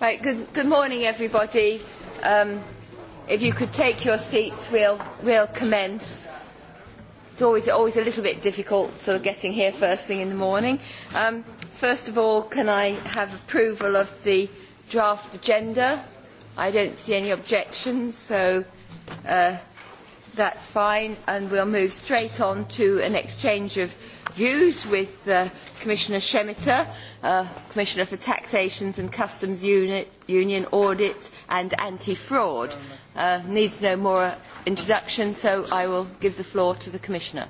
Right, good, good morning, everybody. Um, if you could take your seats, we'll, we'll commence. It's always, always a little bit difficult sort of getting here first thing in the morning. Um, first of all, can I have approval of the draft agenda? I don't see any objections, so uh, that's fine. And we'll move straight on to an exchange of views with uh, Commissioner Shemeta, uh, Commissioner for Taxations and Customs Unit, Union Audit and Anti-Fraud. Uh, needs no more introduction, so I will give the floor to the Commissioner.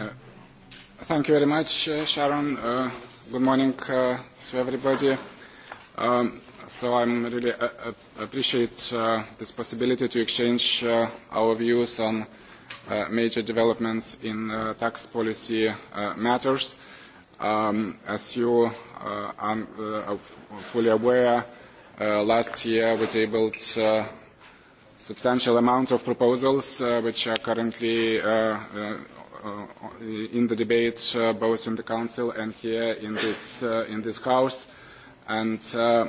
Uh, thank you very much, uh, Sharon. Uh, good morning uh, to everybody. Um, so I'm really uh, uh appreciate uh, this possibility to exchange uh, our views on uh, major developments in uh, tax policy uh, matters. Um, as you uh, uh are uh, fully aware, uh, last year we tabled uh, substantial amount of proposals uh, which are currently uh, uh, uh, in the debate uh, both in the Council and here in this, uh, in this House. And uh,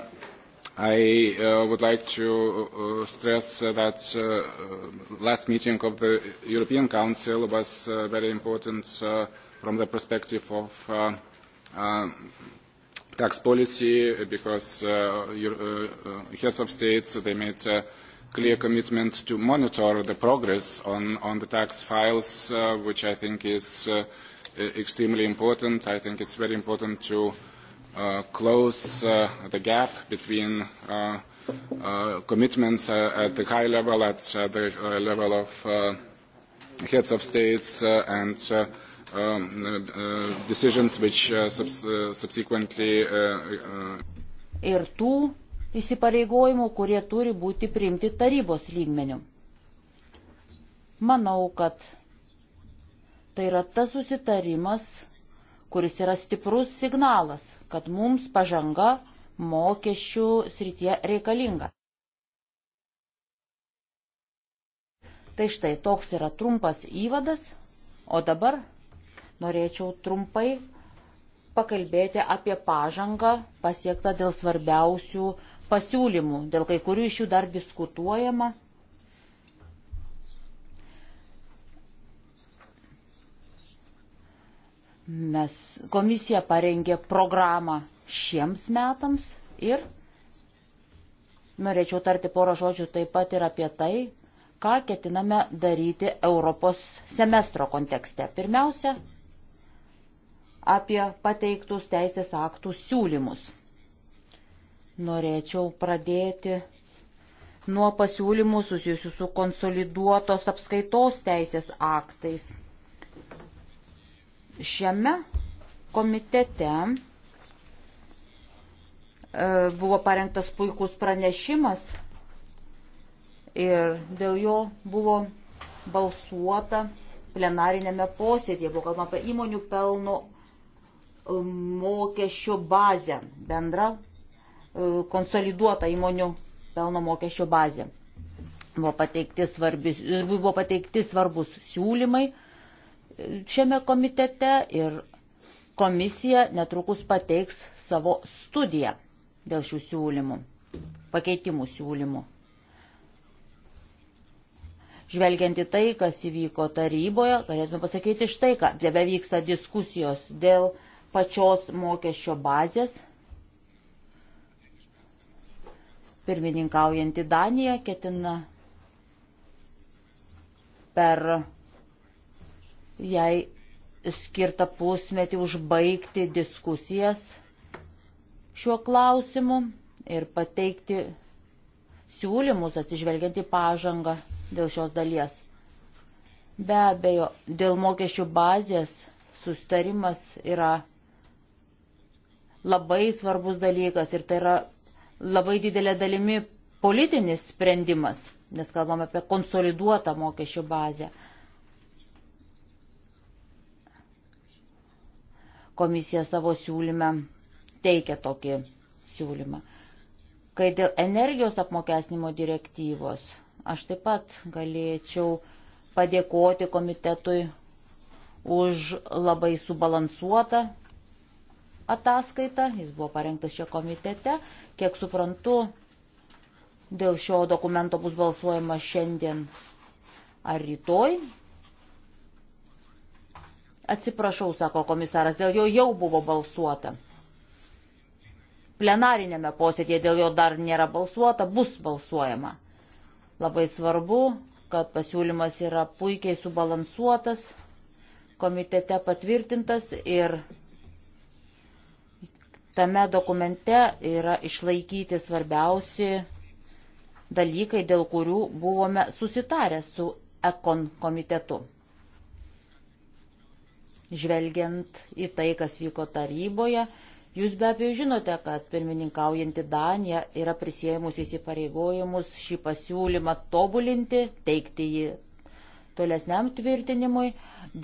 I uh, would like to uh, stress uh, that uh, uh, last meeting of the European Council was uh, very important uh, from the perspective of uh, uh, tax policy because uh, your, uh, uh, heads of states, they made a clear commitment to monitor the progress on, on the tax files, uh, which I think is uh, extremely important. I think it's very important to uh, uh, close uh, the gap between uh, uh, commitments uh, at the high level, at uh, the uh, level of uh, heads of states uh, and uh, um, uh, uh decisions which uh, subs uh, subsequently. Uh, uh, Ir tų įsipareigojimų, kurie turi būti priimti tarybos lygmeniu. Manau, kad tai yra tas susitarimas, kuris yra stiprus signalas kad mums pažanga mokesčių srityje reikalinga. Tai štai toks yra trumpas įvadas, o dabar norėčiau trumpai pakalbėti apie pažangą pasiektą dėl svarbiausių pasiūlymų, dėl kai kurių iš jų dar diskutuojama Mes komisija parengė programą šiems metams ir norėčiau tarti porą žodžių taip pat ir apie tai, ką ketiname daryti Europos semestro kontekste. Pirmiausia, apie pateiktus teisės aktų siūlymus. Norėčiau pradėti nuo pasiūlymų susijusių su konsoliduotos apskaitos teisės aktais Šiame komitete e, buvo parengtas puikus pranešimas ir dėl jo buvo balsuota plenarinėme posėdėje, buvo kalbama apie įmonių pelno e, mokesčio bazę, bendrą e, konsoliduotą įmonių pelno mokesčio bazę. Buvo pateikti, svarbi, buvo pateikti svarbus siūlymai šiame komitete ir komisija netrukus pateiks savo studiją dėl šių siūlymų, pakeitimų siūlymų. Žvelgiant į tai, kas įvyko taryboje, galėtume pasakyti štai ką. Debe vyksta diskusijos dėl pačios mokesčio bazės. Pirmininkaujantį Daniją ketina per jai skirtą pusmetį užbaigti diskusijas šiuo klausimu ir pateikti siūlymus atsižvelgiant į pažangą dėl šios dalies. Be abejo, dėl mokesčių bazės sustarimas yra labai svarbus dalykas ir tai yra labai didelė dalimi politinis sprendimas, nes kalbame apie konsoliduotą mokesčių bazę. Komisija savo siūlyme teikia tokį siūlymą. Kai dėl energijos apmokesnimo direktyvos, aš taip pat galėčiau padėkoti komitetui už labai subalansuotą ataskaitą. Jis buvo parengtas čia komitete. Kiek suprantu, dėl šio dokumento bus balsuojama šiandien ar rytoj. Atsiprašau, sako komisaras, dėl jo jau buvo balsuota. Plenarinėme posėdėje dėl jo dar nėra balsuota, bus balsuojama. Labai svarbu, kad pasiūlymas yra puikiai subalansuotas, komitete patvirtintas ir tame dokumente yra išlaikyti svarbiausi dalykai, dėl kurių buvome susitarę su ekon komitetu žvelgiant į tai, kas vyko taryboje. Jūs be abejo žinote, kad pirmininkaujanti Danija yra prisėmusi įsipareigojimus šį pasiūlymą tobulinti, teikti jį tolesniam tvirtinimui,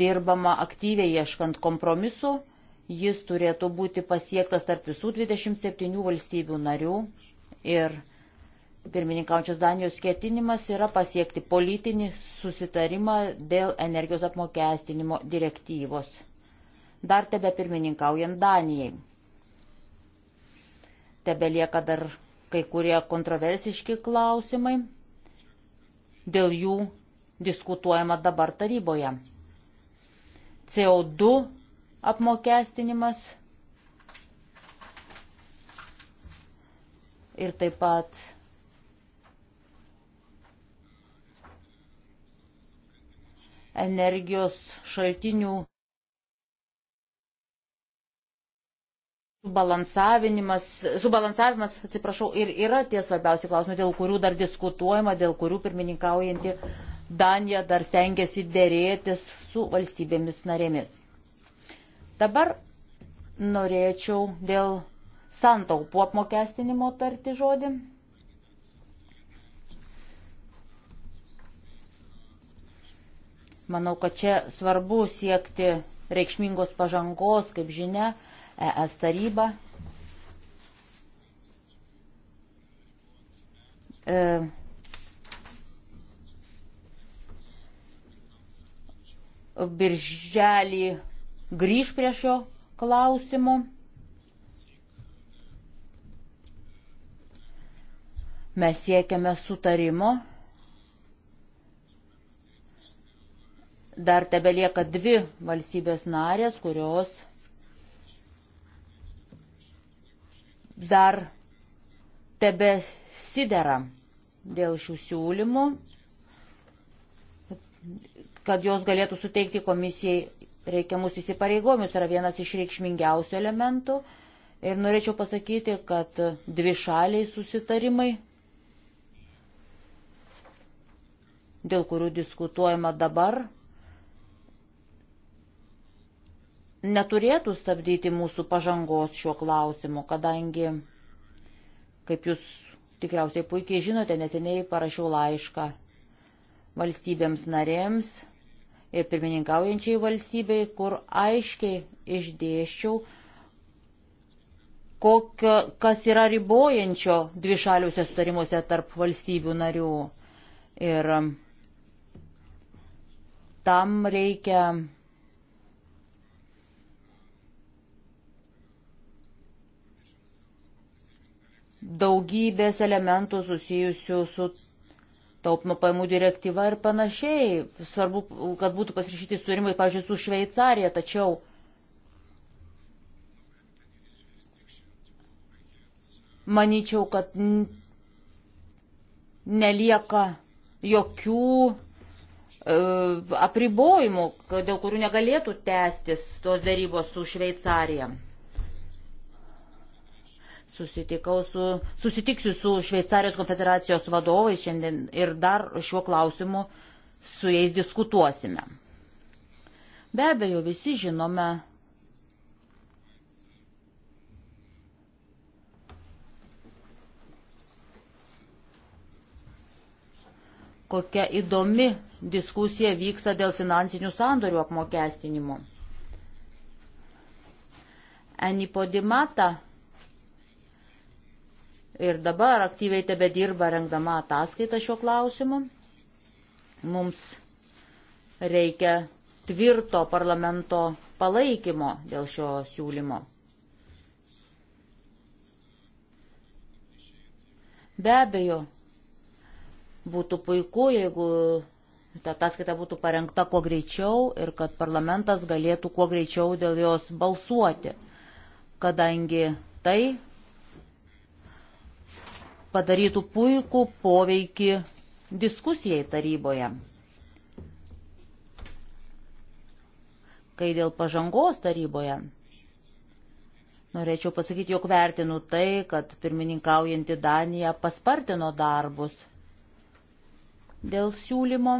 dirbama aktyviai ieškant kompromisu, jis turėtų būti pasiektas tarp visų 27 valstybių narių ir pirmininkaučios Danijos ketinimas yra pasiekti politinį susitarimą dėl energijos apmokestinimo direktyvos. Dar tebe pirmininkaujant Danijai. Tebe lieka dar kai kurie kontroversiški klausimai. Dėl jų diskutuojama dabar taryboje. CO2 apmokestinimas ir taip pat energijos šaltinių subalansavimas, subalansavimas, atsiprašau, ir yra tie svarbiausi klausimai, dėl kurių dar diskutuojama, dėl kurių pirmininkaujanti Danija dar stengiasi dėrėtis su valstybėmis narėmis. Dabar norėčiau dėl santaupų apmokestinimo tarti žodį. Manau, kad čia svarbu siekti reikšmingos pažangos, kaip žinia, ES taryba. E, birželį grįž prie šio klausimo. Mes siekiame sutarimo Dar tebelieka dvi valstybės narės, kurios dar tebesidera dėl šių siūlymų, kad jos galėtų suteikti komisijai reikiamus įsipareigojimus, yra vienas iš reikšmingiausių elementų. Ir norėčiau pasakyti, kad dvi šaliai susitarimai, dėl kurių diskutuojama dabar, neturėtų stabdyti mūsų pažangos šiuo klausimu, kadangi, kaip jūs tikriausiai puikiai žinote, neseniai parašiau laišką valstybėms narėms ir pirmininkaujančiai valstybei, kur aiškiai išdėščiau, kokio, kas yra ribojančio dvišaliuose sutarimuose tarp valstybių narių. Ir tam reikia daugybės elementų susijusių su taupimo paimų direktyva ir panašiai. Svarbu, kad būtų pasirašyti sutarimai, pavyzdžiui, su Šveicarija, tačiau manyčiau, kad nelieka jokių e, apribojimų, dėl kurių negalėtų tęstis tos darybos su Šveicarija susitikau su, susitiksiu su Šveicarijos konfederacijos vadovais šiandien ir dar šiuo klausimu su jais diskutuosime. Be abejo, visi žinome. kokia įdomi diskusija vyksta dėl finansinių sandorių apmokestinimo. Enipodimata ir dabar aktyviai tebe dirba rengdama ataskaitą šiuo klausimu. Mums reikia tvirto parlamento palaikymo dėl šio siūlymo. Be abejo, būtų puiku, jeigu ta ataskaita būtų parengta kuo greičiau ir kad parlamentas galėtų kuo greičiau dėl jos balsuoti, kadangi tai padarytų puikų poveikį diskusijai taryboje. Kai dėl pažangos taryboje, norėčiau pasakyti, jog vertinu tai, kad pirmininkaujanti Danija paspartino darbus dėl siūlymo.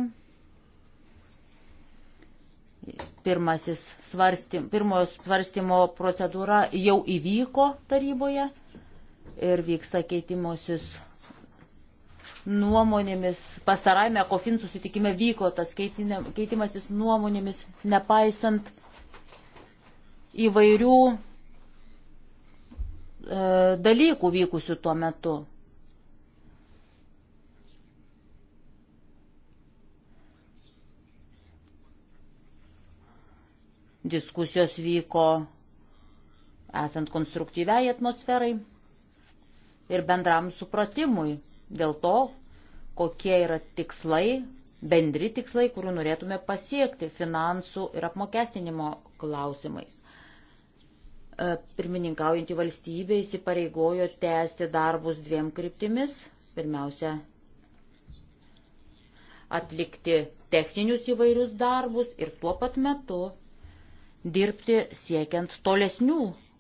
Pirmasis svarstym, pirmojo svarstymo procedūra jau įvyko taryboje ir vyksta keitimosis nuomonėmis. Pastarajame kofin susitikime vyko tas keitimasis nuomonėmis, nepaisant įvairių e, dalykų vykusių tuo metu. Diskusijos vyko esant konstruktyviai atmosferai ir bendram supratimui dėl to, kokie yra tikslai, bendri tikslai, kurių norėtume pasiekti finansų ir apmokestinimo klausimais. E, pirmininkaujantį valstybę įsipareigojo tęsti darbus dviem kryptimis. Pirmiausia, atlikti techninius įvairius darbus ir tuo pat metu dirbti siekiant tolesnių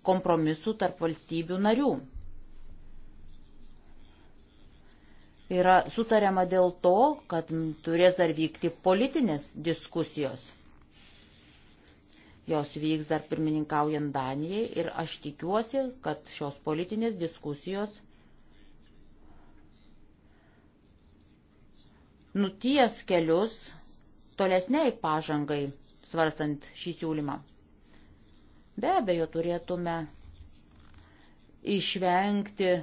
kompromisų tarp valstybių narių. yra sutariama dėl to, kad turės dar vykti politinės diskusijos. Jos vyks dar pirmininkaujant Danijai ir aš tikiuosi, kad šios politinės diskusijos nuties kelius tolesniai pažangai svarstant šį siūlymą. Be abejo, turėtume išvengti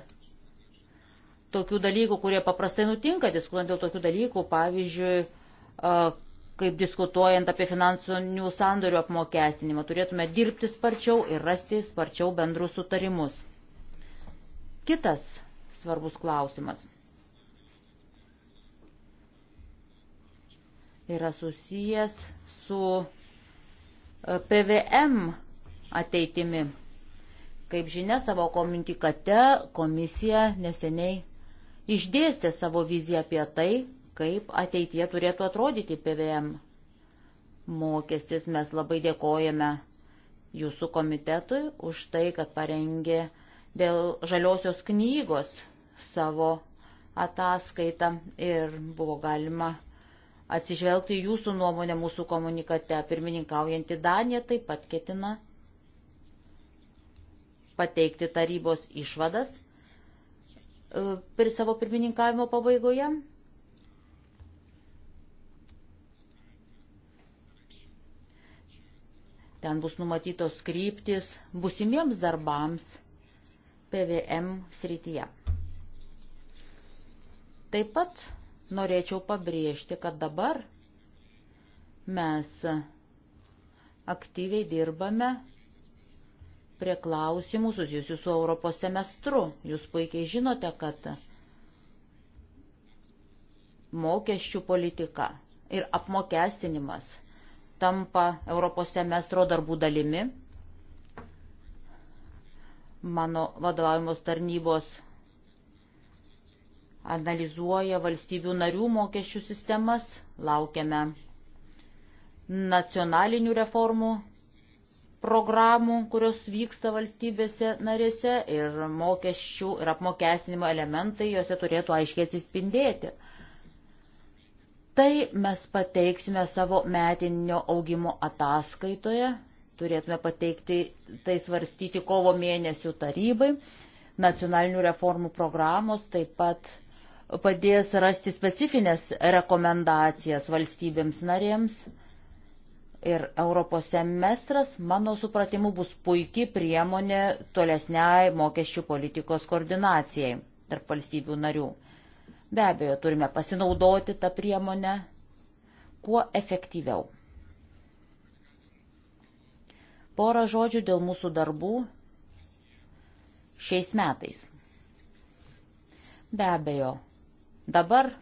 tokių dalykų, kurie paprastai nutinka, diskutuojant dėl tokių dalykų, pavyzdžiui, kaip diskutuojant apie finansinių sandorių apmokestinimą, turėtume dirbti sparčiau ir rasti sparčiau bendrus sutarimus. Kitas svarbus klausimas yra susijęs su e, PVM ateitimi. Kaip žinia, savo komunikate komisija neseniai išdėstė savo viziją apie tai, kaip ateitie turėtų atrodyti PVM mokestis. Mes labai dėkojame jūsų komitetui už tai, kad parengė dėl žaliosios knygos savo ataskaitą ir buvo galima atsižvelgti jūsų nuomonę mūsų komunikate. Pirmininkaujantį Daniją taip pat ketina pateikti tarybos išvadas E, per savo pirmininkavimo pabaigoje. Ten bus numatytos kryptis busimiems darbams PVM srityje. Taip pat norėčiau pabrėžti, kad dabar mes aktyviai dirbame prie klausimų susijusių su Europos semestru. Jūs puikiai žinote, kad mokesčių politika ir apmokestinimas tampa Europos semestro darbų dalimi. Mano vadovavimos tarnybos analizuoja valstybių narių mokesčių sistemas, laukiame nacionalinių reformų programų, kurios vyksta valstybėse narėse ir mokesčių ir apmokestinimo elementai juose turėtų aiškiai atsispindėti. Tai mes pateiksime savo metinio augimo ataskaitoje, turėtume pateikti tai svarstyti kovo mėnesių tarybai, nacionalinių reformų programos taip pat padės rasti specifines rekomendacijas valstybėms narėms Ir Europos semestras, mano supratimu, bus puikiai priemonė tolesniai mokesčių politikos koordinacijai tarp valstybių narių. Be abejo, turime pasinaudoti tą priemonę kuo efektyviau. Porą žodžių dėl mūsų darbų šiais metais. Be abejo, dabar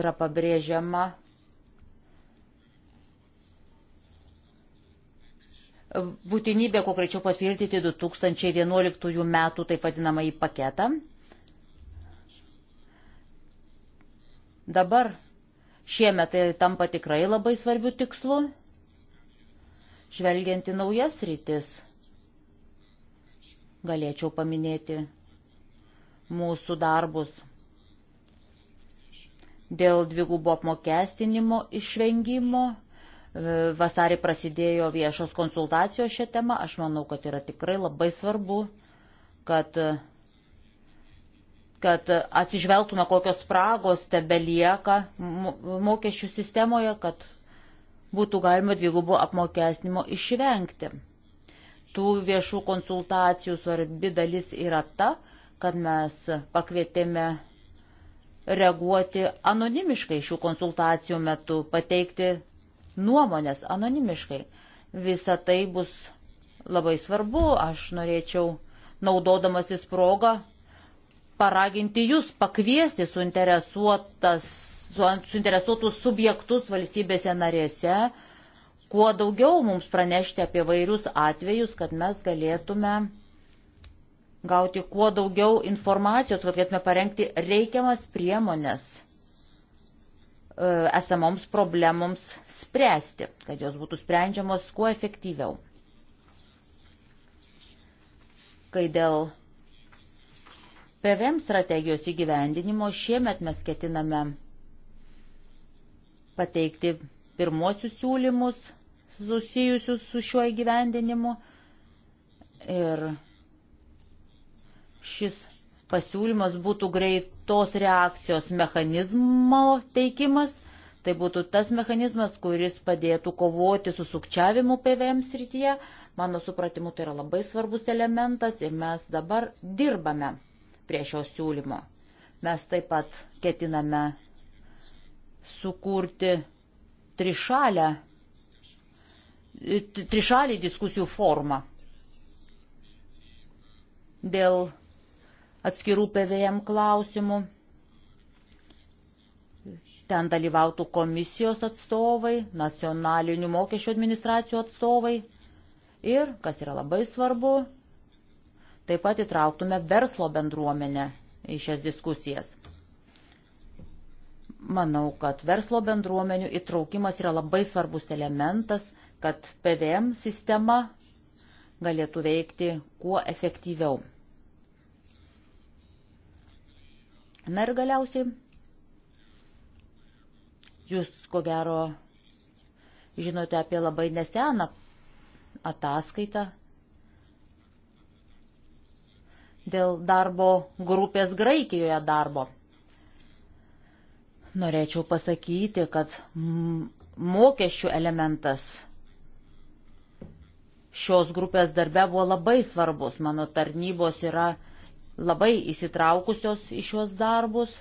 yra pabrėžiama būtinybė konkrečiau patvirtinti 2011 metų taip vadinamą į paketą. Dabar šiemet tai tampa tikrai labai svarbių tikslų, žvelgiant į naujas rytis. Galėčiau paminėti mūsų darbus dėl dvigubo apmokestinimo išvengimo E, vasarį prasidėjo viešos konsultacijos šią temą. Aš manau, kad yra tikrai labai svarbu, kad, kad atsižvelgtume, kokios spragos tebe lieka mokesčių sistemoje, kad būtų galima dvigubo apmokesnimo išvengti. Tų viešų konsultacijų svarbi dalis yra ta, kad mes pakvietėme reaguoti anonimiškai šių konsultacijų metu, pateikti nuomonės anonimiškai. Visa tai bus labai svarbu. Aš norėčiau, naudodamasis progą, paraginti jūs pakviesti suinteresuotas, su, suinteresuotus subjektus valstybėse narėse, kuo daugiau mums pranešti apie vairius atvejus, kad mes galėtume gauti kuo daugiau informacijos, kad galėtume parengti reikiamas priemonės E, esamoms problemoms spręsti, kad jos būtų sprendžiamos kuo efektyviau. Kai dėl PVM strategijos įgyvendinimo šiemet mes ketiname pateikti pirmosius siūlymus susijusius su šiuo įgyvendinimu ir šis pasiūlymas būtų greitos reakcijos mechanizmo teikimas. Tai būtų tas mechanizmas, kuris padėtų kovoti su sukčiavimu PVM srityje. Mano supratimu, tai yra labai svarbus elementas ir mes dabar dirbame prie šio siūlymo. Mes taip pat ketiname sukurti trišalę, trišalį diskusijų formą dėl atskirų PVM klausimų. Ten dalyvautų komisijos atstovai, nacionalinių mokesčių administracijų atstovai ir, kas yra labai svarbu, taip pat įtrauktume verslo bendruomenę į šias diskusijas. Manau, kad verslo bendruomenių įtraukimas yra labai svarbus elementas, kad PVM sistema galėtų veikti kuo efektyviau. Na ir galiausiai, jūs ko gero žinote apie labai neseną ataskaitą dėl darbo grupės Graikijoje darbo. Norėčiau pasakyti, kad mokesčių elementas šios grupės darbe buvo labai svarbus. Mano tarnybos yra labai įsitraukusios į šios darbus,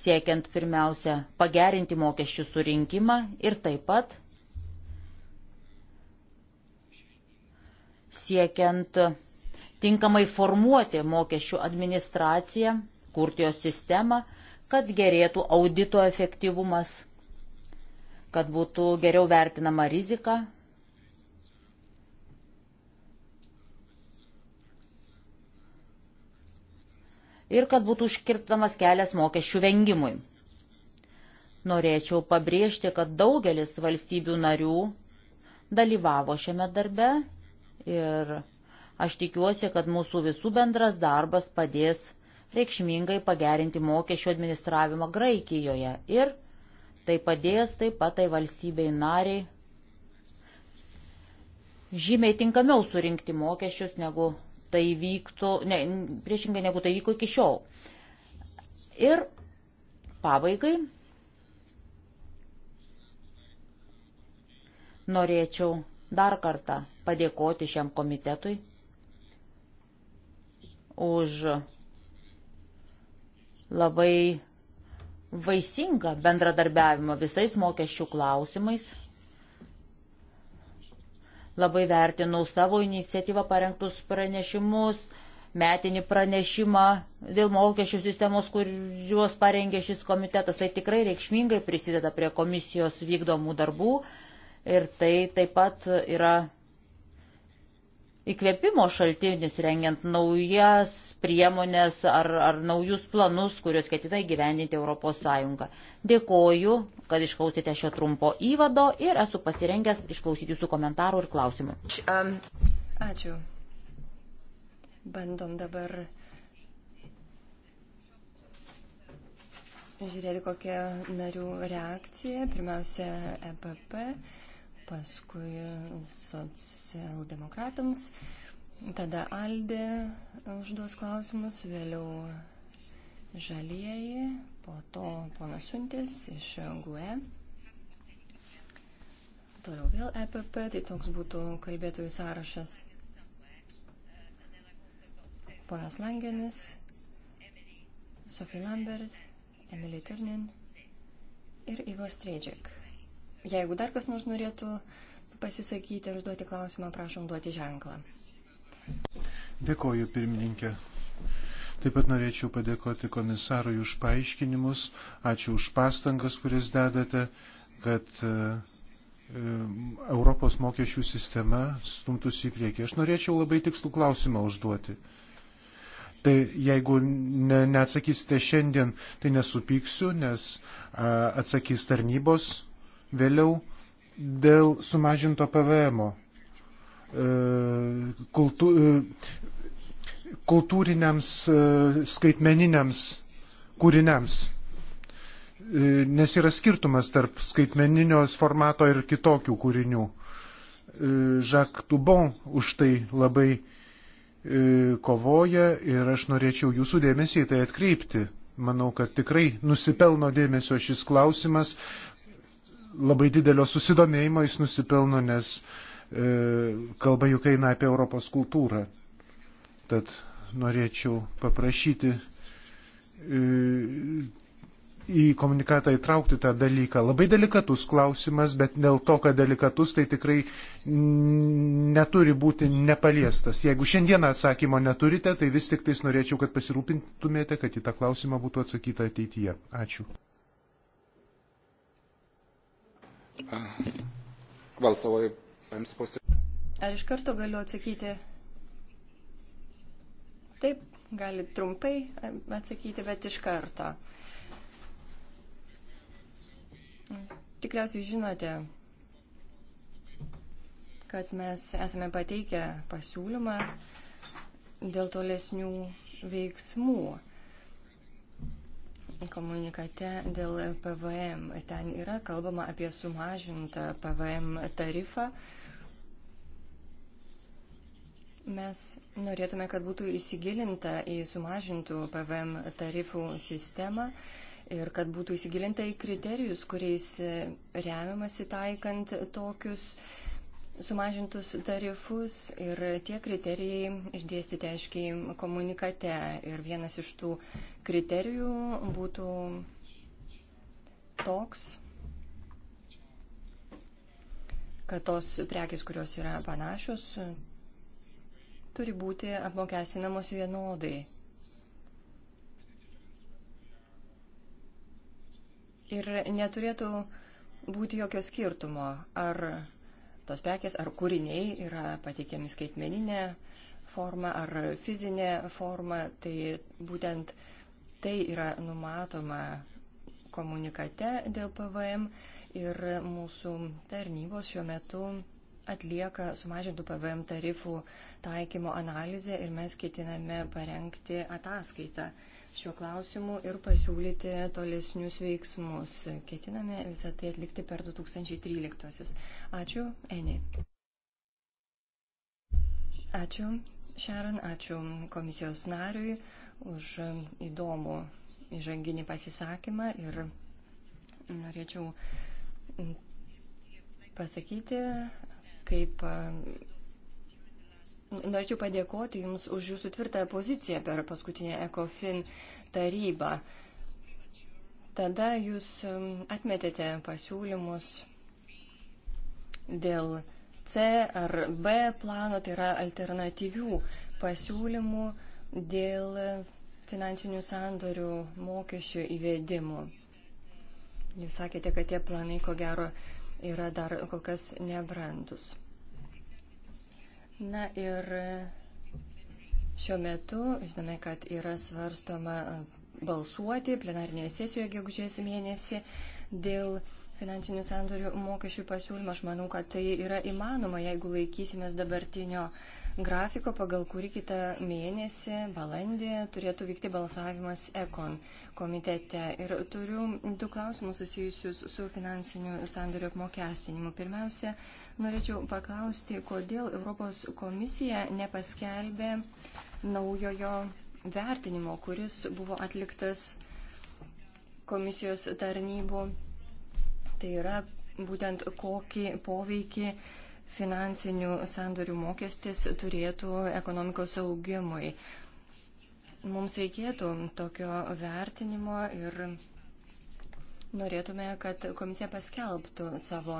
siekiant pirmiausia pagerinti mokesčių surinkimą ir taip pat siekiant tinkamai formuoti mokesčių administraciją, kurti jos sistemą, kad gerėtų audito efektyvumas, kad būtų geriau vertinama rizika, ir kad būtų užkirtamas kelias mokesčių vengimui. Norėčiau pabrėžti, kad daugelis valstybių narių dalyvavo šiame darbe ir aš tikiuosi, kad mūsų visų bendras darbas padės reikšmingai pagerinti mokesčių administravimą Graikijoje ir tai padės taip pat tai valstybei nariai žymiai tinkamiau surinkti mokesčius negu tai vyktų, ne, priešingai negu tai vyko iki šiol. Ir pabaigai norėčiau dar kartą padėkoti šiam komitetui už labai vaisingą bendradarbiavimą visais mokesčių klausimais. Labai vertinau savo iniciatyvą parengtus pranešimus, metinį pranešimą dėl mokesčių sistemos, kuriuos parengė šis komitetas. Tai tikrai reikšmingai prisideda prie komisijos vykdomų darbų ir tai taip pat yra įkvėpimo šaltinis, rengiant naujas priemonės ar, ar naujus planus, kuriuos ketina įgyvendinti ES. Dėkoju, kad išklausėte šio trumpo įvado ir esu pasirengęs išklausyti jūsų komentarų ir klausimų. Um, ačiū. Bandom dabar žiūrėti kokią narių reakciją. Pirmiausia, EPP paskui socialdemokratams, tada Aldė užduos klausimus, vėliau žalieji, po to ponas Suntis iš GUE. Toliau vėl EPP, tai toks būtų kalbėtojų sąrašas. Ponas Langenis, Sofija Lambert, Emily Turnin ir Ivo Streidžiak. Jeigu dar kas nors norėtų pasisakyti ir užduoti klausimą, prašom duoti ženklą. Dėkoju, pirmininkė. Taip pat norėčiau padėkoti komisarui už paaiškinimus, ačiū už pastangas, kurias dedate, kad e, e, Europos mokesčių sistema stumtųsi į priekį. Aš norėčiau labai tikslų klausimą užduoti. Tai jeigu ne, neatsakysite šiandien, tai nesupyksiu, nes a, atsakys tarnybos Vėliau dėl sumažinto PVM. -o. E, kultu, e, kultūriniams e, skaitmeniniams kūriniams. Nes yra skirtumas tarp skaitmeninio formato ir kitokių kūrinių. Jacques Tubon už tai labai kovoja ir aš norėčiau jūsų dėmesį į tai atkreipti. Manau, kad tikrai nusipelno dėmesio šis klausimas labai didelio susidomėjimo jis nusipelno, nes e, kalba juk eina apie Europos kultūrą. Tad norėčiau paprašyti e, į komunikatą įtraukti tą dalyką. Labai delikatus klausimas, bet dėl to, kad delikatus, tai tikrai neturi būti nepaliestas. Jeigu šiandieną atsakymo neturite, tai vis tik tais norėčiau, kad pasirūpintumėte, kad į tą klausimą būtų atsakyta ateityje. Ačiū. Well, so I, I'm supposed to... Ar iš karto galiu atsakyti? Taip, gali trumpai atsakyti, bet iš karto. Tikriausiai žinote, kad mes esame pateikę pasiūlymą dėl tolesnių veiksmų komunikate dėl PVM. Ten yra kalbama apie sumažintą PVM tarifą. Mes norėtume, kad būtų įsigilinta į sumažintų PVM tarifų sistemą ir kad būtų įsigilinta į kriterijus, kuriais remiamasi taikant tokius sumažintus tarifus ir tie kriterijai išdėstyti aiškiai komunikate. Ir vienas iš tų kriterijų būtų toks, kad tos prekis, kurios yra panašios, turi būti apmokestinamos vienodai. Ir neturėtų būti jokio skirtumo, ar tos prekės ar kūriniai yra pateikiami skaitmeninė forma ar fizinė forma, tai būtent tai yra numatoma komunikate dėl PVM ir mūsų tarnybos šiuo metu atlieka sumažintų PVM tarifų taikymo analizę ir mes ketiname parengti ataskaitą šiuo klausimu ir pasiūlyti tolesnius veiksmus. Ketiname visą tai atlikti per 2013. Ačiū, Eni. Ačiū, Šaron, ačiū komisijos nariui už įdomų įžanginį pasisakymą ir norėčiau pasakyti, kaip e, Norėčiau padėkoti Jums už Jūsų tvirtą poziciją per paskutinę ECOFIN tarybą. Tada Jūs e, atmetėte pasiūlymus dėl C ar B plano, tai yra alternatyvių pasiūlymų dėl finansinių sandorių mokesčių įvedimų. Jūs sakėte, kad tie planai ko gero yra dar kol kas nebrandus. Na ir šiuo metu žinome, kad yra svarstoma balsuoti plenarinėje sesijoje gegužės mėnesį dėl finansinių sandorių mokesčių pasiūlymą. Aš manau, kad tai yra įmanoma, jeigu laikysimės dabartinio grafiko, pagal kurį kitą mėnesį, balandį, turėtų vykti balsavimas ECON komitete. Ir turiu du klausimus susijusius su finansinių sandorių apmokestinimu. Pirmiausia, Norėčiau paklausti, kodėl Europos komisija nepaskelbė naujojo vertinimo, kuris buvo atliktas komisijos tarnybų. Tai yra būtent kokį poveikį finansinių sandorių mokestis turėtų ekonomikos augimui. Mums reikėtų tokio vertinimo ir norėtume, kad komisija paskelbtų savo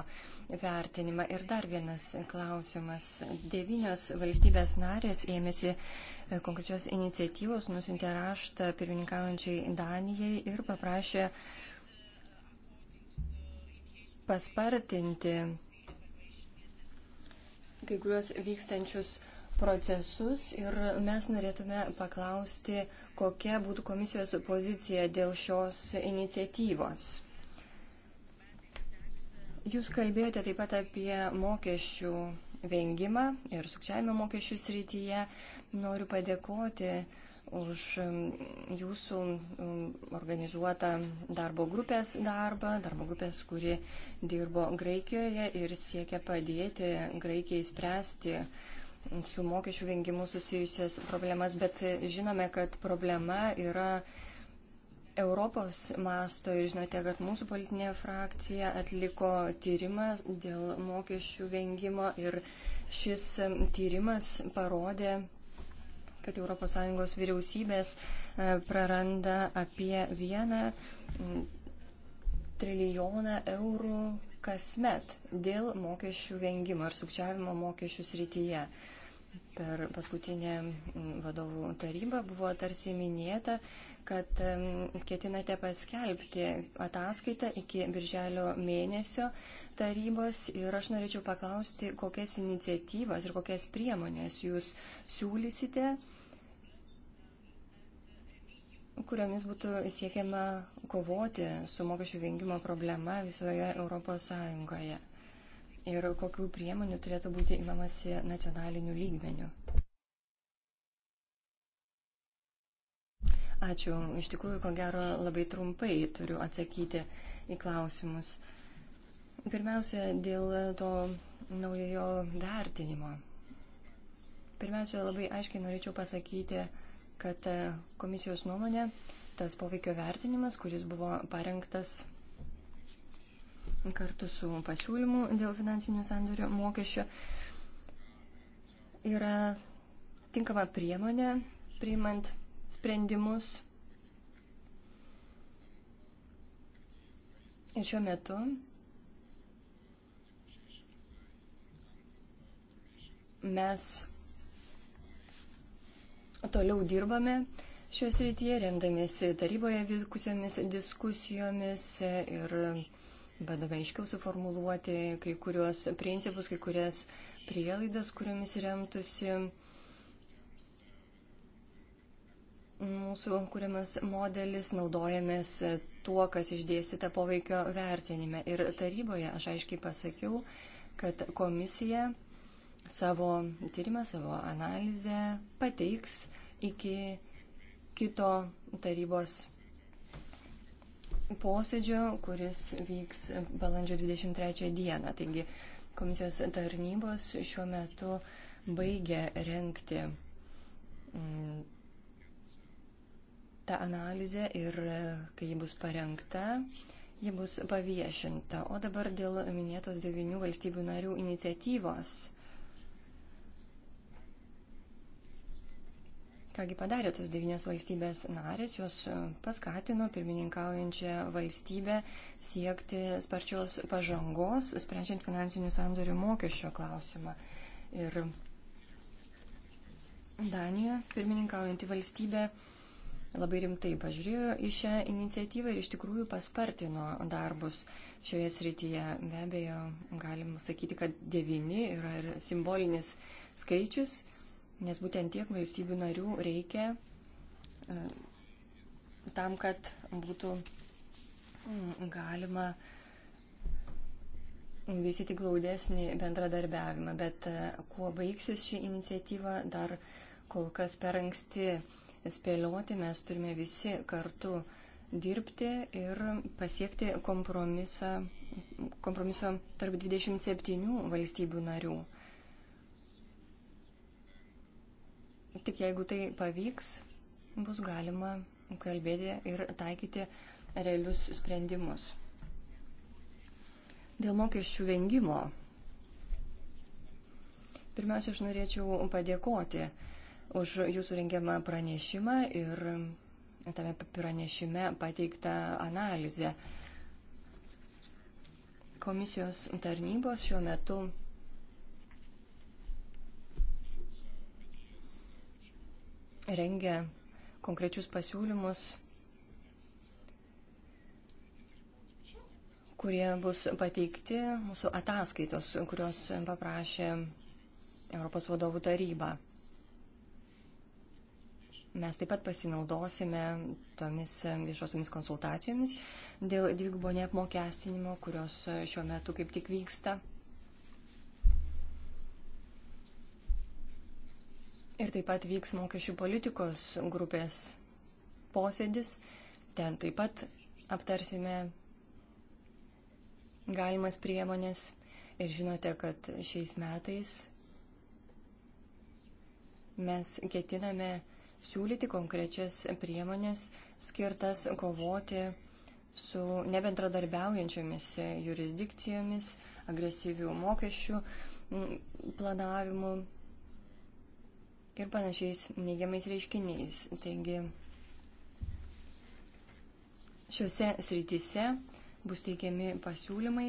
vertinimą. Ir dar vienas klausimas. Devynios valstybės narės ėmėsi konkrečios iniciatyvos, nusintė raštą pirmininkaujančiai Danijai ir paprašė paspartinti kai kuriuos vykstančius procesus ir mes norėtume paklausti, kokia būtų komisijos pozicija dėl šios iniciatyvos. Jūs kalbėjote taip pat apie mokesčių vengimą ir sukčiavimo mokesčių srityje. Noriu padėkoti už um, jūsų um, organizuotą darbo grupės darbą, darbo grupės, kuri dirbo Graikijoje ir siekia padėti Graikijai spręsti su mokesčių vengimu susijusias problemas, bet žinome, kad problema yra Europos masto ir žinote, kad mūsų politinė frakcija atliko tyrimą dėl mokesčių vengimo ir šis tyrimas parodė, kad ES vyriausybės e, praranda apie vieną trilijoną eurų kasmet dėl mokesčių vengimo ir sukčiavimo mokesčių srityje per paskutinę vadovų tarybą buvo tarsi minėta, kad ketinate paskelbti ataskaitą iki birželio mėnesio tarybos ir aš norėčiau paklausti, kokias iniciatyvas ir kokias priemonės jūs siūlysite, kuriomis būtų siekiama kovoti su mokesčių vengimo problema visoje Europos Sąjungoje ir kokių priemonių turėtų būti imamasi nacionaliniu lygmeniu. Ačiū. Iš tikrųjų, ko gero, labai trumpai turiu atsakyti į klausimus. Pirmiausia, dėl to naujojo vertinimo. Pirmiausia, labai aiškiai norėčiau pasakyti, kad komisijos nuomonė tas poveikio vertinimas, kuris buvo parengtas kartu su pasiūlymu dėl finansinių sandorių mokesčio yra tinkama priemonė priimant sprendimus. Ir šiuo metu mes toliau dirbame šios rytyje, remdamiesi taryboje vykusiomis diskusijomis ir Bandome aiškiau suformuluoti kai kuriuos principus, kai kurias prielaidas, kuriomis remtusi mūsų kuriamas modelis, naudojamės tuo, kas išdėstyta poveikio vertinime. Ir taryboje aš aiškiai pasakiau, kad komisija savo tyrimą, savo analizę pateiks iki kito tarybos posėdžio, kuris vyks balandžio 23 dieną. Taigi komisijos tarnybos šiuo metu baigia renkti mm, tą analizę ir e, kai ji bus parengta, ji bus paviešinta. O dabar dėl minėtos devinių valstybių narių iniciatyvos Kągi padarė tos devynės valstybės narės, jos e, paskatino pirmininkaujančią valstybę siekti sparčios pažangos, sprendžiant finansinių sandorių mokesčio klausimą. Ir Danija, pirmininkaujanti valstybė, labai rimtai pažiūrėjo į šią iniciatyvą ir iš tikrųjų paspartino darbus šioje srityje. Be abejo, galim sakyti, kad devini yra ir simbolinis skaičius nes būtent tiek valstybių narių reikia e, tam, kad būtų mm, galima vystyti glaudesnį bendradarbiavimą. Bet e, kuo baigsis ši iniciatyva, dar kol kas per anksti spėlioti, mes turime visi kartu dirbti ir pasiekti kompromiso tarp 27 valstybių narių. Tik jeigu tai pavyks, bus galima kalbėti ir taikyti realius sprendimus. Dėl mokesčių vengimo. Pirmiausia, aš norėčiau padėkoti už jūsų rengiamą pranešimą ir tame pranešime pateiktą analizę. Komisijos tarnybos šiuo metu rengia konkrečius pasiūlymus, kurie bus pateikti mūsų ataskaitos, kurios paprašė Europos vadovų taryba. Mes taip pat pasinaudosime tomis viešosiomis konsultacijomis dėl dvigubo neapmokestinimo, kurios šiuo metu kaip tik vyksta. Ir taip pat vyks mokesčių politikos grupės posėdis. Ten taip pat aptarsime galimas priemonės. Ir žinote, kad šiais metais mes ketiname siūlyti konkrečias priemonės skirtas kovoti su nebendradarbiaujančiomis jurisdikcijomis, agresyvių mokesčių planavimu ir panašiais neigiamais reiškiniais. Taigi šiuose srityse bus teikiami pasiūlymai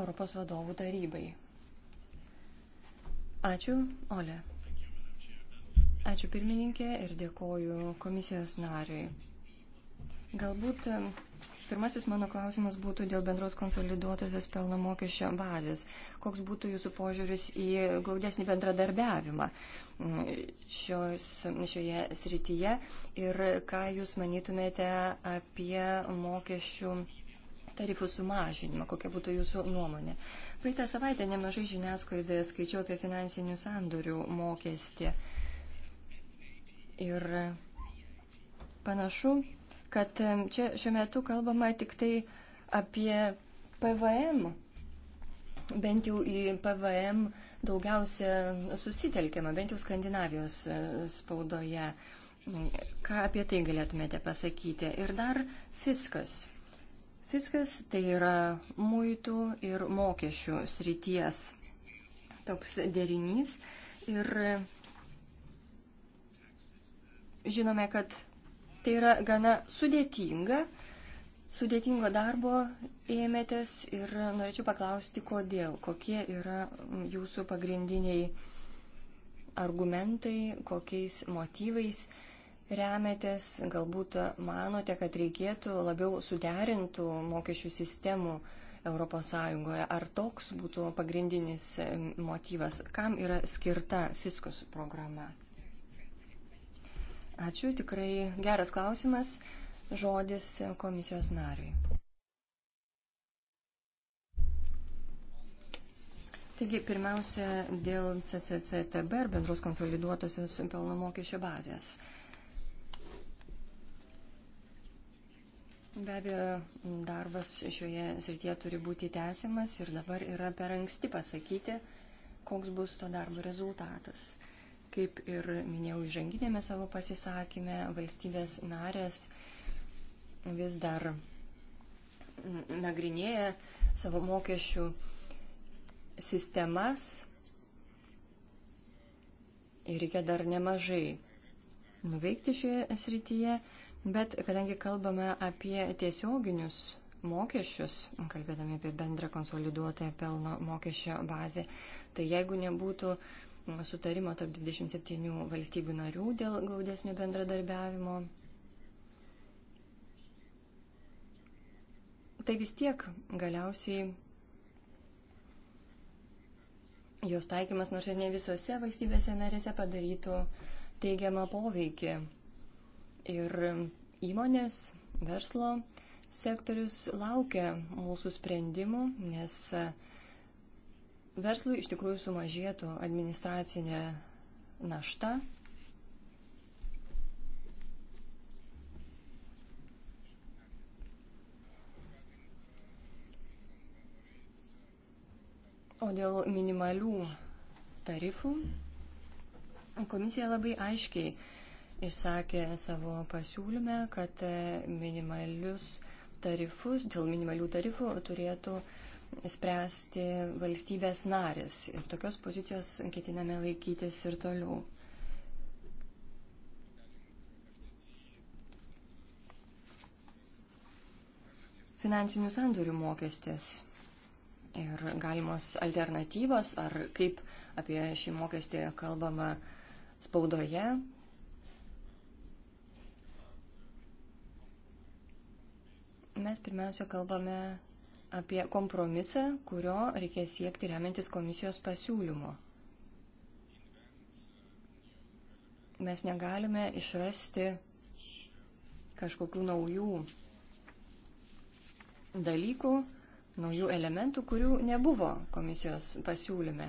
Europos vadovų tarybai. Ačiū, Ole. Ačiū pirmininkė ir dėkoju komisijos nariui. Galbūt Pirmasis mano klausimas būtų dėl bendros konsoliduotosios pelno mokesčio bazės. Koks būtų jūsų požiūris į glaudesnį bendradarbiavimą mm, šios, šioje srityje ir ką jūs manytumėte apie mokesčių tarifų sumažinimą, kokia būtų jūsų nuomonė. Praeitą savaitę nemažai žiniasklaidoje skaičiau apie finansinių sandorių mokestį. Ir panašu, kad čia šiuo metu kalbama tik tai apie PVM. Bent jau į PVM daugiausia susitelkiama, bent jau Skandinavijos e, spaudoje. Ką apie tai galėtumėte pasakyti? Ir dar fiskas. Fiskas tai yra muitų ir mokesčių srities toks derinys. Ir e, žinome, kad Tai yra gana sudėtinga, sudėtingo darbo ėmėtės ir norėčiau paklausti, kodėl, kokie yra jūsų pagrindiniai argumentai, kokiais motyvais remiatės, galbūt manote, kad reikėtų labiau suderintų mokesčių sistemų ES. Ar toks būtų pagrindinis motyvas, kam yra skirta fiskus programa? Ačiū, tikrai geras klausimas. Žodis komisijos nariui. Taigi, pirmiausia, dėl CCCTB ir bendros konsoliduotosios pelno mokesčio bazės. Be abejo, darbas šioje srityje turi būti tęsiamas ir dabar yra per anksti pasakyti, koks bus to darbo rezultatas. Kaip ir minėjau įžanginėme savo pasisakymę, valstybės narės vis dar nagrinėja savo mokesčių sistemas ir reikia dar nemažai nuveikti šioje srityje, bet kadangi kalbame apie tiesioginius mokesčius, kalbėdami apie bendrą konsoliduotą pelno mokesčio bazę, tai jeigu nebūtų uh, sutarimo tarp 27 valstybių narių dėl glaudesnio bendradarbiavimo. Tai vis tiek galiausiai jos taikymas, nors ir ne visose valstybėse narėse, padarytų teigiamą poveikį. Ir įmonės, verslo sektorius laukia mūsų sprendimų, nes uh, verslui iš tikrųjų sumažėtų administracinė našta. O dėl minimalių tarifų komisija labai aiškiai išsakė savo pasiūlyme, kad minimalius tarifus, dėl minimalių tarifų turėtų uh, spręsti valstybės narės. Ir tokios pozicijos ketiname laikytis ir toliau. Finansinių sandorių mokestis ir galimos alternatyvos, ar kaip apie šį mokestį kalbama spaudoje, mes pirmiausia kalbame apie kompromisą, kurio reikės siekti remiantis komisijos pasiūlymu. Mes negalime išrasti kažkokių naujų dalykų, naujų elementų, kurių nebuvo komisijos pasiūlyme.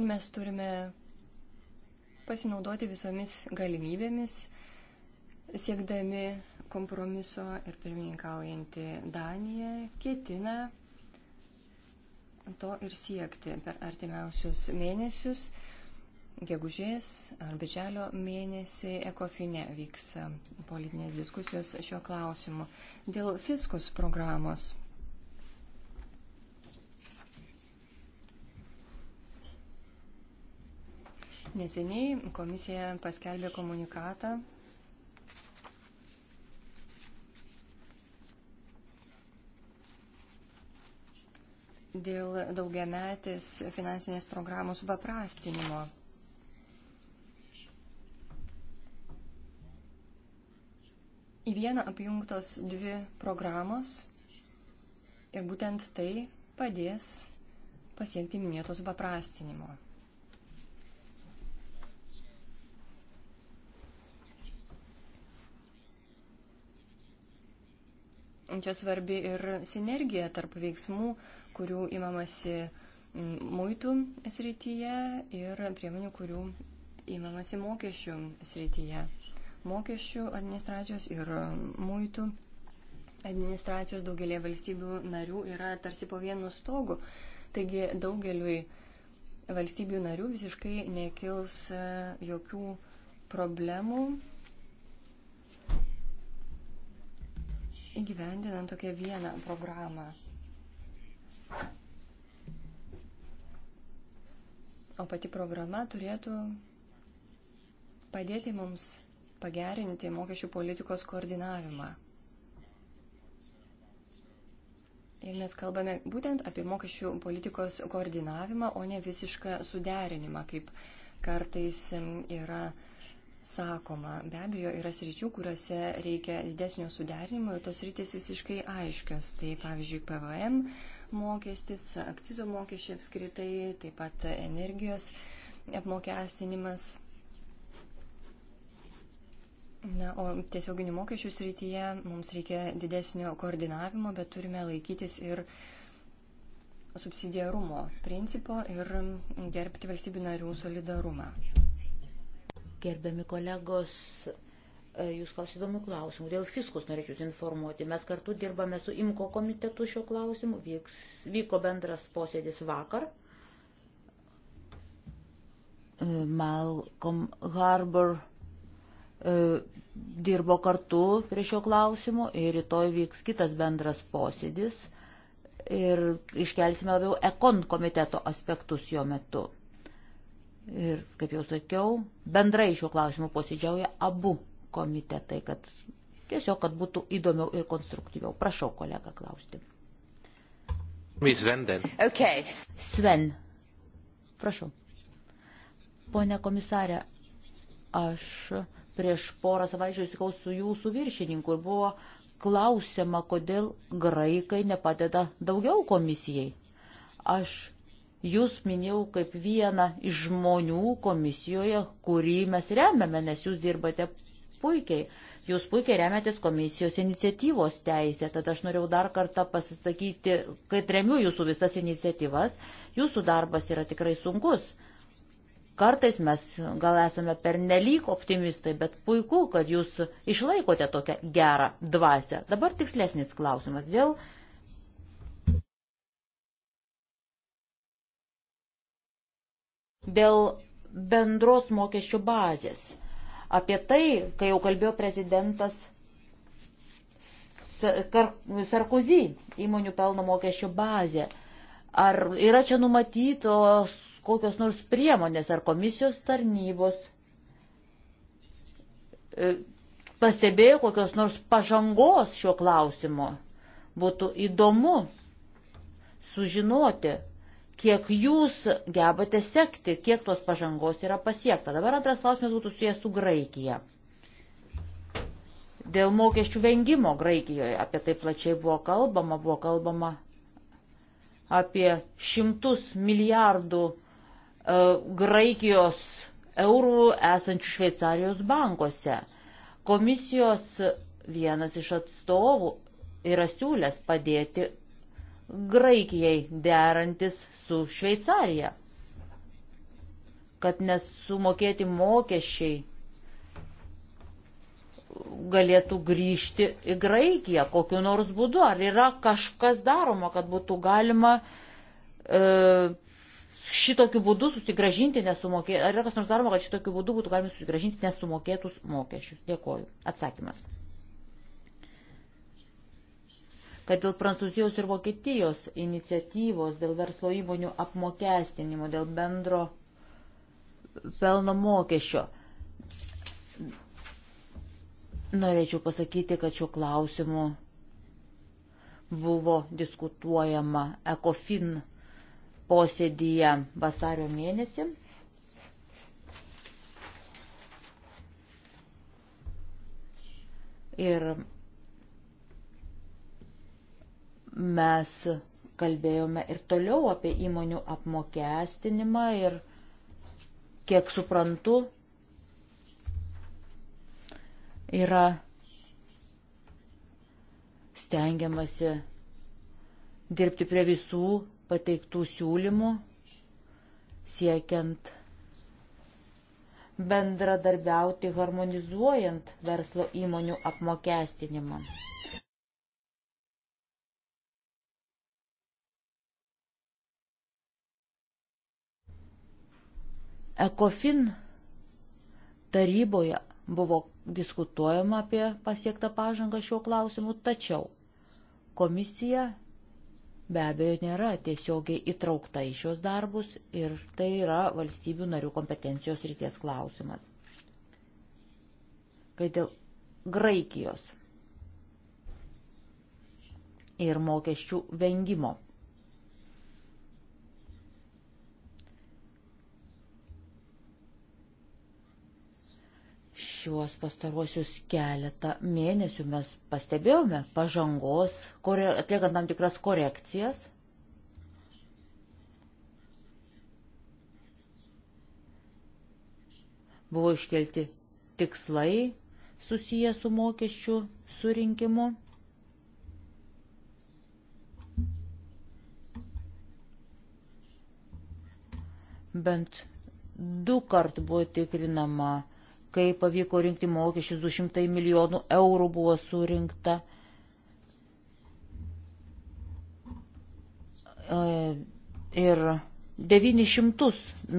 Ir mes turime pasinaudoti visomis galimybėmis, siekdami kompromiso ir pirmininkaujantį Daniją ketina to ir siekti per artimiausius mėnesius. Gegužės ar birželio mėnesį Ekofine vyks politinės diskusijos šiuo klausimu dėl fiskus programos. Neseniai komisija paskelbė komunikatą dėl daugiametės finansinės programos paprastinimo. Į vieną apjungtos dvi programos ir būtent tai padės pasiekti minėtos paprastinimo. Čia svarbi ir sinergija tarp veiksmų, kurių imamasi muitų srityje ir priemonių, kurių imamasi mokesčių srityje. Mokesčių administracijos ir muitų administracijos daugelie valstybių narių yra tarsi po vienu stogu. Taigi daugeliui valstybių narių visiškai nekils e, jokių problemų įgyvendinant tokią vieną programą. O pati programa turėtų padėti mums pagerinti mokesčių politikos koordinavimą. Ir mes kalbame būtent apie mokesčių politikos koordinavimą, o ne visišką suderinimą, kaip kartais yra uh, sakoma. Be abejo, yra sričių, kuriuose reikia didesnio suderinimo ir tos rytis visiškai aiškios. Tai pavyzdžiui, PVM mokestis, akcizo mokesčiai apskritai, taip pat energijos apmokestinimas. Na, o tiesioginių mokesčių srityje mums reikia didesnio koordinavimo, bet turime laikytis ir subsidiarumo principo ir gerbti valstybių narių solidarumą. Gerbiami kolegos, e, jūs klausite įdomių klausimų. Dėl fiskus norėčiau informuoti. Mes kartu dirbame su IMKO komitetu šio klausimu. Vyks, vyko bendras posėdis vakar. E, Malcolm Harbour e, dirbo kartu prie šio klausimo ir rytoj vyks kitas bendras posėdis ir iškelsime labiau ekon komiteto aspektus jo metu. Ir, kaip jau sakiau, bendrai šiuo klausimu posėdžiauja abu komitetai, kad tiesiog, kad būtų įdomiau ir konstruktyviau. Prašau, kolega, klausti. Sven, okay. Sven, prašau. Pone komisarė, aš prieš porą savaičių įsikau su jūsų viršininku ir buvo klausiama, kodėl graikai nepadeda daugiau komisijai. Aš Jūs minėjau kaip vieną iš žmonių komisijoje, kurį mes remiame, nes jūs dirbate puikiai. Jūs puikiai remiatės komisijos iniciatyvos teisė, tad aš norėjau dar kartą pasisakyti, kad remiu jūsų visas iniciatyvas. Jūsų darbas yra tikrai sunkus. Kartais mes gal esame pernelyg optimistai, bet puiku, kad jūs išlaikote tokią gerą dvasę. Dabar tikslesnis klausimas dėl Dėl bendros mokesčių bazės. Apie tai, kai jau kalbėjo prezidentas Sarkozy, įmonių pelno mokesčių bazė. Ar yra čia numatytos kokios nors priemonės ar komisijos tarnybos? E, pastebėjo kokios nors pažangos šiuo klausimu? Būtų įdomu sužinoti, kiek jūs gebate sekti, kiek tos pažangos yra pasiekta. Dabar antras klausimas būtų susijęs su Graikija. Dėl mokesčių vengimo Graikijoje apie tai plačiai buvo kalbama, buvo kalbama apie šimtus milijardų e, Graikijos eurų esančių Šveicarijos bankuose. Komisijos vienas iš atstovų yra siūlęs padėti Graikijai derantis su Šveicarija, kad nesumokėti mokesčiai galėtų grįžti į Graikiją kokiu nors būdu. Ar yra kažkas daroma, kad būtų galima e, šitokiu būdu susigražinti nesumokėtus, ar yra kas nors daroma, kad šitokiu būdu būtų galima susigražinti nesumokėtus mokesčius? Dėkoju. Atsakymas kad dėl Prancūzijos ir Vokietijos iniciatyvos, dėl verslo įmonių apmokestinimo, dėl bendro pelno mokesčio. Norėčiau pasakyti, kad šiuo klausimu buvo diskutuojama ECOFIN posėdyje vasario mėnesį. Ir Mes kalbėjome ir toliau apie įmonių apmokestinimą ir, kiek suprantu, yra stengiamasi dirbti prie visų pateiktų siūlymų, siekiant bendradarbiauti harmonizuojant verslo įmonių apmokestinimą. ECOFIN taryboje buvo diskutuojama apie pasiektą pažangą šiuo klausimu, tačiau komisija be abejo nėra tiesiogiai įtraukta į šios darbus ir tai yra valstybių narių kompetencijos ryties klausimas. Kai dėl Graikijos ir mokesčių vengimo šiuos pastarosius keletą mėnesių mes pastebėjome pažangos, atliekant tam tikras korekcijas. Buvo iškelti tikslai susiję su mokesčių surinkimu. Bent du kart buvo tikrinama kai pavyko rinkti mokesčius, 200 milijonų eurų buvo surinkta. E, ir 900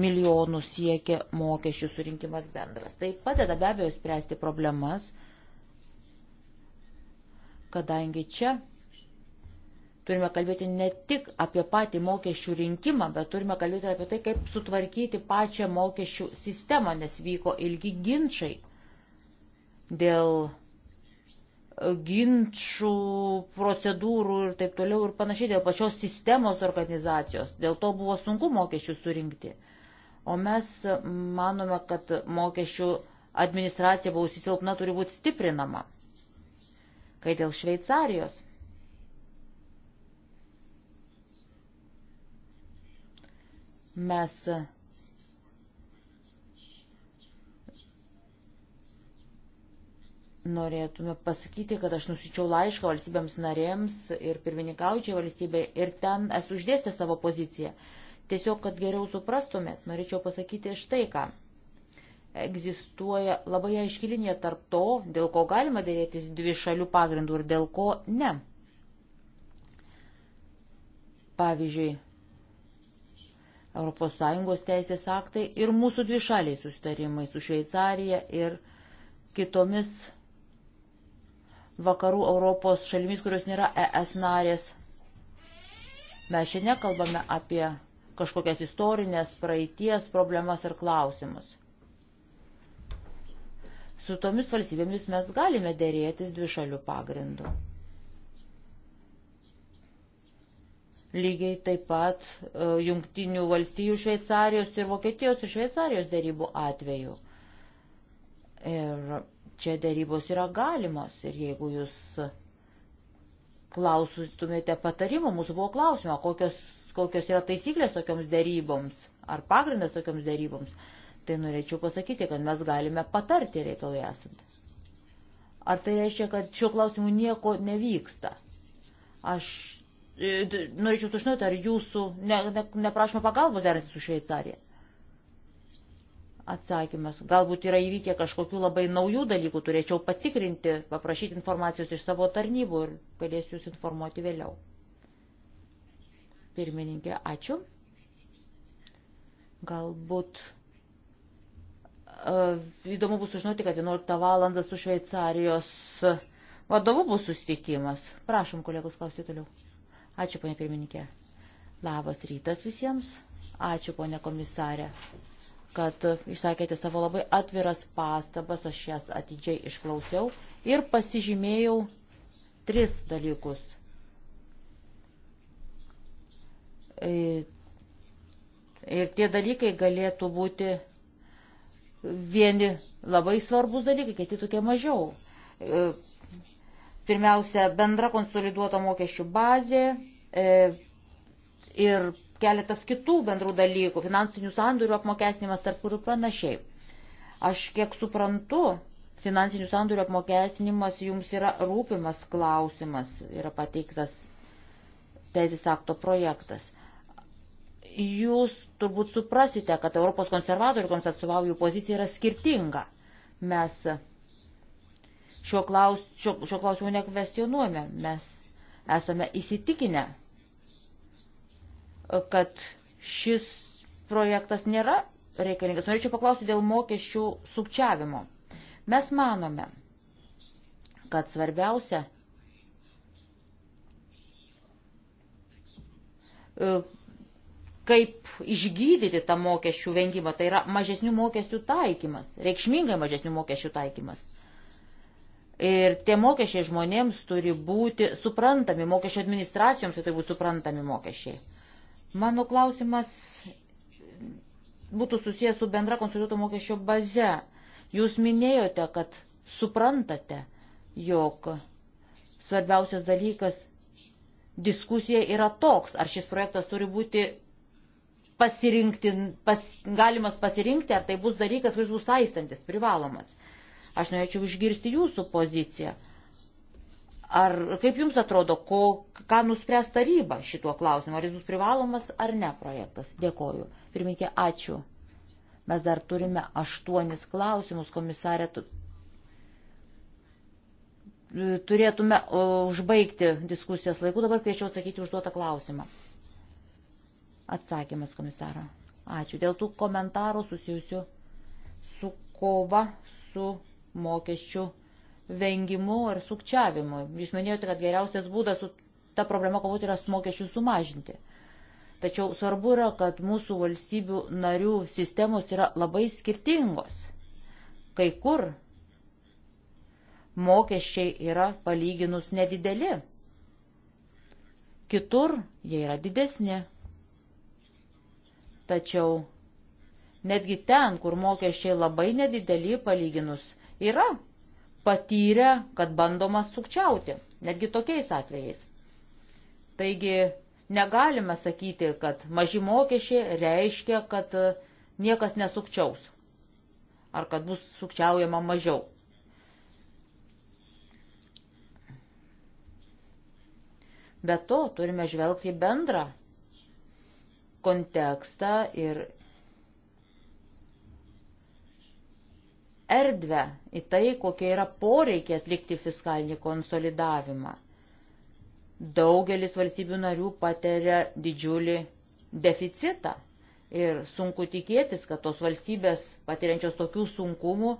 milijonų siekia mokesčių surinkimas bendras. Tai padeda be abejo spręsti problemas, kadangi čia Turime kalbėti ne tik apie patį mokesčių rinkimą, bet turime kalbėti ir apie tai, kaip sutvarkyti pačią mokesčių sistemą, nes vyko ilgi ginčiai dėl e, ginčių, procedūrų ir taip toliau ir panašiai, dėl pačios sistemos organizacijos. Dėl to buvo sunku mokesčių surinkti. O mes manome, kad mokesčių administracija buvusi silpna turi būti stiprinama. Kai dėl Šveicarijos Mes norėtume pasakyti, kad aš nusičiau laišką valstybėms narėms ir pirmininkaučiai valstybė ir ten esu uždėstę savo poziciją. Tiesiog, kad geriau suprastumėt, norėčiau pasakyti štai ką. Egzistuoja labai aiški linija tarp to, dėl ko galima dėrėtis dvi šalių pagrindų ir dėl ko ne. Pavyzdžiui, ES teisės aktai ir mūsų dvišaliai susitarimai su Šveicarija ir kitomis vakarų Europos šalimis, kurios nėra ES narės. Mes šiandien kalbame apie kažkokias istorinės praeities problemas ir klausimus. Su tomis valstybėmis mes galime dėrėtis dvišalių pagrindų. lygiai taip pat e, jungtinių valstijų Šveicarijos ir Vokietijos ir Šveicarijos dėrybų atveju. Ir čia dėrybos yra galimos. Ir jeigu jūs klausytumėte patarimo, mūsų buvo klausimo, kokios, kokios yra taisyklės tokioms dėryboms ar pagrindas tokioms dėryboms, tai norėčiau pasakyti, kad mes galime patarti reikalui esant. Ar tai reiškia, kad šiuo klausimu nieko nevyksta? Aš E, norėčiau sužinoti, ar jūsų ne, ne, neprašoma pagalbos derinti su Šveicarija. Atsakymas. Galbūt yra įvykę kažkokių labai naujų dalykų, turėčiau patikrinti, paprašyti informacijos iš savo tarnybų ir galėsiu jūs informuoti vėliau. Pirmininkė, ačiū. Galbūt uh, įdomu bus sužinoti, kad 11 val. su Šveicarijos vadovu bus susitikimas. Prašom, kolegos, klausyti toliau. Ačiū, ponė pirmininkė. Labas rytas visiems. Ačiū, ponė komisarė, kad išsakėte savo labai atviras pastabas. Aš jas atidžiai išklausiau ir pasižymėjau tris dalykus. E, ir tie dalykai galėtų būti vieni labai svarbus dalykai, kiti tokie mažiau. E, Pirmiausia, bendra konsoliduota mokesčių bazė e, ir keletas kitų bendrų dalykų, finansinių sandorių apmokestinimas, tarp kurių panašiai. Aš kiek suprantu, finansinių sandorių apmokestinimas jums yra rūpimas klausimas, yra pateiktas teisės akto projektas. Jūs turbūt suprasite, kad Europos konservatorių, kuriams atstovauju, pozicija yra skirtinga. Mes Šio, klaus, šio, šio klausimo nekvestionuojame. Mes esame įsitikinę, kad šis projektas nėra reikalingas. Norėčiau paklausyti dėl mokesčių sukčiavimo. Mes manome, kad svarbiausia e, kaip išgydyti tą mokesčių vengimą, tai yra mažesnių mokesčių taikymas, reikšmingai mažesnių mokesčių taikymas. Ir tie mokesčiai žmonėms turi būti suprantami, mokesčio administracijoms tai būtų suprantami mokesčiai. Mano klausimas būtų susijęs su bendra konsoliduoto mokesčio baze. Jūs minėjote, kad suprantate, jog svarbiausias dalykas diskusija yra toks, ar šis projektas turi būti pasirinkti, pas, galimas pasirinkti, ar tai bus dalykas, kuris bus saistantis, privalomas. Aš norėčiau išgirsti jūsų poziciją. Ar kaip jums atrodo, ko, ką nuspręs taryba šituo klausimu? Ar jis bus privalomas ar ne projektas? Dėkoju. Pirminkė, ačiū. Mes dar turime aštuonis klausimus, komisarė. Turėtume užbaigti diskusijas laiku. Dabar kviečiau atsakyti užduotą klausimą. Atsakymas komisaro. Ačiū dėl tų komentarų susijusių su kova su mokesčių vengimu ar sukčiavimu. Jūs minėjote, kad geriausias būdas su ta problema kovoti yra mokesčių sumažinti. Tačiau svarbu yra, kad mūsų valstybių narių sistemos yra labai skirtingos. Kai kur mokesčiai yra palyginus nedideli, kitur jie yra didesni. Tačiau netgi ten, kur mokesčiai labai nedideli palyginus, yra patyrę, kad bandoma sukčiauti, netgi tokiais atvejais. Taigi negalime sakyti, kad maži mokesčiai reiškia, kad e, niekas nesukčiaus ar kad bus sukčiaujama mažiau. Be to turime žvelgti bendrą kontekstą ir erdvę į tai, kokie yra poreikiai atlikti fiskalinį konsolidavimą. Daugelis valstybių narių patiria didžiulį deficitą ir sunku tikėtis, kad tos valstybės patiriančios tokių sunkumų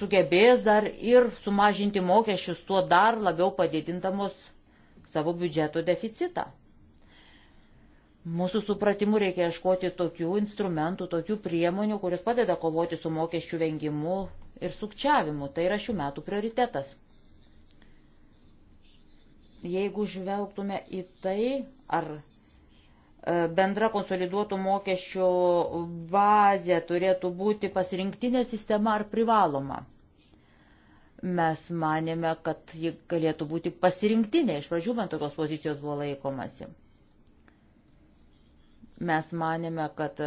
sugebės dar ir sumažinti mokesčius, tuo dar labiau padidintamos savo biudžeto deficitą. Mūsų supratimu reikia iškoti tokių instrumentų, tokių priemonių, kuris padeda kovoti su mokesčių vengimu ir sukčiavimu. Tai yra šių metų prioritetas. Jeigu žvelgtume į tai, ar e, bendra konsoliduotų mokesčių bazė turėtų būti pasirinktinė sistema ar privaloma. Mes manėme, kad ji galėtų būti pasirinktinė. Iš pradžių man tokios pozicijos buvo laikomasi. Mes manėme, kad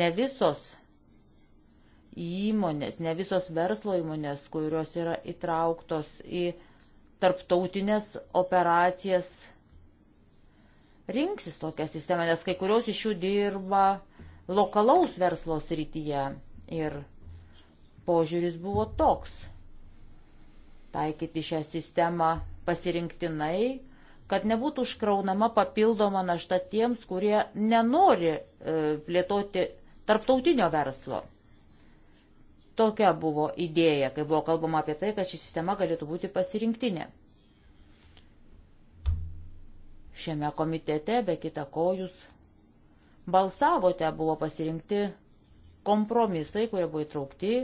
ne visos įmonės, ne visos verslo įmonės, kurios yra įtrauktos į tarptautinės operacijas, rinksis tokią sistemą, nes kai kurios iš jų dirba lokalaus verslo srityje ir požiūris buvo toks - taikyti šią sistemą pasirinktinai kad nebūtų užkraunama papildoma našta tiems, kurie nenori e, plėtoti tarptautinio verslo. Tokia buvo idėja, kai buvo kalbama apie tai, kad ši sistema galėtų būti pasirinktinė. Šiame komitete, be kita ko, jūs balsavote, buvo pasirinkti kompromisai, kurie buvo įtraukti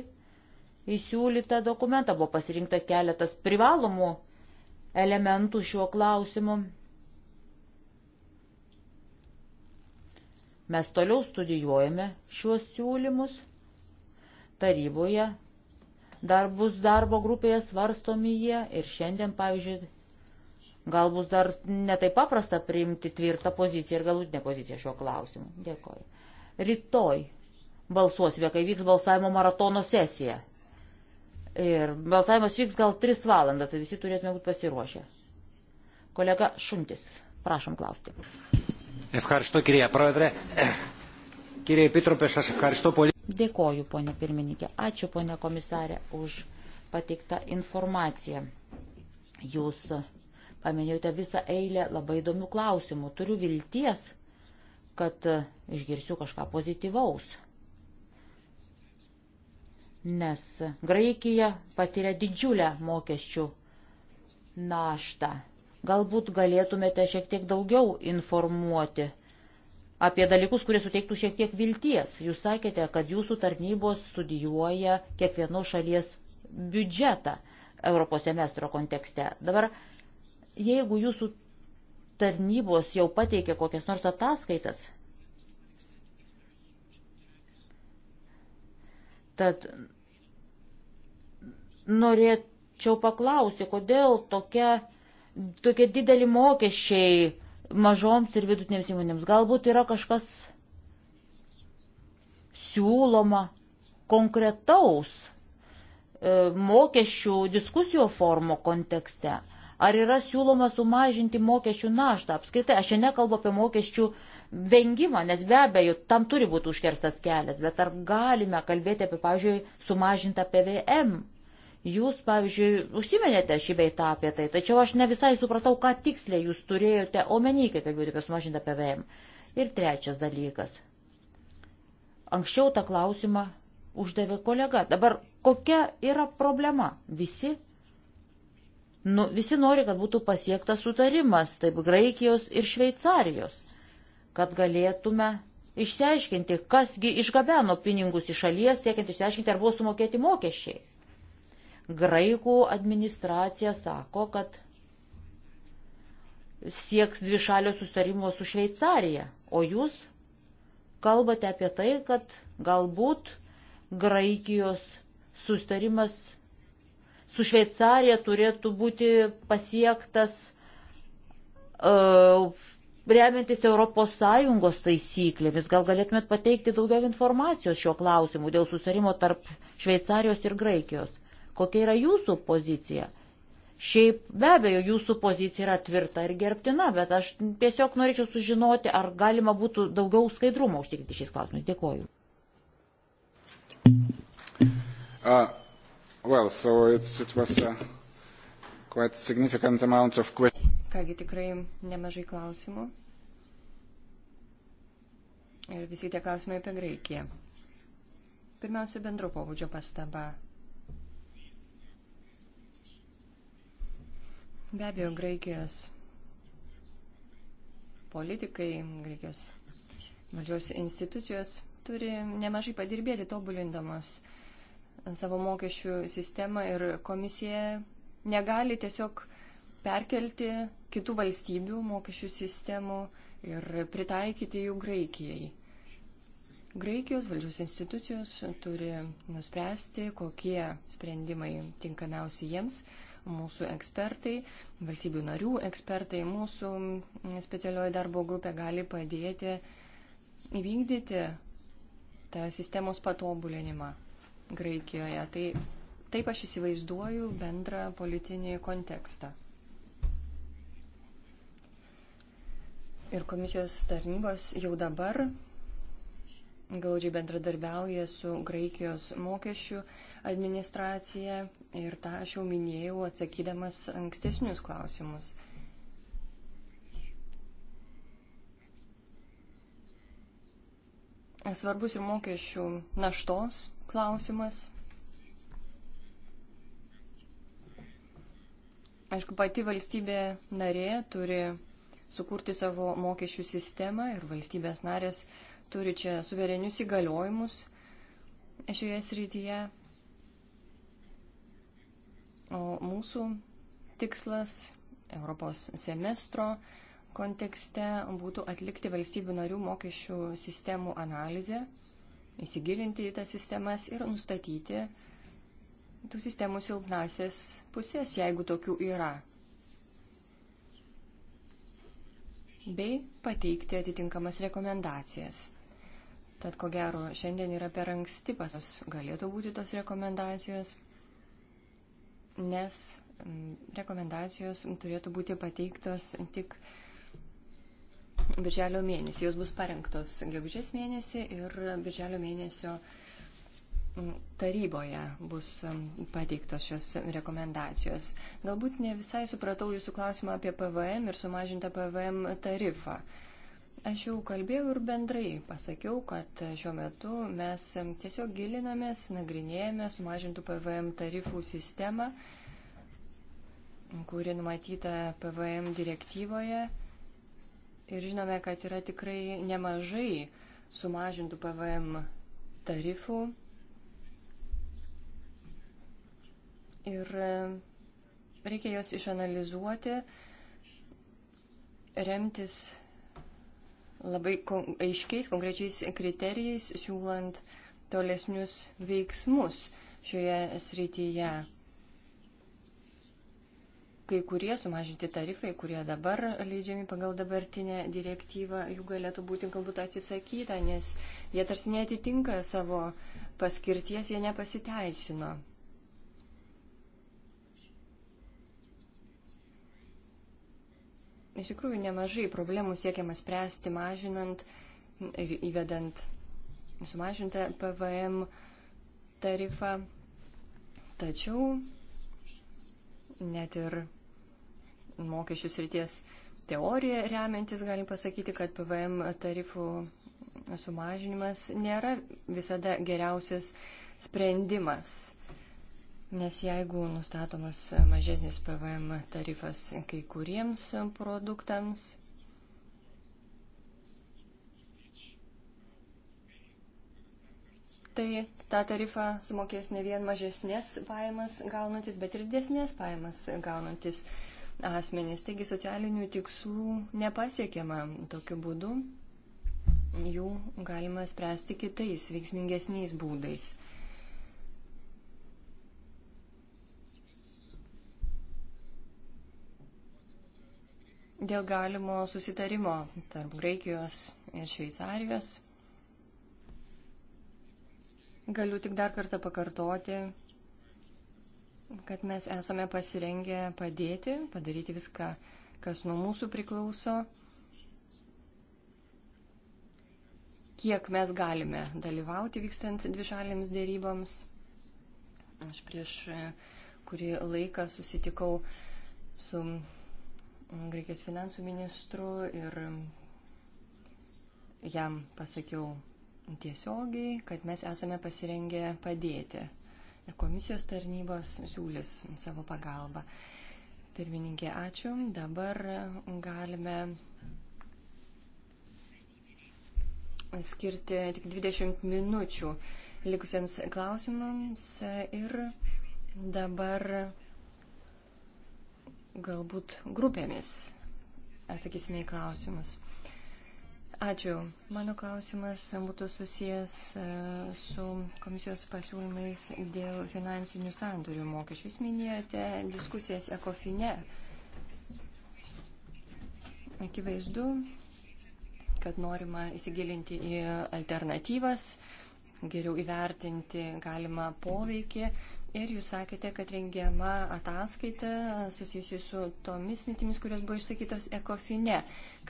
į siūlytą dokumentą, buvo pasirinkta keletas privalomų elementų šiuo klausimu. Mes toliau studijuojame šiuos siūlymus. Taryboje dar bus darbo grupėje svarstomi jie ir šiandien, pavyzdžiui, gal bus dar netai paprasta priimti tvirtą poziciją ir galutinę poziciją šiuo klausimu. Dėkoju. Rytoj balsuosime, kai vyks balsavimo maratono sesija. Ir balsavimas vyks gal 3 valandas, tai visi turėtume būti pasiruošę. Kolega Šuntis, prašom klausti. Ευχαριστώ κυρία Πρόεδρε. Κύριε Επίτροπε, σας ευχαριστώ πολύ. Dėkoju, ponė pirmininkė. Ačiū, ponė komisarė, už pateiktą informaciją. Jūs paminėjote visą eilę labai įdomių klausimų. Turiu vilties, kad išgirsiu kažką pozityvaus nes Graikija patiria didžiulę mokesčių naštą. Galbūt galėtumėte šiek tiek daugiau informuoti apie dalykus, kurie suteiktų šiek tiek vilties. Jūs sakėte, kad jūsų tarnybos studijuoja kiekvienos šalies biudžetą Europos semestro kontekste. Dabar, jeigu jūsų tarnybos jau pateikė kokias nors ataskaitas, tad Norėčiau paklausti, kodėl tokia, tokie dideli mokesčiai mažoms ir vidutinėms įmonėms. Galbūt yra kažkas siūloma konkretaus e, mokesčių diskusijų formo kontekste. Ar yra siūloma sumažinti mokesčių naštą? Apskritai, aš čia nekalbu apie mokesčių vengimą, nes be abejo, tam turi būti užkerstas kelias, bet ar galime kalbėti apie, pavyzdžiui, sumažintą PVM Jūs, pavyzdžiui, užsiminėte šį beitą apie tai, tačiau aš ne visai supratau, ką tiksliai jūs turėjote omeny, kai kalbėjote apie sumažintą PVM. Ir trečias dalykas. Anksčiau tą klausimą uždavė kolega. Dabar kokia yra problema? Visi, nu, visi nori, kad būtų pasiektas sutarimas, taip Graikijos ir Šveicarijos, kad galėtume išsiaiškinti, kasgi išgabeno pinigus iš šalies, siekiant išsiaiškinti, ar buvo sumokėti mokesčiai. Graikų administracija sako, kad sieks dvišalio sustarimo su Šveicarija, o jūs kalbate apie tai, kad galbūt Graikijos sustarimas su Šveicarija turėtų būti pasiektas uh, remiantis ES taisyklėmis. Gal galėtumėt pateikti daugiau informacijos šiuo klausimu dėl sustarimo tarp Šveicarijos ir Graikijos? Kokia yra jūsų pozicija? Šiaip be abejo, jūsų pozicija yra tvirta ir gerbtina, bet aš tiesiog norėčiau sužinoti, ar galima būtų daugiau skaidrumo užtikrinti šiais klausimais. Dėkoju. Uh, well, so it, it was a quite significant amount of questions. Kągi tikrai nemažai klausimų. Ir visi tie klausimai apie Graikiją. Pirmiausia, bendro pobūdžio pastaba Be abejo, Graikijos politikai, Graikijos valdžios institucijos turi nemažai padirbėti tobulindamos savo mokesčių sistemą ir komisija negali tiesiog perkelti kitų valstybių mokesčių sistemų ir pritaikyti jų Graikijai. Graikijos valdžios institucijos turi nuspręsti, kokie sprendimai tinkamiausi jiems mūsų ekspertai, valstybių narių ekspertai, mūsų specialioji darbo grupė gali padėti įvykdyti tą sistemos patobulinimą Graikijoje. Tai taip aš įsivaizduoju bendrą politinį kontekstą. Ir komisijos tarnybos jau dabar glaudžiai bendradarbiauja su Graikijos mokesčių administracija ir tą aš jau minėjau atsakydamas ankstesnius klausimus. Svarbus ir mokesčių naštos klausimas. Aišku, pati valstybė narė turi sukurti savo mokesčių sistemą ir valstybės narės uh, turi čia suverenius įgaliojimus šioje srityje. O mūsų tikslas Europos semestro kontekste būtų atlikti valstybių narių mokesčių sistemų analizę, įsigilinti į tas sistemas ir nustatyti tų sistemų silpnasias pusės, jeigu tokių yra. bei pateikti atitinkamas rekomendacijas. Tad ko gero, šiandien yra per anksti pasas, galėtų būti tos rekomendacijos, nes rekomendacijos turėtų būti pateiktos tik birželio mėnesį. Jos bus parengtos gegužės mėnesį ir birželio mėnesio mėnesio taryboje bus pateiktos šios rekomendacijos. Galbūt ne visai supratau jūsų klausimą apie PVM ir sumažintą PVM tarifą. Aš jau kalbėjau ir bendrai pasakiau, kad šiuo metu mes tiesiog gilinamės, nagrinėjame sumažintų PVM tarifų sistemą, kuri numatyta PVM direktyvoje. Ir žinome, kad yra tikrai nemažai sumažintų PVM tarifų ir e, reikia juos išanalizuoti, remtis labai aiškiais, konkrečiais kriterijais, siūlant tolesnius veiksmus šioje srityje. Kai kurie sumažinti tarifai, kurie dabar leidžiami pagal dabartinę direktyvą, jų galėtų būti galbūt atsisakyta, nes jie tarsi netitinka savo paskirties, jie nepasiteisino. Iš tikrųjų, nemažai problemų siekiama spręsti, mažinant ir įvedant sumažintą PVM tarifą. Tačiau net ir mokesčių srities teoriją remiantis galim pasakyti, kad PVM tarifų sumažinimas nėra visada geriausias sprendimas. Nes jeigu nustatomas mažesnis PVM tarifas kai kuriems produktams, tai tą tarifą sumokės ne vien mažesnės pajamas gaunantis, bet ir didesnės pajamas gaunantis asmenys. Taigi socialinių tikslų nepasiekiama tokiu būdu, jų galima spręsti kitais, veiksmingesniais būdais. dėl galimo susitarimo tarp Graikijos ir Šveicarijos. Galiu tik dar kartą pakartoti, kad mes esame pasirengę padėti, padaryti viską, kas nuo mūsų priklauso, kiek mes galime dalyvauti vykstant dvišalėms dėryboms. Aš prieš e, kurį laiką susitikau su Greikijos finansų ministru ir jam pasakiau tiesiogiai, kad mes esame pasirengę padėti. Ir komisijos tarnybos siūlis savo pagalbą. Pirmininkė, ačiū. Dabar galime skirti tik 20 minučių likusiems klausimams ir dabar galbūt grupėmis atsakysime į klausimus. Ačiū. Mano klausimas būtų susijęs e, su komisijos pasiūlymais dėl finansinių sandorių mokesčių. Jūs minėjote diskusijas ekofine. Akivaizdu, kad norima įsigilinti į alternatyvas, geriau įvertinti galimą poveikį Ir jūs sakėte, kad rengiama ataskaita susijusi su tomis mintimis, kurios buvo išsakytos ekofine.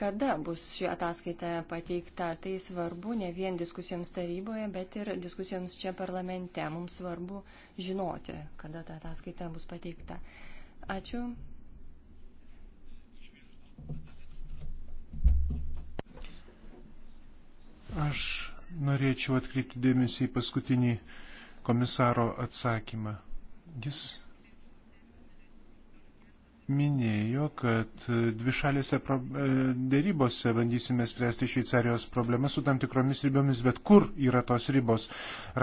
Kada bus ši ataskaita pateikta? Tai svarbu ne vien diskusijoms taryboje, bet ir diskusijoms čia parlamente. Mums svarbu žinoti, kada ta ataskaita bus pateikta. Ačiū. Aš norėčiau atkreipti dėmesį į paskutinį komisaro atsakymą. Jis minėjo, kad dvišalėse e, dėrybose bandysime spręsti Šveicarijos problemas su tam tikromis ribomis, bet kur yra tos ribos,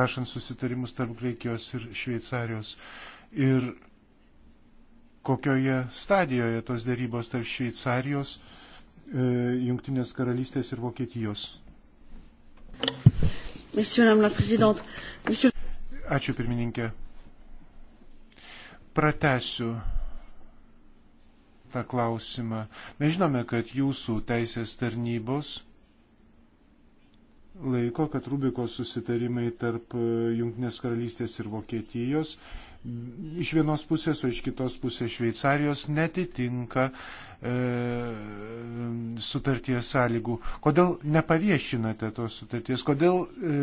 rašant susitarimus tarp Graikijos ir Šveicarijos. Ir kokioje stadijoje tos dėrybos tarp Šveicarijos, e, Junktinės karalystės ir Vokietijos. Monsieur... Ačiū pirmininkė. Pratesiu tą klausimą. Mes žinome, kad jūsų teisės tarnybos laiko, kad Rubiko susitarimai tarp e, Junktinės karalystės ir Vokietijos iš vienos pusės, o iš kitos pusės Šveicarijos netitinka e, sutarties sąlygų. Kodėl nepaviešinate tos sutarties? Kodėl e,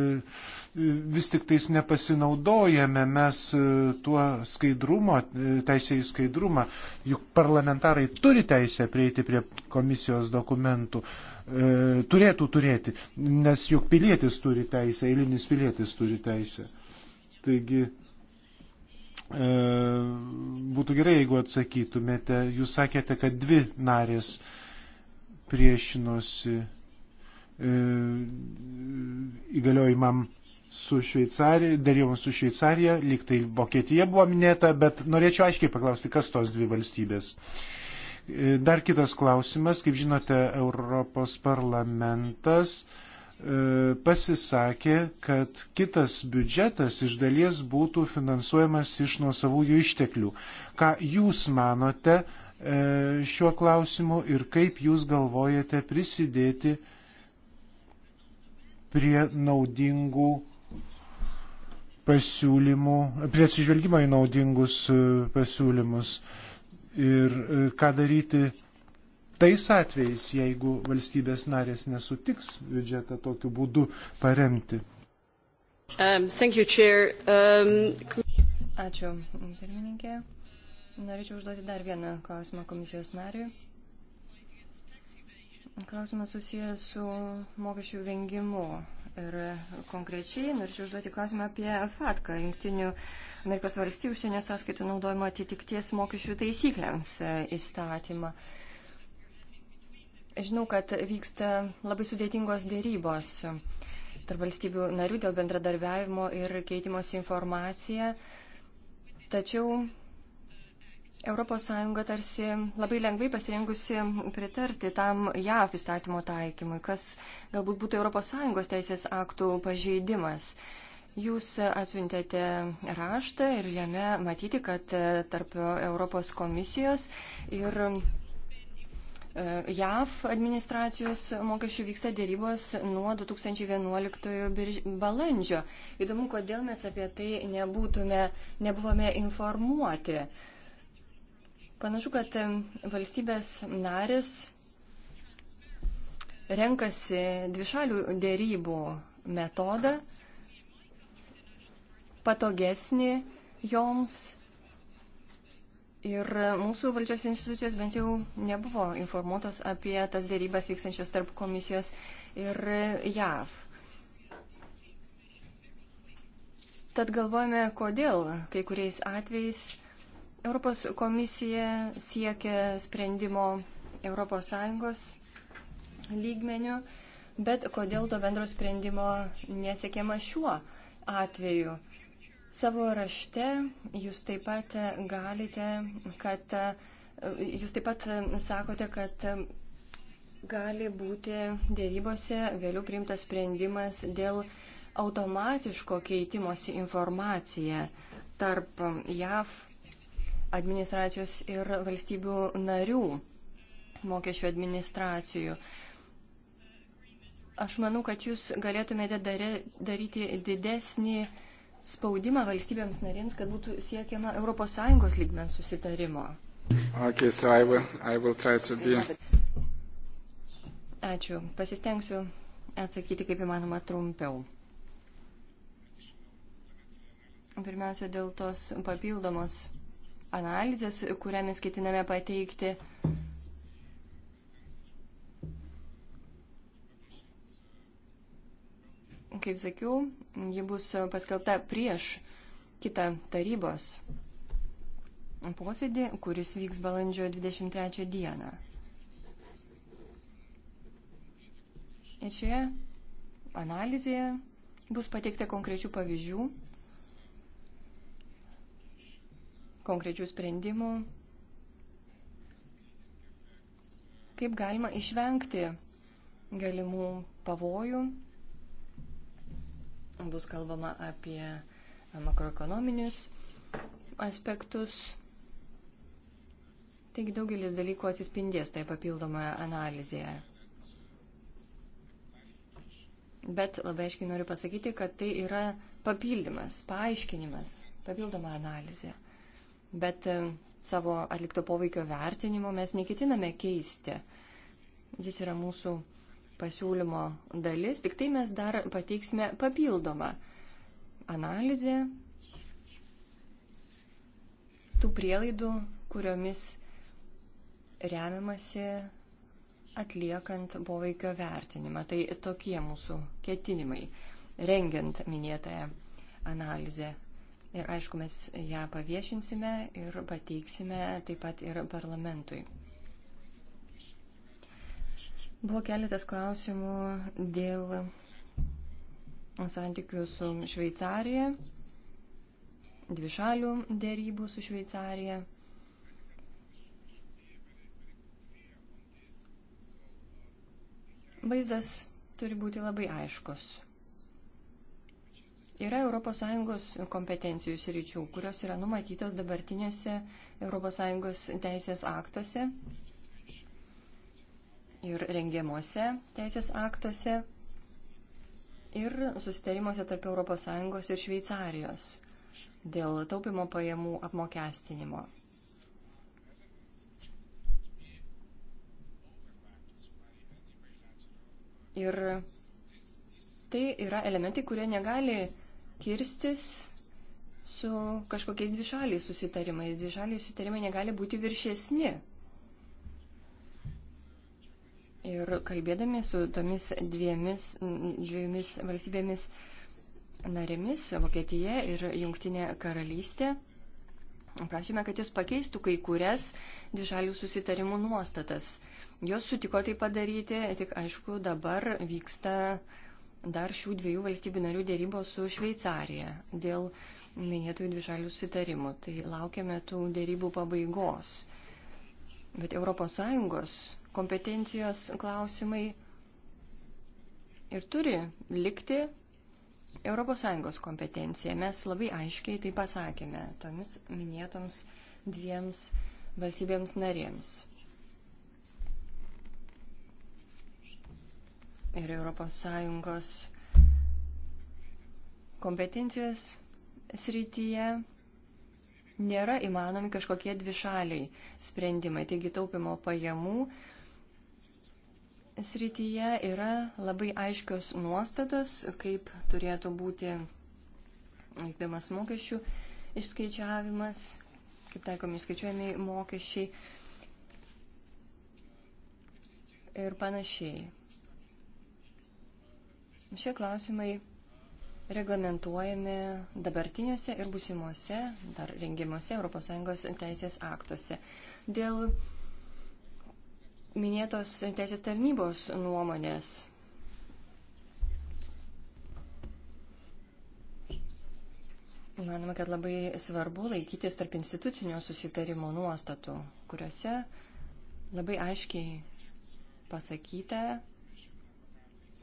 vis tik tais nepasinaudojame mes e, tuo skaidrumo, e, teisė į skaidrumą? Juk parlamentarai turi teisę prieiti prie komisijos dokumentų. E, turėtų turėti, nes juk pilietis turi teisę, eilinis pilietis turi teisę. Taigi E, būtų gerai, jeigu atsakytumėte. Jūs sakėte, kad dvi narės priešinosi e, įgaliojimam su Šveicarija, dėrėjom su Šveicarija, lyg tai Vokietija buvo minėta, bet norėčiau aiškiai paklausti, kas tos dvi valstybės. E, dar kitas klausimas, kaip žinote, Europos parlamentas uh, E, pasisakė, kad kitas biudžetas iš dalies būtų finansuojamas iš nuosavųjų išteklių. Ką Jūs manote e, šiuo klausimu ir kaip Jūs galvojate prisidėti prie naudingų pasiūlymų, prie atsižvelgimo į naudingus e, pasiūlymus ir ką daryti tais atvejais, jeigu valstybės narės nesutiks biudžetą tokiu būdu paremti. Um, you, chair. um... Ačiū, pirmininkė. Norėčiau užduoti dar vieną klausimą komisijos nariui. Klausimas susijęs su mokesčių vengimu. Ir konkrečiai norėčiau užduoti klausimą apie FATKA, Junktinių Amerikos valstybių užsienio sąskaitų naudojimo atitikties mokesčių taisyklėms įstatymą. E, Žinau, kad vyksta labai sudėtingos dėrybos tarp valstybių narių dėl bendradarbiavimo ir keitimos informacija. Tačiau ES tarsi labai lengvai pasirengusi pritarti tam JAF įstatymo taikymui, kas galbūt būtų ES teisės aktų pažeidimas. Jūs atsiuntėte raštą ir jame matyti, kad tarp Europos komisijos ir E, JAV administracijos mokesčių vyksta dėrybos nuo 2011 balandžio. Įdomu, kodėl mes apie tai nebūtume, nebuvome informuoti. Panašu, kad valstybės narės renkasi dvišalių dėrybų metodą, patogesnį joms Ir mūsų valdžios institucijos bent jau nebuvo informuotos apie tas dėrybas vykstančios tarp komisijos ir JAV. Tad galvojame, kodėl kai kuriais atvejais Europos komisija siekia sprendimo ES lygmenių, bet kodėl to bendro sprendimo nesiekiama šiuo atveju. Savo rašte jūs taip pat galite, kad jūs taip pat sakote, kad gali būti dėrybose vėliau priimtas sprendimas dėl automatiško keitimosi informacija tarp JAV administracijos ir valstybių narių mokesčių administracijų. Aš manau, kad jūs galėtumėte daryti didesnį uh, spaudimą valstybėms narėms, kad būtų siekiama ES lygmens susitarimo. Okay, so I will, I will be... Ačiū. Pasistengsiu atsakyti kaip įmanoma trumpiau. Pirmiausia, dėl tos papildomos analizės, kurią mes ketiname pateikti kaip sakiau, ji bus paskelbta prieš kitą tarybos posėdį, kuris vyks balandžio 23 dieną. Ir šioje analizėje bus pateikta konkrečių pavyzdžių, konkrečių sprendimų, kaip galima išvengti galimų pavojų bus kalbama apie makroekonominius aspektus. Taigi daugelis dalykų atsispindės toje papildomoje analizėje. Bet labai aiškiai noriu pasakyti, kad tai yra papildymas, paaiškinimas, papildoma analizė. Bet e, savo atlikto poveikio vertinimo mes neketiname keisti. Jis yra mūsų pasiūlymo dalis, tik tai mes dar pateiksime papildomą analizę tų prielaidų, kuriomis remiamasi atliekant poveikio vertinimą. Tai tokie mūsų ketinimai, rengiant minėtąją analizę. Ir aišku, mes ją paviešinsime ir pateiksime taip pat ir parlamentui. Buvo keletas klausimų dėl santykių su Šveicarija, dvišalių dėrybų su Šveicarija. Vaizdas turi būti labai aiškus. Yra ES kompetencijų sričių, kurios yra numatytos dabartinėse ES teisės aktuose ir rengiamuose teisės aktuose ir susitarimuose tarp ES ir Šveicarijos dėl taupimo pajamų apmokestinimo. Ir tai yra elementai, kurie negali kirstis su kažkokiais dvišaliais susitarimais. Dvišaliai susitarimai negali būti viršesni Ir kalbėdami su tomis dviemis, dviemis valstybėmis narėmis, Vokietija ir Junktinė karalystė, prašėme, kad jos pakeistų kai kurias dvišalių susitarimų nuostatas. Jos sutiko tai padaryti, tik aišku, dabar vyksta dar šių dviejų valstybių narių dėrybos su Šveicarija dėl minėtųjų dvišalių susitarimų. Tai laukiame tų dėrybų pabaigos. Bet ES kompetencijos klausimai ir turi likti ES kompetencija. Mes labai aiškiai tai pasakėme tomis minėtoms dviems valstybėms narėms. Ir ES kompetencijos srityje nėra įmanomi kažkokie dvišaliai sprendimai. Taigi taupimo pajamų uh, srityje yra labai aiškios nuostatos, kaip turėtų būti vykdamas mokesčių išskaičiavimas, kaip taikomi išskaičiuojami mokesčiai ir panašiai. Šie klausimai reglamentuojami dabartiniuose ir busimuose, dar rengimuose ES teisės aktuose. Dėl minėtos teisės tarnybos nuomonės. Manoma, kad labai svarbu laikytis tarp institucinio susitarimo nuostatų, kuriuose labai aiškiai pasakyta,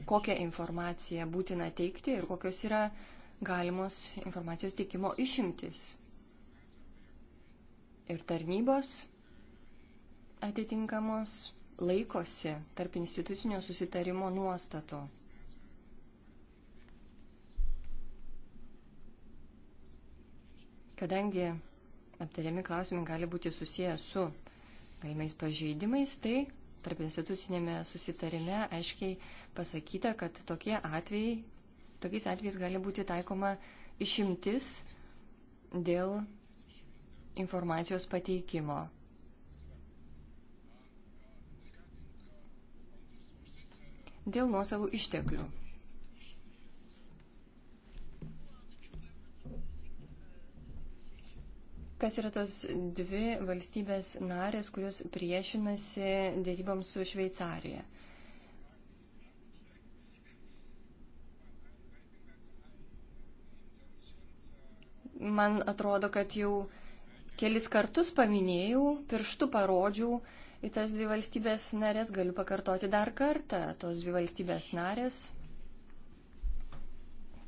kokią informaciją būtina teikti ir kokios yra galimos informacijos teikimo išimtis. Ir tarnybos atitinkamos laikosi tarp institucinio susitarimo nuostato. Kadangi aptariami klausimai gali būti susiję su galimais pažeidimais, tai tarp institucinėme susitarime aiškiai pasakyta, kad tokie atvejai, tokiais atvejais gali būti taikoma išimtis dėl informacijos pateikimo. dėl nuosavų išteklių. Kas yra tos dvi valstybės narės, kurios priešinasi dėryboms su Šveicarija? Man atrodo, kad jau kelis kartus paminėjau, pirštų parodžiau, į tas dvi valstybės narės, galiu pakartoti dar kartą, tos dvi valstybės narės,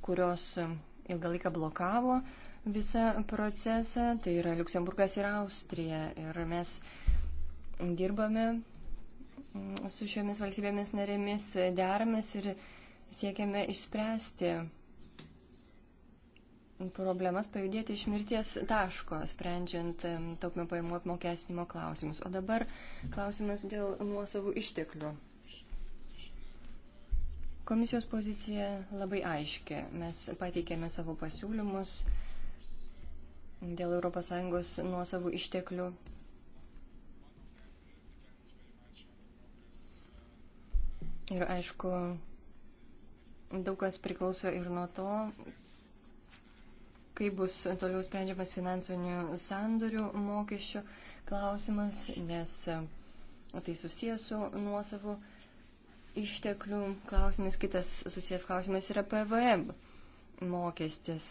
kurios ilgą laiką blokavo visą procesą, tai yra Luksemburgas ir Austrija. Ir mes dirbame su šiomis valstybėmis narėmis, deramės ir siekiame išspręsti problemas pajudėti iš mirties taško, sprendžiant taupimo pajamų apmokestinimo klausimus. O dabar klausimas dėl nuosavų išteklių. Komisijos pozicija labai aiški. Mes pateikėme savo pasiūlymus dėl ES nuosavų išteklių. Ir aišku, daug kas priklauso ir nuo to, kaip bus toliau sprendžiamas finansinių sandorių mokesčių klausimas, nes e, tai susijęs su nuosavu išteklių klausimais. Kitas susijęs klausimas yra PVM mokestis.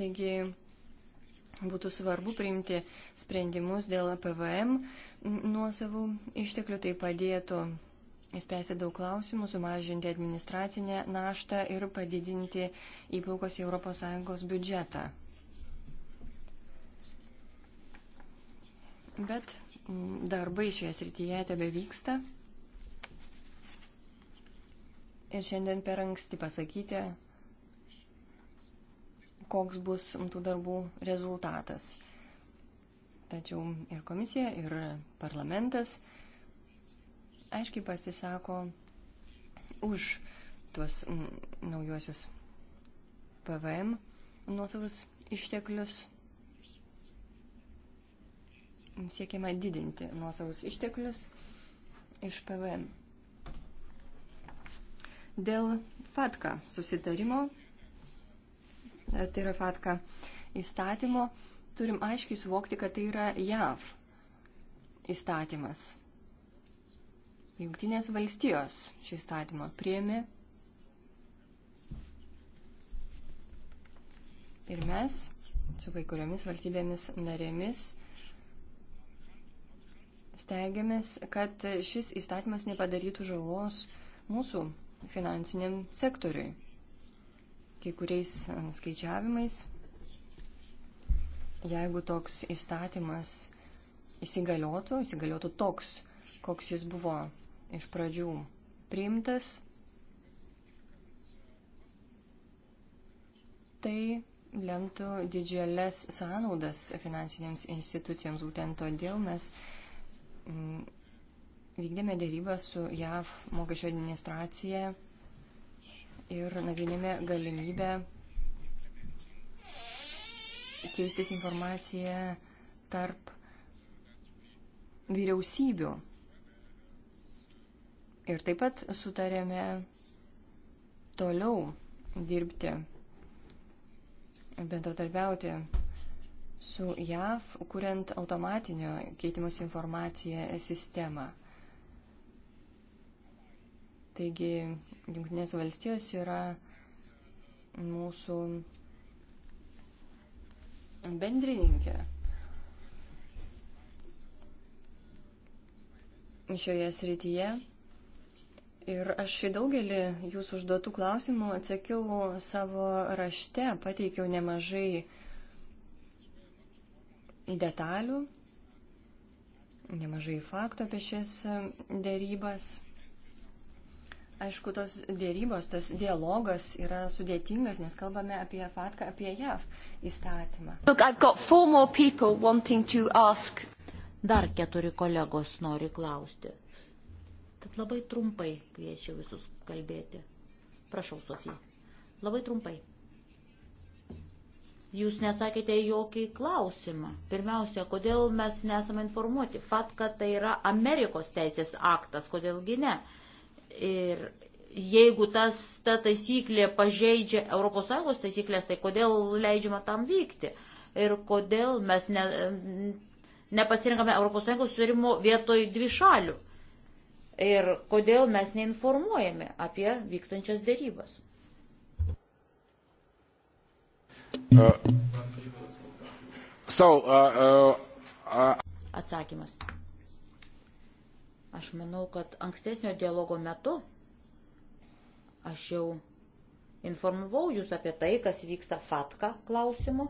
Taigi būtų svarbu priimti sprendimus dėl PVM nuosavų išteklių, tai padėtų spręsti daug klausimų, sumažinti administracinę naštą ir padidinti įplaukos į ES biudžetą. Bet darbai šioje srityje tebe vyksta. Ir šiandien per anksti pasakyti, koks bus tų darbų rezultatas. Tačiau ir komisija, ir parlamentas aiškiai pasisako už tuos naujuosius PVM nuosavus išteklius. Siekiama didinti nuosavus išteklius iš PVM. Dėl FATKA susitarimo, e, tai yra FATKA įstatymo, turim aiškiai suvokti, kad tai yra JAV įstatymas. Junktinės valstijos šį įstatymą priemi. Ir mes su kai kuriomis valstybėmis narėmis stengiamės, kad šis įstatymas nepadarytų žalos mūsų finansiniam sektoriui. Kai kuriais skaičiavimais, jeigu toks įstatymas įsigaliotų, įsigaliotų toks, koks jis buvo iš pradžių priimtas, tai lemtų didžiulės sąnaudas finansinėms institucijoms. Būtent todėl mes mm, vykdėme dėrybą su JAV mokesčio administracija ir nagrinėme galimybę keistis informaciją tarp vyriausybių Ir taip pat sutarėme toliau dirbti, bendradarbiauti su JAV, kuriant automatinio keitimus informaciją sistemą. Taigi, Junktinės valstijos yra mūsų bendrininkė. Šioje srityje Ir aš į daugelį jūsų užduotų klausimų atsakiau savo rašte, pateikiau nemažai detalių, nemažai faktų apie šias dėrybas. Aišku, tos dėrybos, tas dialogas yra sudėtingas, nes kalbame apie FATKA, apie JAV įstatymą. Look, Dar keturi kolegos nori klausti. Tad labai trumpai kviečiu visus kalbėti. Prašau, Sofija. Labai trumpai. Jūs nesakėte jokį klausimą. Pirmiausia, kodėl mes nesame informuoti? Fatka tai yra Amerikos teisės aktas, kodėlgi ne? Ir jeigu tas, ta taisyklė pažeidžia ES taisyklės, tai kodėl leidžiama tam vykti? Ir kodėl mes ne, nepasirinkame ES susirimo vietoj dvi šalių? ir kodėl mes neinformuojame apie vykstančias dėrybas. Uh, so, uh, uh, uh, Atsakymas. Aš manau, kad ankstesnio dialogo metu aš jau informavau jūs apie tai, kas vyksta fatka klausimu.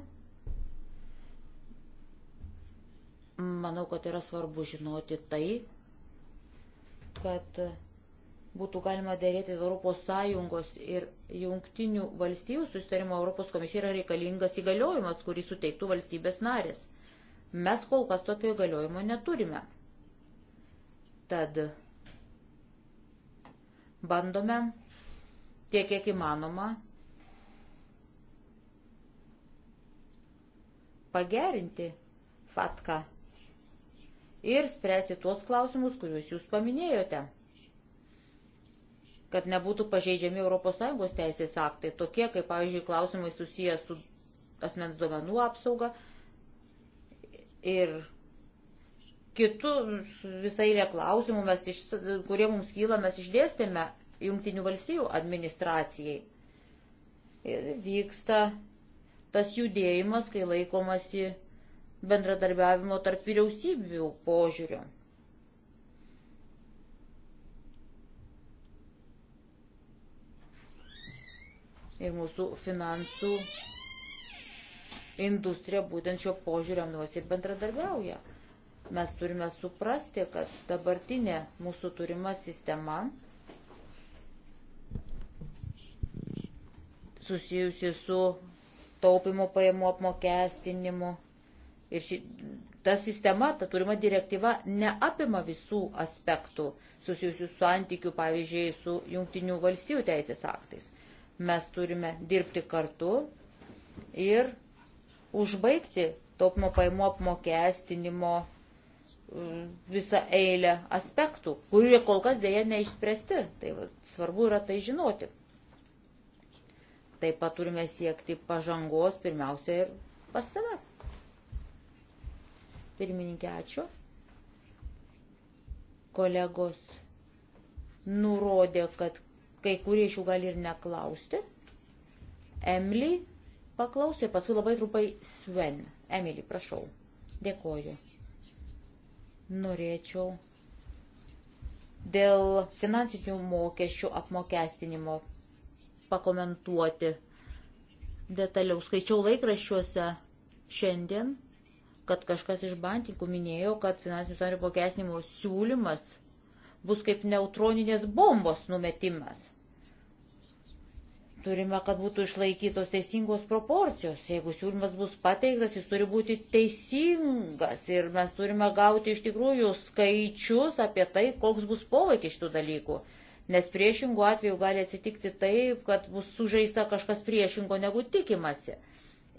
Manau, kad yra svarbu žinoti tai, kad būtų galima dėrėti ES ir jungtinių valstybių susitarimo Europos komisija yra reikalingas įgaliojimas, kurį suteiktų valstybės narės. Mes kol kas tokio įgaliojimo neturime. Tad bandome tiek, kiek įmanoma pagerinti fatką ir spręsti tuos klausimus, kuriuos jūs paminėjote kad nebūtų pažeidžiami ES teisės aktai, tokie kaip, pavyzdžiui, klausimai susijęs su asmens duomenų apsauga ir kitus visai klausimų, mes iš, kurie mums kyla, mes išdėstėme Jungtinių valstybių administracijai. Ir vyksta tas judėjimas, kai laikomasi bendradarbiavimo tarp vyriausybių požiūrių. Ir mūsų finansų industrija būtent šio požiūrio nuosi ir bendradarbiauja. Mes turime suprasti, kad dabartinė mūsų turima sistema susijusi su taupimo pajamų apmokestinimu Ir ši, ta sistema, ta turima direktyva neapima visų aspektų susijusių santykių, pavyzdžiui, su jungtinių valstybių teisės aktais. Mes turime dirbti kartu ir užbaigti taupimo paimų apmokestinimo visą eilę aspektų, kurie kol kas dėja neišspręsti. Tai va, svarbu yra tai žinoti. Taip pat turime siekti pažangos pirmiausia ir pas save. Pirmininkė, ačiū. Kolegos nurodė, kad kai kurie iš jų gali ir neklausti. Emily paklausė, paskui labai trumpai Sven. Emily, prašau. Dėkoju. Norėčiau dėl finansinių mokesčių apmokestinimo pakomentuoti detaliau. Skaičiau laikraščiuose šiandien, kad kažkas iš bantinkų minėjo, kad finansinių sandorių pokesnimo siūlymas bus kaip neutroninės bombos numetimas. Turime, kad būtų išlaikytos teisingos proporcijos. Jeigu siūlymas bus pateiktas, jis turi būti teisingas ir mes turime gauti iš tikrųjų skaičius apie tai, koks bus poveikis šitų dalykų. Nes priešingų atveju gali atsitikti taip, kad bus sužaista kažkas priešingo negu tikimasi.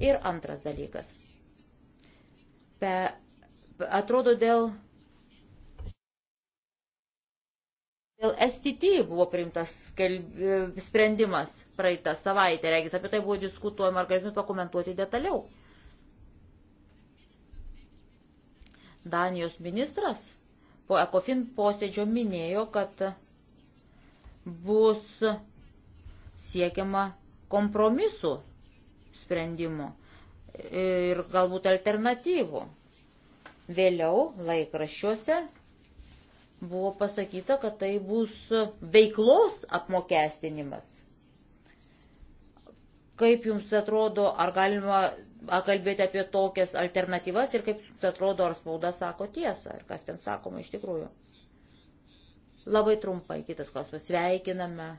Ir antras dalykas pe, atrodo dėl, dėl STT buvo priimtas skelb, sprendimas praeitą savaitę, regis apie tai buvo diskutuojama, ar galėtumėt pakomentuoti detaliau. Danijos ministras po ECOFIN posėdžio minėjo, kad bus siekiama kompromisų sprendimų ir galbūt alternatyvų. Vėliau laikraščiuose buvo pasakyta, kad tai bus veiklos apmokestinimas. Kaip jums atrodo, ar galima kalbėti apie tokias alternatyvas ir kaip jums atrodo, ar spauda sako tiesą ir kas ten sakoma iš tikrųjų? Labai trumpai kitas klausimas. Sveikiname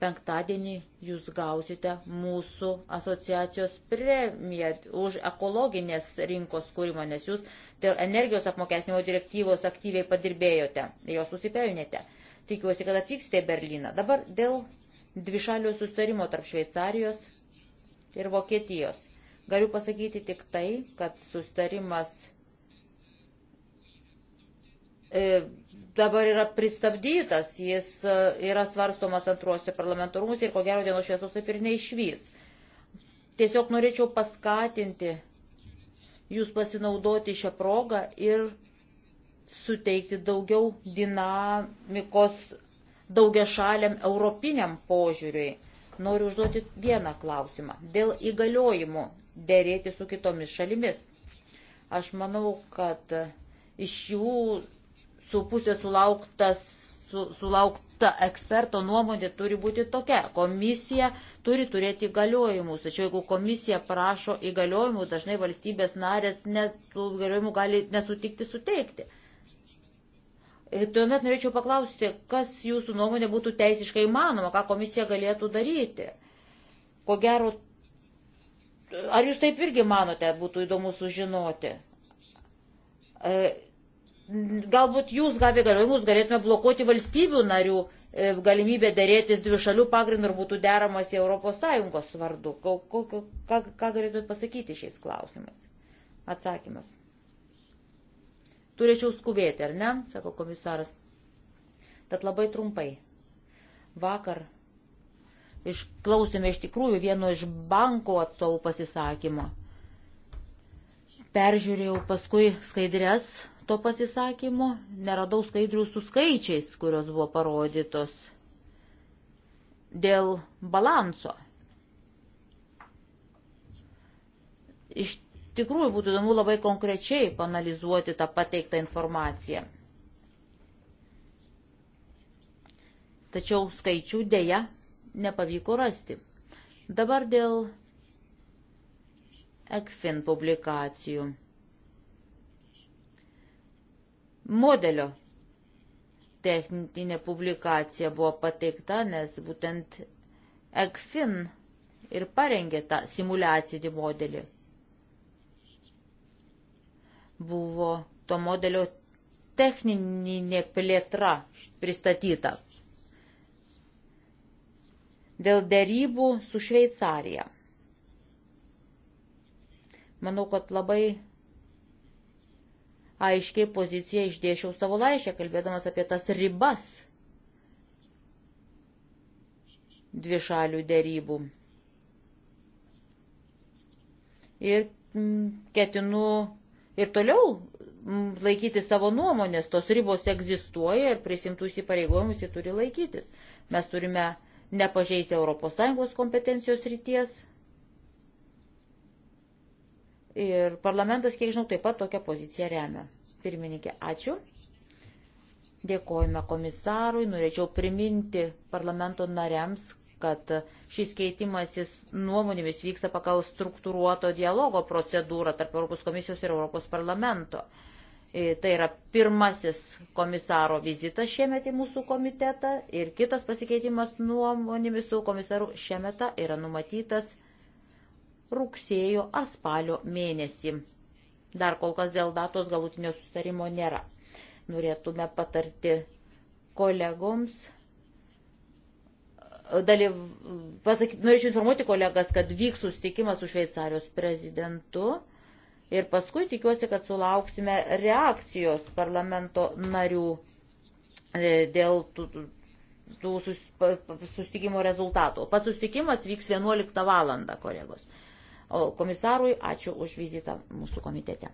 Penktadienį jūs gausite mūsų asociacijos premiją už ekologinės rinkos kūrimą, nes jūs dėl energijos apmokestinimo direktyvos aktyviai padirbėjote, jos susipelnėte. Tikiuosi, kad atvyksite į Berliną. Dabar dėl dvišalio sustarimo tarp Šveicarijos ir Vokietijos. Galiu pasakyti tik tai, kad sustarimas e, dabar yra pristabdytas, jis e, yra svarstomas antruose parlamento rūmus ir ko gero dienos šviesos taip ir neišvys. Tiesiog norėčiau paskatinti jūs pasinaudoti šią progą ir suteikti daugiau dinamikos daugia šaliam europiniam požiūriui. Noriu užduoti vieną klausimą dėl įgaliojimų dėrėti su kitomis šalimis. Aš manau, kad iš jų mūsų pusės sulauktas, su, sulaukta eksperto nuomonė turi būti tokia. Komisija turi turėti įgaliojimus, tačiau jeigu komisija prašo įgaliojimus, dažnai valstybės narės tų įgaliojimų gali nesutikti suteikti. Tuomet norėčiau paklausti, kas jūsų nuomonė būtų teisiškai įmanoma, ką komisija galėtų daryti. Ko gero, ar jūs taip irgi manote, būtų įdomu sužinoti. E, galbūt jūs gavę galiojimus galėtume blokuoti valstybių narių e, galimybę dėrėtis dvi šalių pagrindų ir būtų deramas į ES vardu. Ką, ką, ką galėtumėt pasakyti šiais klausimais? Atsakymas. Turėčiau skubėti, ar ne? Sako komisaras. Tad labai trumpai. Vakar išklausėme iš tikrųjų vieno iš banko atstovų pasisakymo. Peržiūrėjau paskui skaidrės to pasisakymo, neradau skaidrių su skaičiais, kurios buvo parodytos dėl balanso. Iš tikrųjų būtų įdomu labai konkrečiai panalizuoti tą pateiktą informaciją. Tačiau skaičių dėja nepavyko rasti. Dabar dėl ECFIN publikacijų modelio techninė publikacija buvo pateikta, nes būtent ECFIN ir parengė tą simulacinį modelį. Buvo to modelio techninė plėtra pristatyta dėl dėrybų su Šveicarija. Manau, kad labai aiškiai poziciją išdėšiau savo laiškę, kalbėdamas apie tas ribas dvišalių dėrybų. Ir mm, ketinu ir toliau mm, laikyti savo nuomonės, tos ribos egzistuoja ir prisimtų įsipareigojimus jį turi laikytis. Mes turime nepažeisti ES kompetencijos ryties, Ir parlamentas, kiek žinau, taip pat tokią poziciją remia. Pirmininkė, ačiū. Dėkojame komisarui. Norėčiau priminti parlamento nariams, kad šis keitimasis nuomonėmis vyksta pagal struktūruoto dialogo procedūrą tarp Europos komisijos ir Europos parlamento. E, tai yra pirmasis komisaro vizitas šiemet į mūsų komitetą ir kitas pasikeitimas nuomonėmis su komisaru šiemeta yra numatytas rugsėjo ar spalio mėnesį. Dar kol kas dėl datos galutinio sustarimo nėra. Norėtume patarti kolegoms. E, dalyv... Pasaky... Norėčiau informuoti kolegas, kad vyks susitikimas su Šveicarijos prezidentu ir paskui tikiuosi, kad sulauksime reakcijos parlamento narių e, dėl tų, tų sus... susitikimo rezultatų. Pats susitikimas vyks 11 valandą, kolegos komisarui. Ačiū už vizitą mūsų komitete.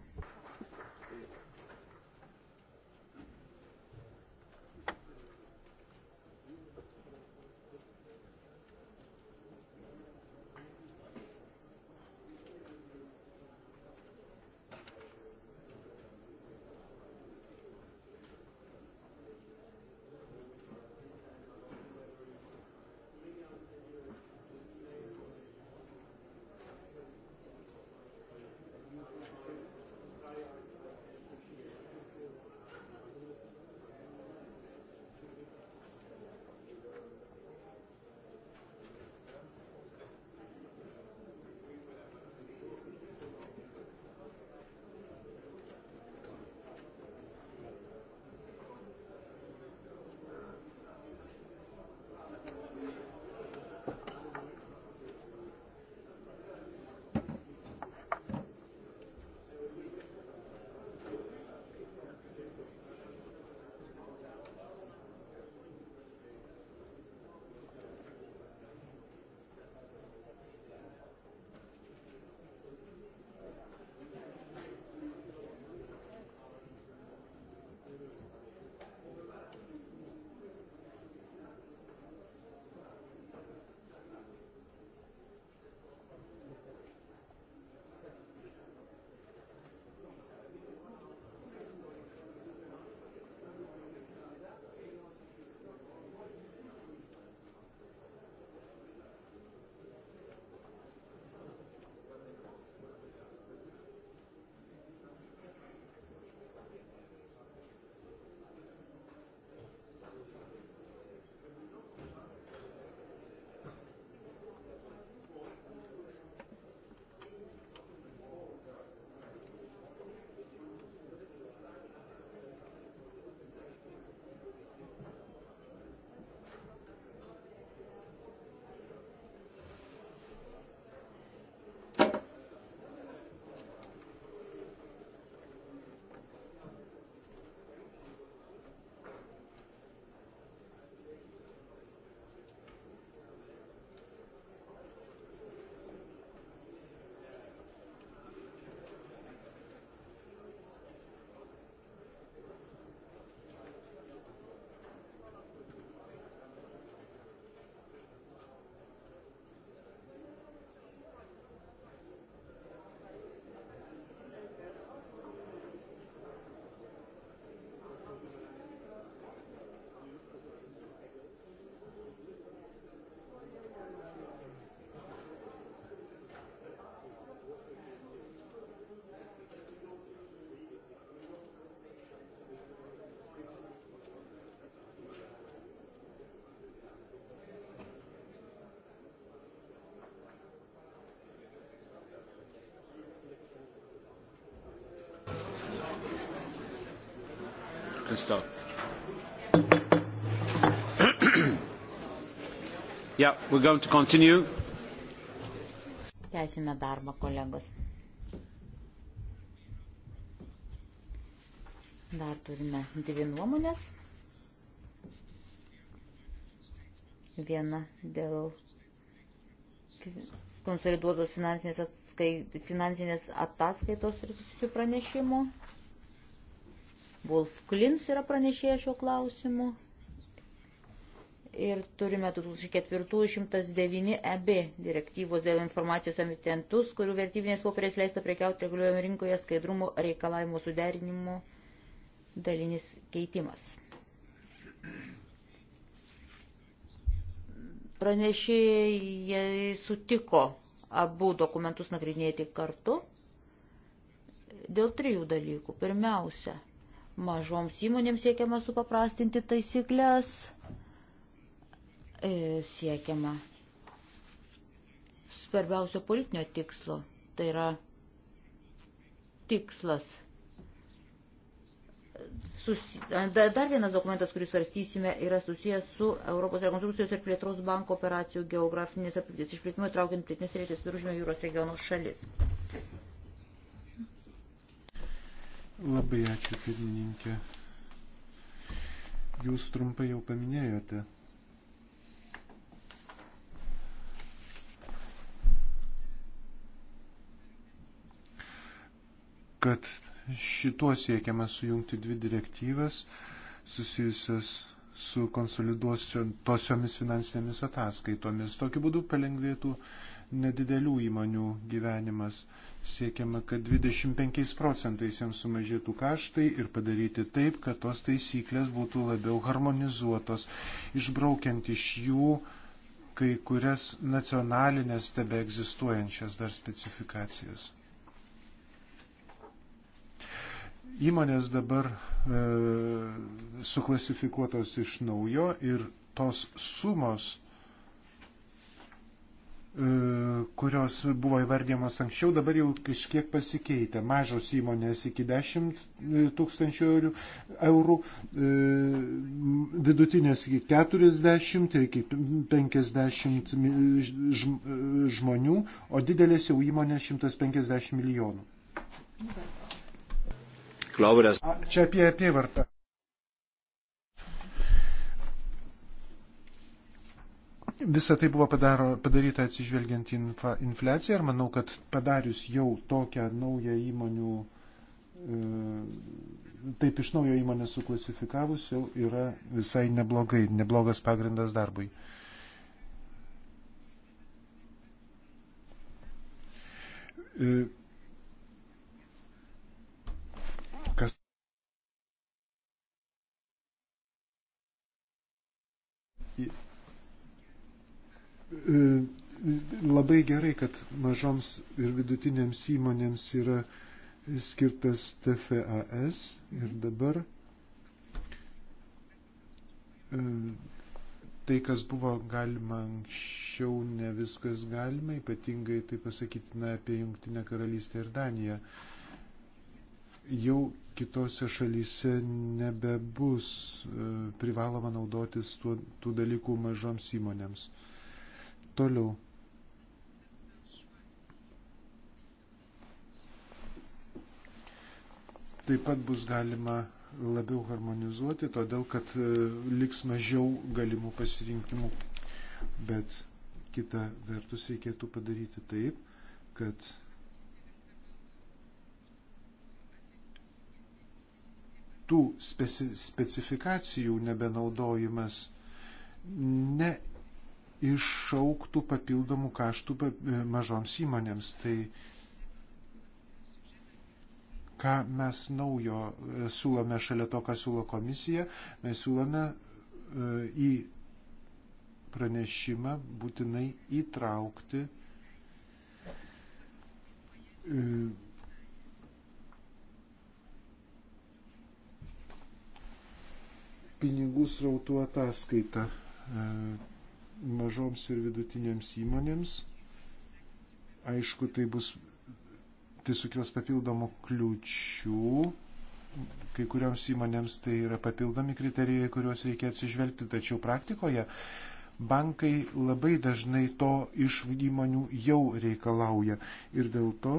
can start. yeah, we're going to continue. Tęsime darbą, kolegos. Dar turime dvi nuomonės. Viena dėl konsoliduotos finansinės, atskai, finansinės ataskaitos ir susiprašymų. pranešimų. Wolf Klins yra pranešėjęs šio klausimu. Ir turime 2409 EB direktyvos dėl informacijos emitentus, kurių vertybinės popieriais leista prekiauti reguliuojami rinkoje skaidrumo reikalavimo suderinimo dalinis keitimas. Pranešėjai sutiko abu dokumentus nagrinėti kartu dėl trijų dalykų. Pirmiausia – Mažoms įmonėms siekiama supaprastinti taisyklės, e, siekiama svarbiausio politinio tikslo. Tai yra tikslas. Susi... Dar vienas dokumentas, kurį svarstysime, yra susijęs su Europos rekonstrukcijos ir plėtros banko operacijų geografinės apimtis išplėtimo įtraukiant plėtinės rytis viduržmio jūros regiono šalis. Labai ačiū, pirmininkė. Jūs trumpai jau paminėjote. kad šituo siekiama sujungti dvi direktyvas susijusias su konsoliduosiomis finansinėmis ataskaitomis. Tokiu būdu palengvėtų uh, nedidelių įmonių gyvenimas. Siekiama, kad 25 procentais jiems sumažėtų kaštai ir padaryti taip, kad tos taisyklės būtų labiau harmonizuotos, išbraukiant iš jų kai kurias nacionalinės tebe egzistuojančias dar specifikacijas. Įmonės dabar e, suklasifikuotos iš naujo ir tos sumos E, kurios buvo įvardyjamos anksčiau, dabar jau kažkiek pasikeitė. Mažos įmonės iki 10 e, tūkstančių eurų, e, vidutinės iki 40 ir iki 50 žmonių, o didelės jau įmonės 150 milijonų. Klaudas. Čia apie apyvartą. Visa tai buvo padaro, padaryta atsižvelgiant į infliaciją ir manau, kad padarius jau tokią naują įmonių, e, taip iš naujo įmonę suklasifikavusi, jau yra visai neblogai, neblogas pagrindas darbui. E, Labai gerai, kad mažoms ir vidutinėms įmonėms yra skirtas TFAS ir dabar tai, kas buvo galima anksčiau, ne viskas galima, ypatingai tai pasakytina apie Junktinę karalystę ir Daniją. Jau kitose šalyse nebebus privaloma naudotis tuo, tų dalykų mažoms įmonėms. Toliau. Taip pat bus galima labiau harmonizuoti, todėl kad e, liks mažiau galimų pasirinkimų. Bet kita vertus reikėtų padaryti taip, kad tų speci specifikacijų nebenaudojimas ne iššauktų papildomų kaštų e, mažoms įmonėms. Tai ką mes naujo e, siūlome šalia to, ką siūlo komisija, mes siūlome e, į pranešimą būtinai įtraukti pinigų srautų ataskaitą mažoms ir vidutinėms įmonėms. Aišku, tai bus, tai sukels papildomų kliučių. Kai kurioms įmonėms tai yra papildomi kriterijai, kuriuos reikia atsižvelgti, tačiau praktikoje bankai labai dažnai to iš įmonių jau reikalauja. Ir dėl to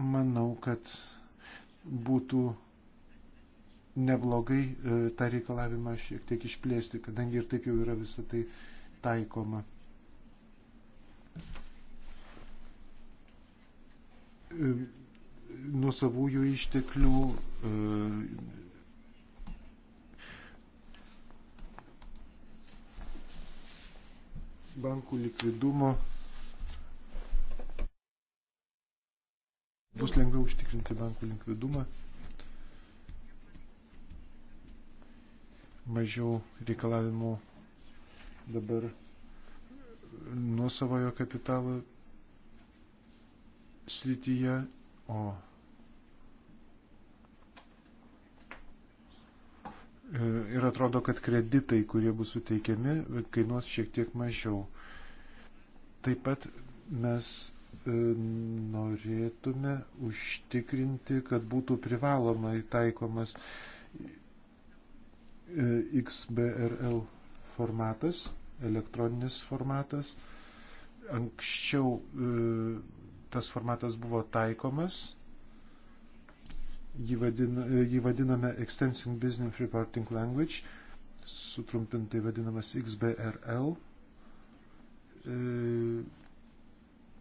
manau, kad būtų neblogai e, tą reikalavimą šiek tiek išplėsti, kadangi ir taip jau yra visą tai taikoma. E, nuo savųjų išteklių e, bankų likvidumo bus lengviau užtikrinti bankų likvidumą. mažiau reikalavimų dabar nuosavojo kapitalo srityje, o e, ir atrodo, kad kreditai, kurie bus suteikiami, kainuos šiek tiek mažiau. Taip pat mes e, norėtume užtikrinti, kad būtų privalomai taikomas E, XBRL formatas, elektroninis formatas. Anksčiau e, tas formatas buvo taikomas. Jį, vadina, e, jį vadiname Extension Business Reporting Language, sutrumpintai vadinamas XBRL.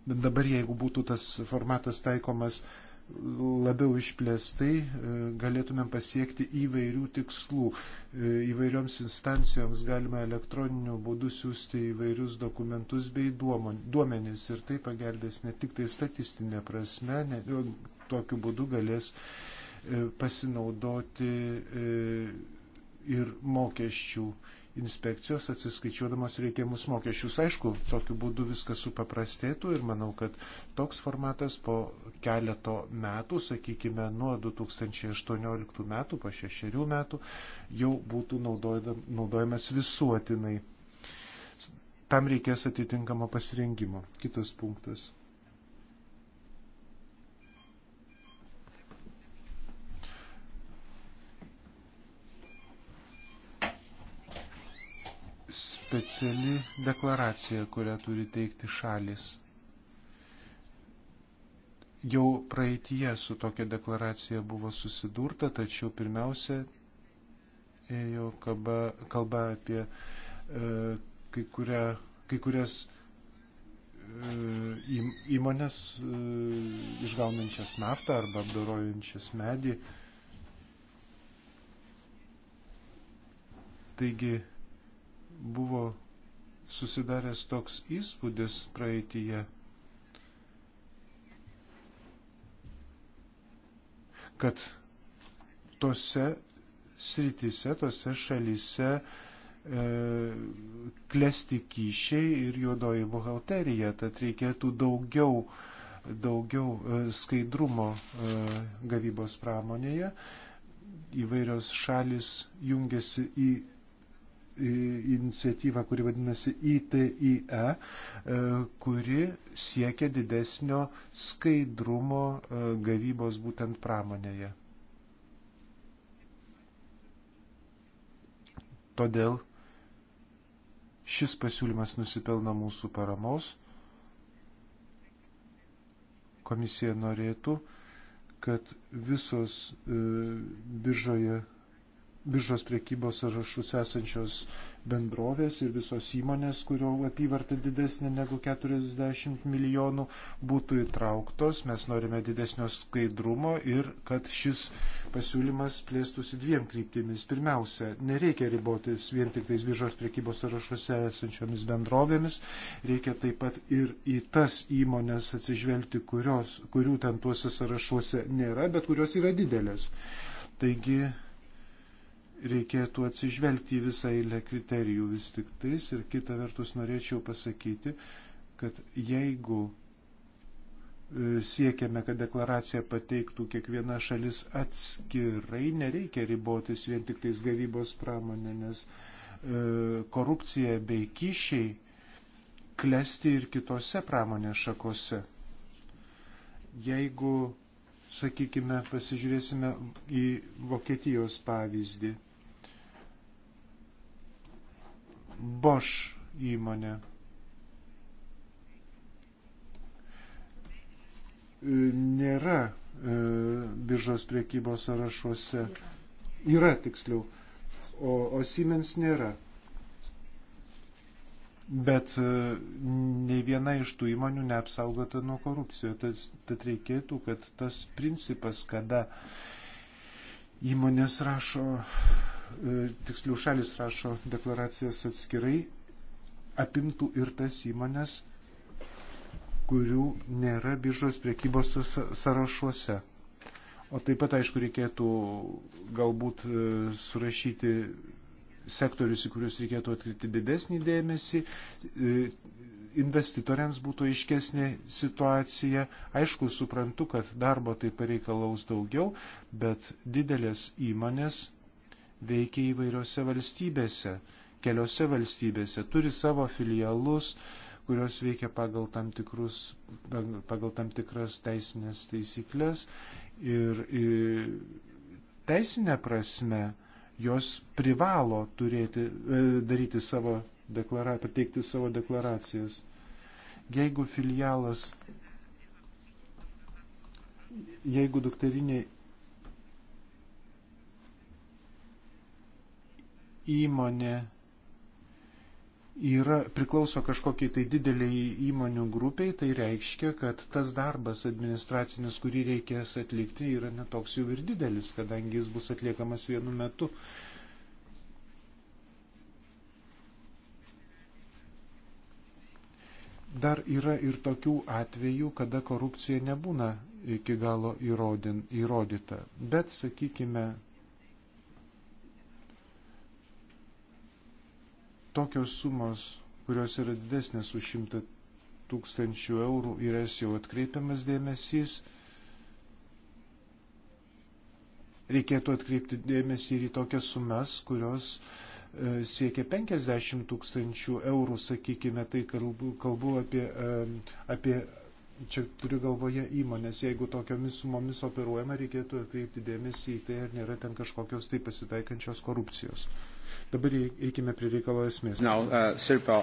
Bet dabar, jeigu būtų tas formatas taikomas labiau išplėstai e, galėtumėm pasiekti įvairių tikslų. E, įvairioms instancijoms galima elektroniniu būdu siūsti įvairius dokumentus bei duomenys ir tai pagelbės ne tik tai statistinė prasme, ne, tokiu būdu galės e, pasinaudoti ir mokesčių inspekcijos atsiskaičiuodamos reikiamus mokesčius. Aišku, tokiu būdu viskas supaprastėtų ir manau, kad toks formatas po keleto metų, sakykime, nuo 2018 metų, po šešerių metų, jau būtų naudojamas visuotinai. Tam reikės atitinkamo pasirengimo. Kitas punktas. speciali deklaracija, kurią turi teikti šalis. Jau praeitie su tokia deklaracija buvo susidurta, tačiau pirmiausia ėjo kalba, kalba apie e, kai, kuria, kai kurias e, įmonės e, išgaunančias naftą arba apdarojančias medį. Taigi buvo susidaręs toks įspūdis praeitįje, kad tose sritise, tose šalise e, klesti kyšiai ir juodoji buhalterija, tad reikėtų daugiau, daugiau e, skaidrumo e, gavybos pramonėje. Įvairios šalis jungiasi į iniciatyvą, kuri vadinasi ITIE, e, kuri siekia didesnio skaidrumo e, gavybos būtent pramonėje. Todėl šis pasiūlymas nusipelna mūsų paramos. Komisija norėtų, kad visos e, biržoje biržos priekybos sąrašus esančios bendrovės ir visos įmonės, kurio apyvarta didesnė negu 40 milijonų, būtų įtrauktos. Mes norime didesnio skaidrumo ir kad šis pasiūlymas plėstųsi dviem kryptimis. Pirmiausia, nereikia ribotis vien tik tais biržos priekybos sąrašuose esančiomis bendrovėmis, reikia taip pat ir į tas įmonės atsižvelgti, kurios, kurių ten tuose sąrašuose nėra, bet kurios yra didelės. Taigi reikėtų atsižvelgti į visą eilę kriterijų vis tik tais. Ir kita vertus norėčiau pasakyti, kad jeigu e, siekiame, kad deklaraciją pateiktų kiekviena šalis atskirai, nereikia ribotis vien tik tais gavybos pramonė, nes e, korupcija bei kyšiai klesti ir kitose pramonės šakose. Jeigu, sakykime, pasižiūrėsime į Vokietijos pavyzdį, Bosch įmonė. Nėra e, biržos priekybos sąrašuose. Yra tiksliau. O, o Siemens nėra. Bet e, nei viena iš tų įmonių neapsaugota nuo korupcijos. Tad, tad reikėtų, kad tas principas, kada įmonės rašo E, tiksliau šalis rašo deklaracijas atskirai, apimtų ir tas įmonės, kurių nėra biržos priekybos sąrašuose. O taip pat, aišku, reikėtų galbūt e, surašyti sektorius, į kuriuos reikėtų atkreipti didesnį dėmesį, e, investitoriams būtų aiškesnė situacija. Aišku, suprantu, kad darbo tai pareikalaus daugiau, bet didelės įmonės veikia įvairiose valstybėse, keliose valstybėse, turi savo filialus, kurios veikia pagal tam, tikrus, pagal tam tikras teisinės taisyklės ir, ir teisinė prasme jos privalo turėti, e, daryti savo deklaraciją, pateikti savo deklaracijas. Jeigu filialas, jeigu dukterinė įmonė yra, priklauso kažkokiai tai dideliai įmonių grupiai, tai reiškia, kad tas darbas administracinis, kurį reikės atlikti, yra netoks jau ir didelis, kadangi jis bus atliekamas vienu metu. Dar yra ir tokių atvejų, kada korupcija nebūna iki galo įrodin, įrodyta. Bet, sakykime, tokios sumos, kurios yra didesnės už 100 tūkstančių eurų, yra jau atkreipiamas dėmesys. Reikėtų atkreipti dėmesį ir į tokias sumas, kurios e, siekia 50 tūkstančių eurų, sakykime, tai kalbu, kalbu apie, e, apie, čia turiu galvoje įmonės, jeigu tokiomis sumomis operuojama, reikėtų atkreipti dėmesį į tai, ar nėra ten kažkokios tai pasitaikančios korupcijos. Dabar eikime prie reikalo esmės. Now, uh, Sirpa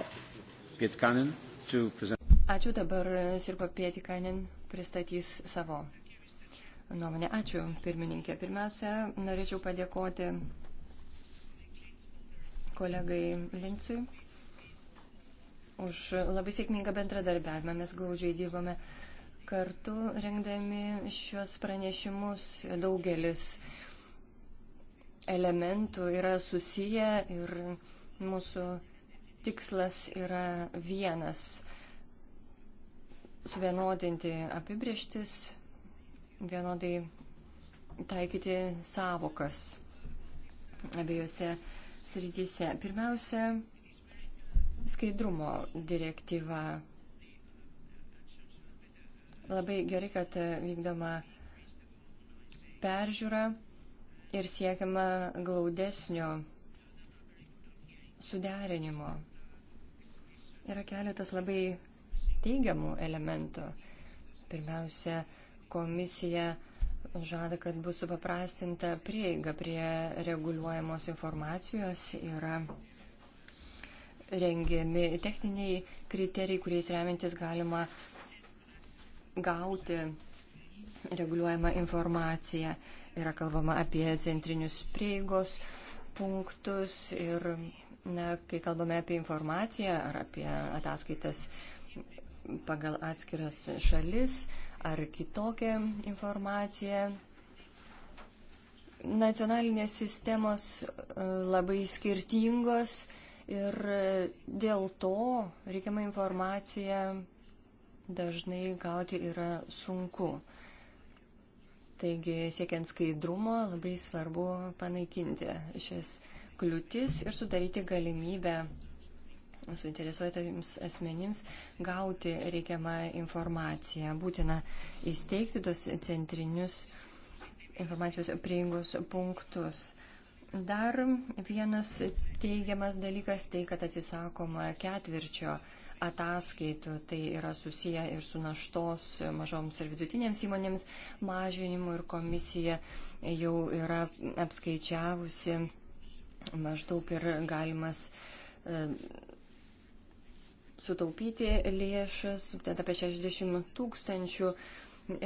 Pietkanin to present. Ačiū dabar uh, Sirpa Pietikanin pristatys savo nuomonę. Ačiū, pirmininkė. Pirmiausia, norėčiau padėkoti kolegai Lincui už labai sėkmingą bendradarbiavimą. Mes glaudžiai dirbame kartu, rengdami šiuos pranešimus. Daugelis uh, elementų yra susiję ir mūsų tikslas yra vienas - suvienodinti apibrieštis, vienodai taikyti savokas abiejose srityse. Pirmiausia, skaidrumo direktyva. Labai gerai, kad vykdoma peržiūra ir siekiama glaudesnio suderinimo. Yra keletas labai teigiamų elementų. Pirmiausia, komisija žada, kad bus supaprastinta prieiga prie reguliuojamos informacijos. Yra rengiami techniniai kriterijai, kuriais remiantis galima gauti reguliuojamą informaciją. Yra kalbama apie centrinius prieigos punktus ir na, kai kalbame apie informaciją ar apie ataskaitas pagal atskiras šalis ar kitokią informaciją, nacionalinės sistemos e, labai skirtingos ir dėl to reikiamą informaciją dažnai gauti yra sunku. Taigi, siekiant skaidrumo, labai svarbu panaikinti šias kliūtis ir sudaryti galimybę suinteresuotams asmenims gauti reikiamą informaciją. Būtina įsteigti tos centrinius informacijos prieigos punktus. Dar vienas teigiamas dalykas tai, kad atsisakoma ketvirčio ataskaitų. Tai yra susiję ir su naštos mažoms ir vidutinėms įmonėms mažinimu ir komisija jau yra apskaičiavusi maždaug ir galimas e, sutaupyti lėšas, tad apie 60 tūkstančių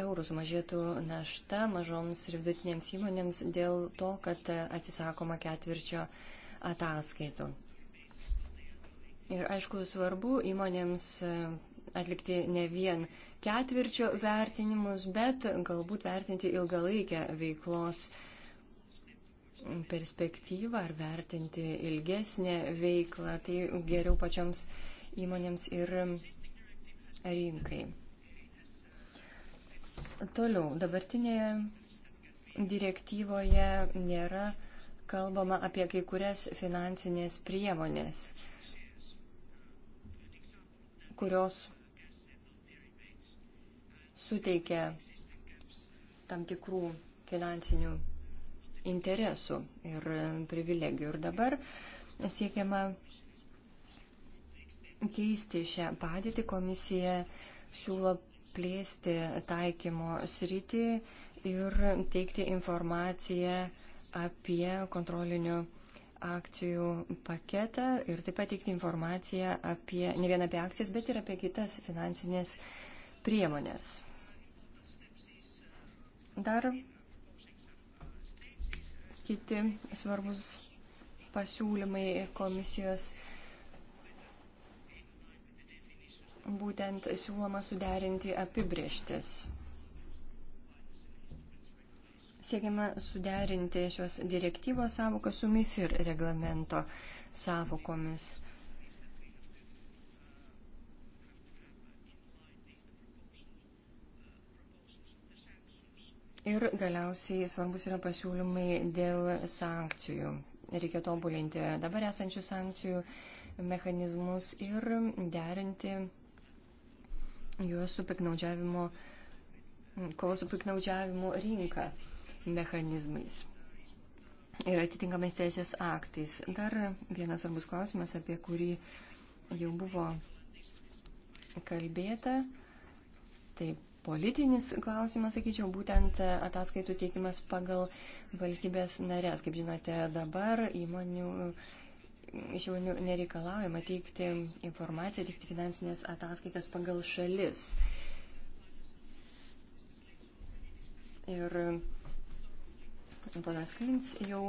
eurų sumažėtų našta mažoms ir vidutinėms įmonėms dėl to, kad atsisakoma ketvirčio ataskaitų. Ir aišku, svarbu įmonėms e, atlikti ne vien ketvirčio vertinimus, bet galbūt vertinti ilgalaikę veiklos perspektyvą ar vertinti ilgesnę veiklą. Tai geriau pačioms įmonėms ir rinkai. Toliau, dabartinėje direktyvoje nėra kalbama apie kai kurias finansinės priemonės kurios suteikia tam tikrų finansinių interesų ir privilegijų. Ir dabar siekiama keisti šią padėtį. Komisija siūlo plėsti taikymo sritį ir teikti informaciją apie kontrolinių akcijų paketą ir taip pat teikti informaciją apie, ne vien apie akcijas, bet ir apie kitas finansinės priemonės. Dar kiti svarbus pasiūlymai komisijos būtent siūloma suderinti apibrieštis Siekiama suderinti šios direktyvos savoką su MIFIR reglamento savokomis. Ir galiausiai svarbus yra pasiūlymai dėl sankcijų. Reikia tobulinti dabar esančių sankcijų mechanizmus ir derinti juos su piknaudžiavimo, kovos su piknaudžiavimo rinka mechanizmais ir atitinkamais teisės aktais. Dar vienas svarbus klausimas, apie kurį jau buvo kalbėta, tai politinis klausimas, sakyčiau, būtent ataskaitų teikimas pagal valstybės narės. Kaip žinote, dabar įmonių. Iš jaunių nereikalaujama teikti informaciją, teikti finansinės ataskaitas pagal šalis. Ir Ponas Klins jau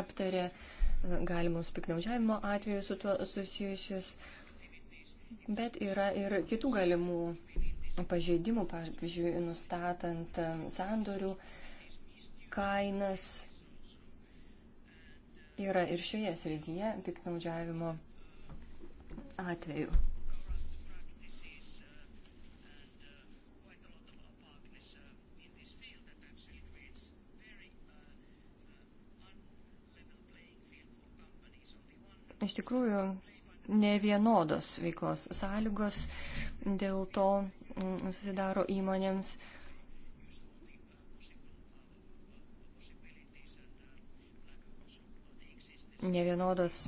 aptarė galimus piknaudžiavimo atvejus su tuo susijusius, bet yra ir kitų galimų pažeidimų, pavyzdžiui, nustatant um, sandorių kainas. Yra ir šioje srityje piknaudžiavimo atveju. iš tikrųjų nevienodos veiklos sąlygos, dėl to mm, susidaro įmonėms nevienodos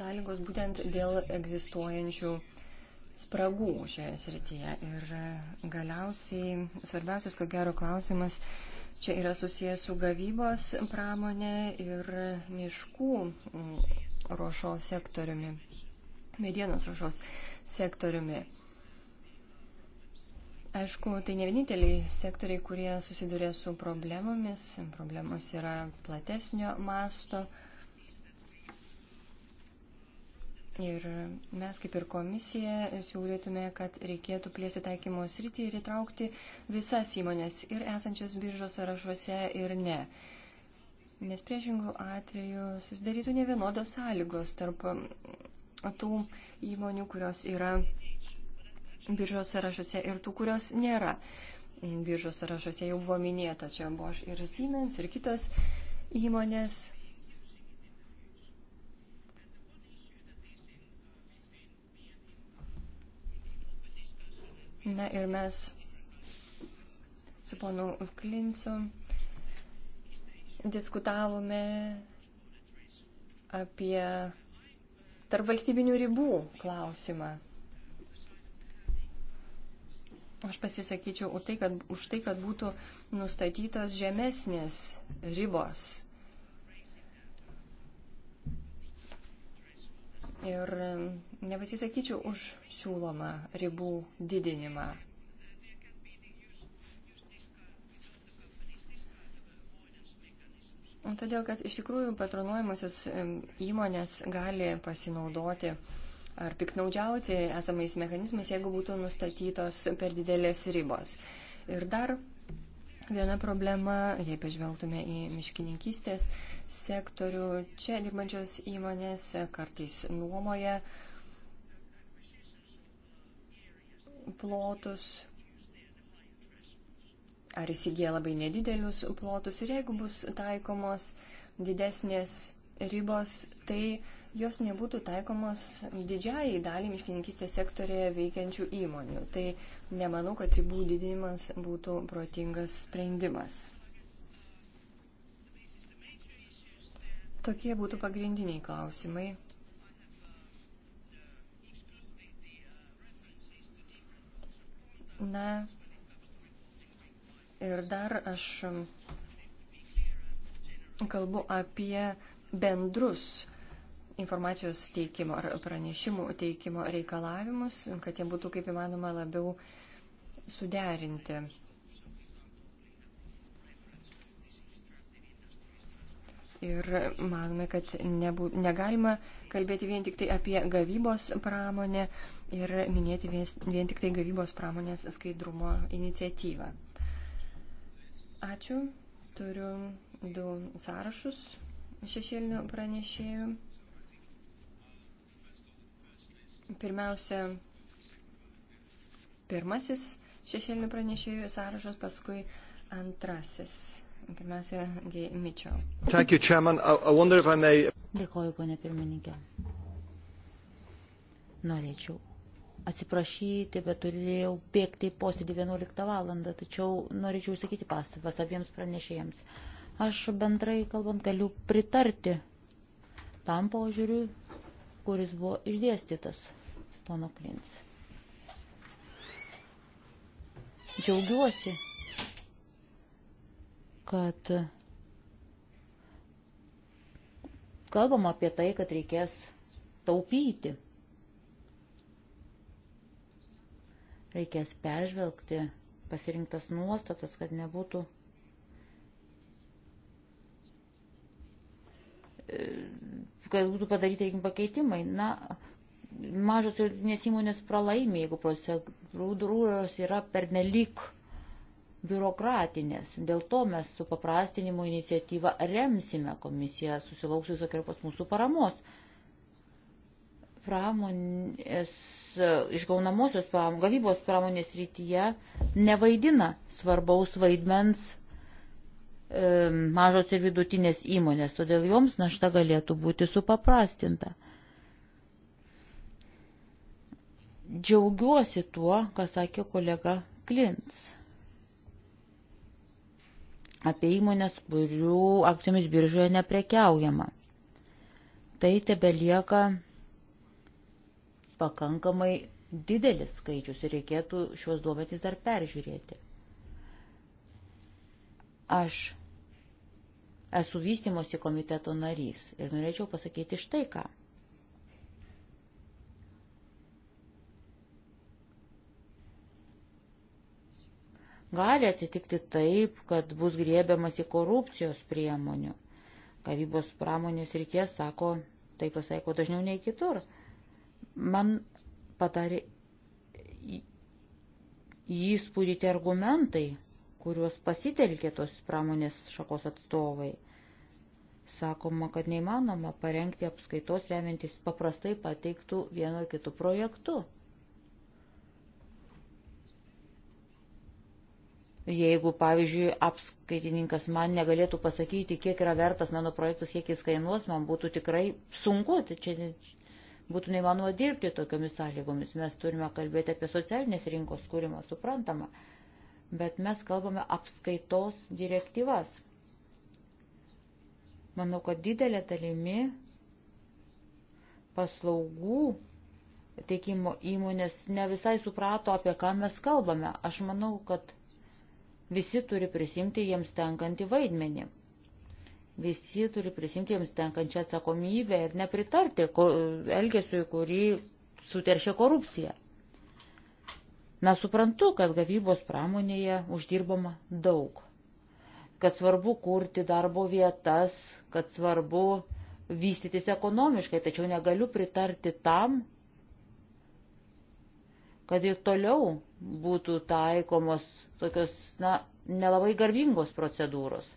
sąlygos būtent dėl egzistuojančių spragų šioje srityje. Ir galiausiai svarbiausias, ko gero, klausimas Čia yra susijęs su gavybos pramonė ir miškų mm, ruošo sektoriumi, medienos ruošos sektoriumi. Aišku, tai ne vieninteliai sektoriai, kurie susiduria su problemomis. Problemos yra platesnio masto. Ir mes, kaip ir komisija, siūlytume, kad reikėtų plėsti taikymo sritį ir įtraukti visas įmonės ir esančias biržos sąrašuose ir ne. Nes priešingų atveju susidarytų ne vienodos sąlygos tarp tų įmonių, kurios yra biržos sąrašuose ir tų, kurios nėra. Biržos sąrašuose jau buvo minėta, čia buvo ir Siemens, ir kitos įmonės Na ir mes su ponu Klinsu diskutavome apie tarp valstybinių ribų klausimą. Aš pasisakyčiau už tai, kad, už tai, kad būtų nustatytos žemesnės ribos ir nepasisakyčiau už siūlomą ribų didinimą. Todėl, kad iš tikrųjų patronuojamosios įmonės gali pasinaudoti ar piknaudžiauti esamais mechanizmais, jeigu būtų nustatytos per didelės ribos. Ir dar viena problema, jei pažvelgtume į miškininkystės sektorių. Čia dirbančios įmonės kartais nuomoja plotus ar įsigyja labai nedidelius plotus ir jeigu bus taikomos didesnės ribos, tai jos nebūtų taikomos didžiai daliai miškininkistės sektorėje veikiančių įmonių. Tai nemanau, kad ribų didinimas būtų protingas sprendimas. Tokie būtų pagrindiniai klausimai. Na ir dar aš kalbu apie bendrus informacijos teikimo ar pranešimų teikimo reikalavimus, kad jie būtų kaip įmanoma labiau suderinti. Ir manome, kad nebu, negalima kalbėti vien tik tai apie gavybos pramonę ir minėti vien, vien tik tai gavybos pramonės skaidrumo iniciatyvą. Ačiū. Turiu du sąrašus šešėlinių pranešėjų. Pirmiausia, pirmasis šešėlinių pranešėjų sąrašas, paskui antrasis Pirmiausia, G. Mitchell. Thank you, Chairman. I wonder if I may. Dėkoju, ponė pirmininkė. Norėčiau atsiprašyti, bet turėjau bėgti į posėdį 11 valandą, tačiau norėčiau sakyti pastabas abiems pranešėjams. Aš bendrai kalbant galiu pritarti tam požiūriui, kuris buvo išdėstytas pono Klins. Džiaugiuosi kad kalbam apie tai, kad reikės taupyti. Reikės peržvelgti pasirinktas nuostatas, kad nebūtų e, kad būtų padaryti pakeitimai. Na, mažos ir nes įmonės pralaimė, jeigu procedūros yra pernelyg biurokratinės. Dėl to mes su paprastinimo iniciatyva remsime komisiją, susilauks visokios mūsų paramos. Pramonės, išgaunamosios pram, gavybos pramonės rytyje nevaidina svarbaus vaidmens e, mažos ir vidutinės įmonės, todėl joms našta galėtų būti supaprastinta. Džiaugiuosi tuo, ką sakė kolega Klins apie įmonės, kurių akcijomis biržoje neprekiaujama. Tai tebelieka pakankamai didelis skaičius ir reikėtų šios duomenys dar peržiūrėti. Aš esu vystimosi komiteto narys ir norėčiau pasakyti štai ką. Gali atsitikti taip, kad bus griebiamas į korupcijos priemonių. Kavybos pramonės ryties sako, taip pasako dažniau nei kitur. Man padarė įspūdį tie argumentai, kuriuos pasitelkė tos pramonės šakos atstovai. Sakoma, kad neįmanoma parengti apskaitos remiantis paprastai pateiktų vienu ar kitu projektu. Jeigu, pavyzdžiui, apskaitininkas man negalėtų pasakyti, kiek yra vertas mano projektas, kiek jis kainuos, man būtų tikrai sunku, tai čia būtų neįmanoma dirbti tokiomis sąlygomis. Mes turime kalbėti apie socialinės rinkos kūrimą, suprantama, bet mes kalbame apskaitos direktyvas. Manau, kad didelė dalimi paslaugų teikimo įmonės ne visai suprato, apie ką mes kalbame. Aš manau, kad Visi turi prisimti jiems tenkantį vaidmenį. Visi turi prisimti jiems tenkančią atsakomybę ir nepritarti elgesiu, kurį suteršia korupcija. Na, suprantu, kad gavybos pramonėje uždirbama daug, kad svarbu kurti darbo vietas, kad svarbu vystytis ekonomiškai, tačiau negaliu pritarti tam, kad ir toliau būtų taikomos tokios, na, nelabai garbingos procedūros.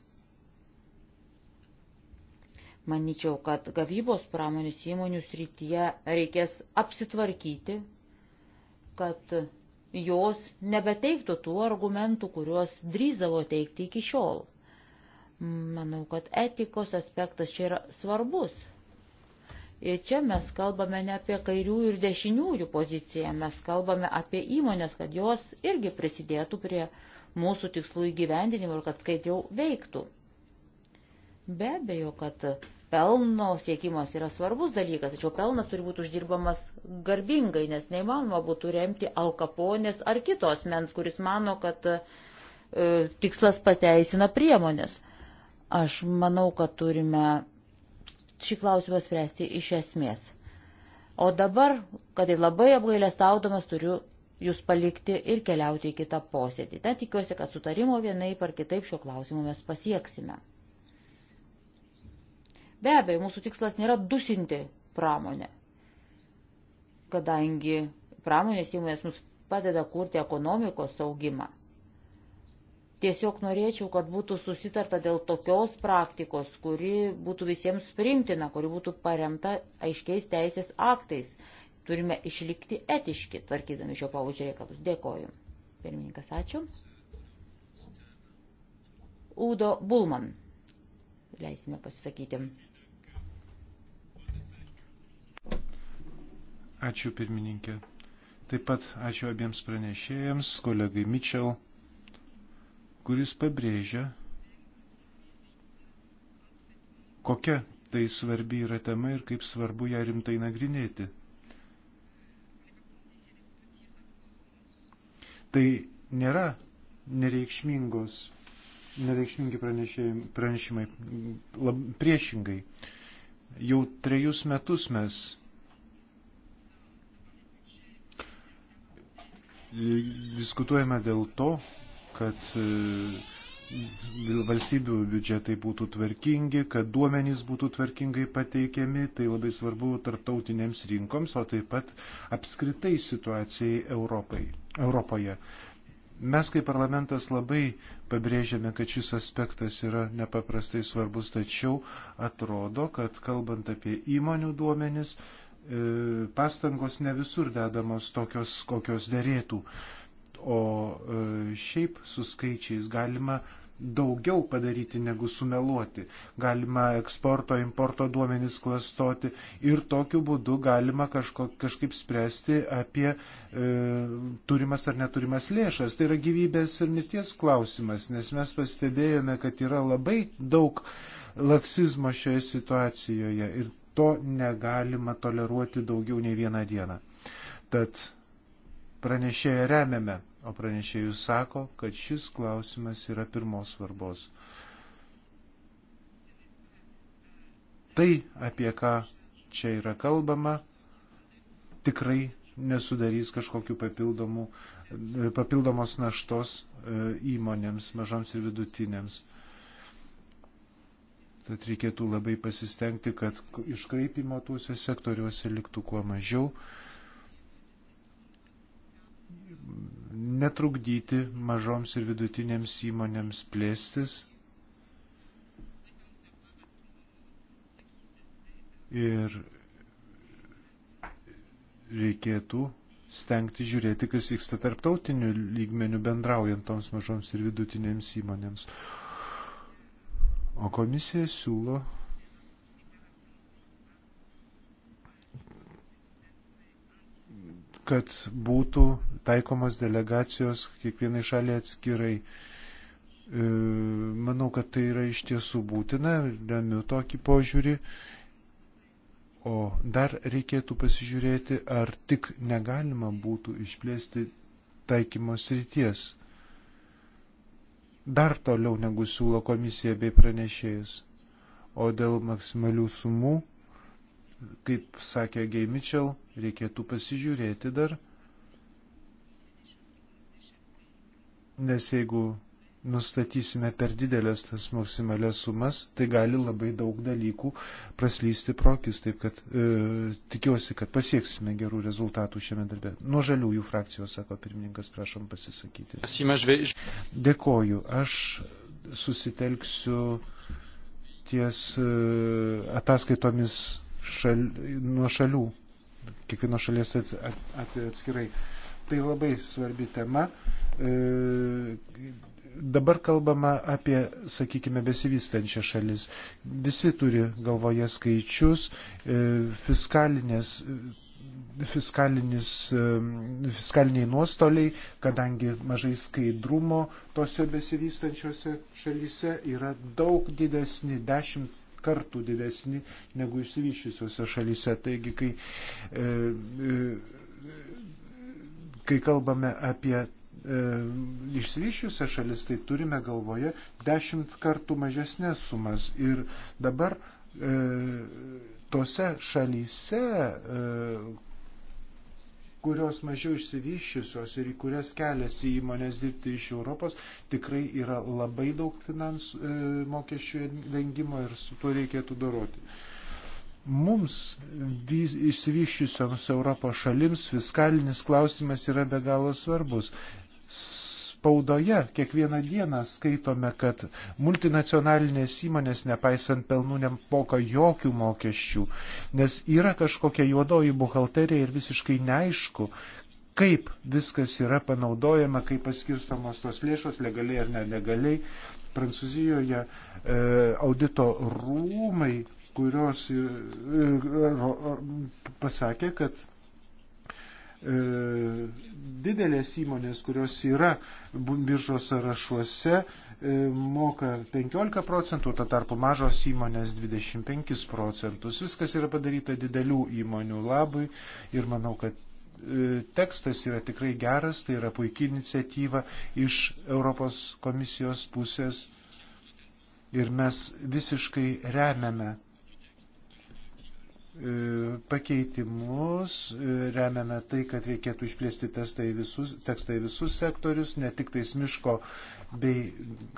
Maničiau, kad gavybos pramonės įmonių srityje reikės apsitvarkyti, kad jos nebeteiktų tų argumentų, kuriuos drįzavo teikti iki šiol. Manau, kad etikos aspektas čia yra svarbus, Ir čia mes kalbame ne apie kairiųjų ir dešiniųjų poziciją, mes kalbame apie įmonės, kad jos irgi prisidėtų prie mūsų tikslų įgyvendinimo ir kad skaidriau veiktų. Be abejo, kad pelno siekimas yra svarbus dalykas, tačiau pelnas turi būti uždirbamas garbingai, nes neįmanoma būtų remti alkaponės ar kitos mens, kuris mano, kad e, tikslas pateisina priemonės. Aš manau, kad turime šį klausimą spręsti iš esmės. O dabar, kad ir labai apgailestaudamas, turiu jūs palikti ir keliauti į kitą posėdį. Ten tikiuosi, kad sutarimo vienai par kitaip šiuo klausimu mes pasieksime. Be abejo, mūsų tikslas nėra dusinti pramonę, kadangi pramonės įmonės mus padeda kurti ekonomikos saugimą. Tiesiog norėčiau, kad būtų susitarta dėl tokios praktikos, kuri būtų visiems primtina, kuri būtų paremta aiškiais teisės aktais. Turime išlikti etiški, tvarkydami šio pavučio reikalus. Dėkoju. Pirmininkas, ačiū. Udo Bulman. Leisime pasisakyti. Ačiū pirmininkė. Taip pat ačiū abiems pranešėjams, kolegai Mitchell kuris pabrėžia, kokia tai svarbi yra tema ir kaip svarbu ją rimtai nagrinėti. Tai nėra nereikšmingos, nereikšmingi pranešimai, lab, priešingai. Jau trejus metus mes diskutuojame dėl to, kad e, valstybių biudžetai būtų tvarkingi, kad duomenys būtų tvarkingai pateikiami, tai labai svarbu tarptautinėms rinkoms, o taip pat apskritai situacijai Europai, Europoje. Mes kaip parlamentas labai pabrėžiame, kad šis aspektas yra nepaprastai svarbus, tačiau atrodo, kad kalbant apie įmonių duomenis, e, pastangos ne visur dedamos tokios, kokios dėrėtų. O e, šiaip su skaičiais galima daugiau padaryti negu sumeluoti. Galima eksporto, importo duomenys klastoti ir tokiu būdu galima kažko, kažkaip spręsti apie e, turimas ar neturimas lėšas. Tai yra gyvybės ir mirties klausimas, nes mes pastebėjome, kad yra labai daug laksizmo šioje situacijoje ir to negalima toleruoti daugiau nei vieną dieną. Tad Pranešėją remiame, o pranešėjus sako, kad šis klausimas yra pirmos svarbos. Tai, apie ką čia yra kalbama, tikrai nesudarys kažkokių papildomų, papildomos naštos e, įmonėms, mažoms ir vidutinėms. Tad reikėtų labai pasistengti, kad iškraipimo tuose sektoriuose liktų kuo mažiau netrukdyti mažoms ir vidutinėms įmonėms plėstis. Ir reikėtų stengti žiūrėti, kas vyksta tarptautiniu lygmeniu bendraujant toms mažoms ir vidutinėms įmonėms. O komisija siūlo kad būtų taikomos delegacijos kiekvienai šaliai atskirai. E, manau, kad tai yra iš tiesų būtina, remiu tokį požiūrį. O dar reikėtų pasižiūrėti, ar tik negalima būtų išplėsti taikymos ryties dar toliau negu siūlo komisija bei pranešėjas. O dėl maksimalių sumų kaip sakė Gay Mitchell, reikėtų pasižiūrėti dar. Nes jeigu nustatysime per didelės tas maksimalias sumas, tai gali labai daug dalykų praslysti prokis, taip kad e, tikiuosi, kad pasieksime gerų rezultatų šiame darbe. Nuo žaliųjų frakcijos, sako pirmininkas, prašom pasisakyti. Dėkoju. Aš susitelksiu ties e, ataskaitomis šal, nuo šalių, kiekvienos šalies at, at, at, atskirai. Tai labai svarbi tema. E, dabar kalbama apie, sakykime, besivystančią šalis. Visi turi galvoje skaičius, e, fiskalinės e, fiskaliniai nuostoliai, kadangi mažai skaidrumo tose besivystančiose šalyse yra daug didesni, dešimt kartų didesni negu išsivyščiusiuose šalyse. Taigi, kai, e, e, kai kalbame apie e, išsivyščiusią šalis, tai turime galvoje dešimt kartų mažesnės sumas. Ir dabar e, tose šalyse, e, kurios mažiau išsivyščiusios ir į kurias keliasi įmonės dirbti iš Europos, tikrai yra labai daug finansų e, mokesčių vengimo ir su tuo reikėtų doroti. Mums vis, išsivyščiusioms Europos šalims fiskalinis klausimas yra be galo svarbus. S spaudoje kiekvieną dieną skaitome, kad multinacionalinės įmonės, nepaisant pelnų, nemoka jokių mokesčių, nes yra kažkokia juodoji buhalterija ir visiškai neaišku, kaip viskas yra panaudojama, kaip paskirstomos tos lėšos legaliai ar nelegaliai. Prancūzijoje e, audito rūmai, kurios e, e, pasakė, kad E, didelės įmonės, kurios yra biržos sąrašuose, e, moka 15 procentų, ta tarpu mažos įmonės 25 procentus. Viskas yra padaryta didelių įmonių labui ir manau, kad e, tekstas yra tikrai geras, tai yra puikia iniciatyva iš Europos komisijos pusės ir mes visiškai remiame E, pakeitimus, e, remiame tai, kad reikėtų išplėsti tekstą į visus, tekstą į visus sektorius, ne tik tais miško bei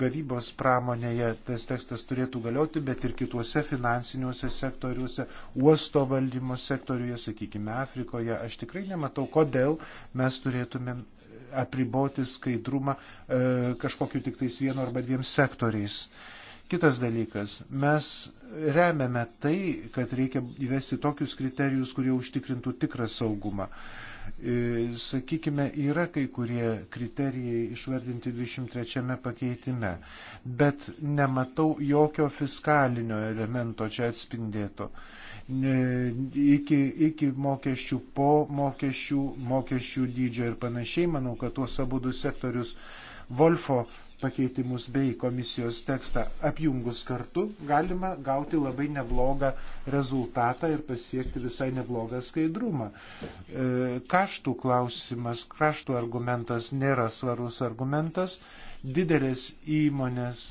gavybos pramonėje tas tekstas turėtų galioti, bet ir kituose finansiniuose sektoriuose, uosto valdymo sektoriuje, sakykime, Afrikoje. Aš tikrai nematau, kodėl mes turėtumėm apriboti skaidrumą e, kažkokiu tik tais vienu arba dviem sektoriais. E, Kitas dalykas, mes remiame tai, kad reikia įvesti tokius kriterijus, kurie užtikrintų tikrą saugumą. E, sakykime, yra kai kurie kriterijai išvardinti 23 pakeitime, bet nematau jokio fiskalinio elemento čia atspindėto. E, iki, iki mokesčių, po mokesčių, mokesčių dydžio ir panašiai, manau, kad tuos abu du sektorius Volfo pakeitimus bei komisijos tekstą apjungus kartu, galima gauti labai neblogą rezultatą ir pasiekti visai neblogą skaidrumą. E, kaštų klausimas, kaštų argumentas nėra svarus argumentas. Didelės įmonės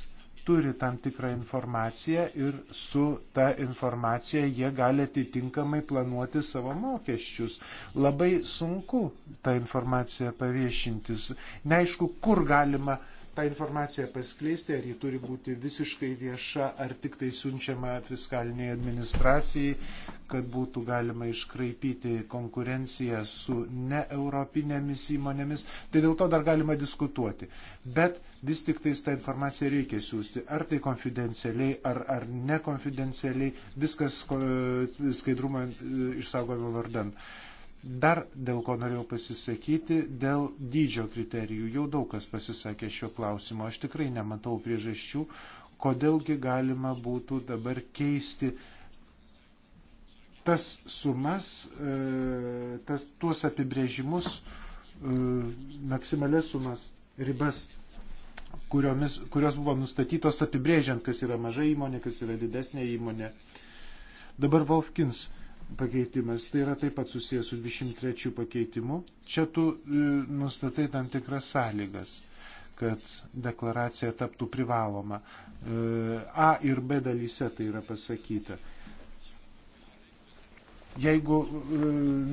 turi tam tikrą informaciją ir su ta informacija jie gali atitinkamai planuoti savo mokesčius. Labai sunku tą informaciją paviešintis. Neaišku, kur galima uh, tą informaciją paskleisti, ar ji turi būti visiškai vieša, ar tik tai siunčiama fiskaliniai administracijai, kad būtų galima iškraipyti konkurenciją su neeuropinėmis įmonėmis. Tai dėl to dar galima diskutuoti. Bet vis tik tais tą informaciją reikia siūsti, ar tai konfidencialiai, ar, ar nekonfidencialiai, viskas skaidrumo e, išsaugojimo vardan. Dar dėl ko norėjau pasisakyti, dėl dydžio kriterijų. Jau daug kas pasisakė šio klausimo. Aš tikrai nematau priežasčių, kodėlgi galima būtų dabar keisti tas sumas, e, tas, tuos apibrėžimus, e, maksimalias sumas, ribas, kuriomis, kurios buvo nustatytos apibrėžiant, kas yra maža įmonė, kas yra didesnė įmonė. Dabar Volfkins pakeitimas. Tai yra taip pat susijęs su 23 pakeitimu. Čia tu e, nustatai tam tikras sąlygas kad deklaracija taptų privaloma. E, A ir B dalyse tai yra pasakyta. Jeigu e,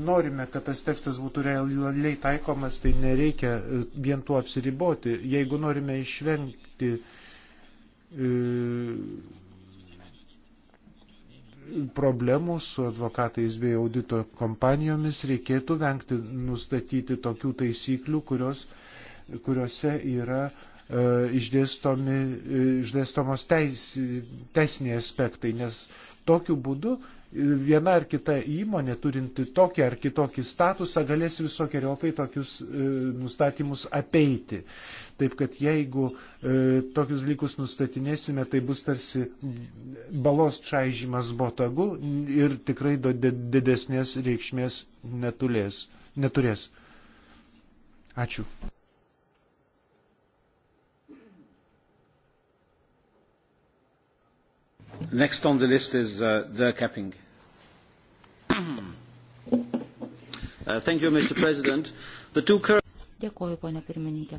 norime, kad tas tekstas būtų realiai taikomas, tai nereikia vien tuo apsiriboti. Jeigu norime išvengti problemų su advokatais bei audito kompanijomis reikėtų vengti nustatyti tokių taisyklių, kurios, kuriuose yra e, išdėstomi, e, išdėstomos teis, teisiniai aspektai, nes tokiu būdu viena ar kita įmonė, turinti tokį ar kitokį statusą, galės visokiojopai tokius e, nustatymus apeiti. Taip kad jeigu e, tokius dalykus nustatinėsime, tai bus tarsi balos čaižymas botagu ir tikrai didesnės reikšmės netulės, neturės. Ačiū. Next on the list is uh, Dirk Epping. Uh, you, two... Dėkoju, ponė pirmininkė.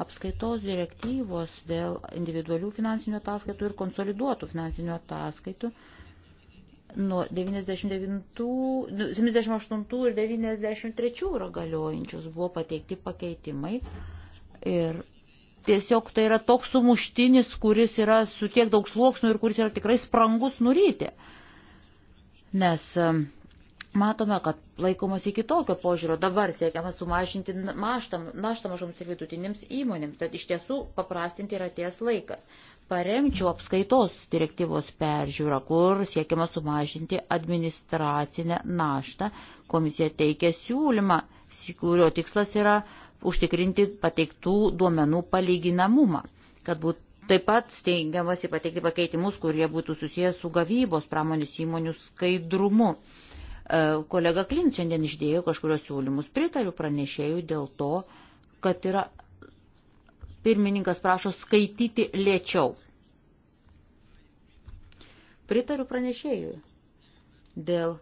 Apskaitos direktyvos dėl individualių finansinių ataskaitų ir konsoliduotų finansinių ataskaitų nuo 99, 78 nu, ir 93 yra galiojančios, buvo pateikti pakeitimai. Ir tiesiog tai yra toks sumuštinis, kuris yra su tiek daug sluoksnių ir kuris yra tikrai sprangus nuryti. Nes um, matome, kad laikomasi kitokio požiūrio. Dabar siekiama sumažinti maštą, naštą mažoms ir vidutinėms įmonėms. Tad iš tiesų paprastinti yra ties laikas. Paremčiau apskaitos direktyvos peržiūrą, kur siekiama sumažinti administracinę naštą. Komisija teikia siūlymą, kurio tikslas yra užtikrinti pateiktų duomenų palyginamumą, kad būtų Taip pat stengiamasi pateikti pakeitimus, kurie būtų susijęs su gavybos pramonės įmonių skaidrumu. E, kolega Klins šiandien išdėjo kažkurios siūlymus. Pritariu pranešėjų dėl to, kad yra pirmininkas prašo skaityti lėčiau. Pritariu pranešėjui dėl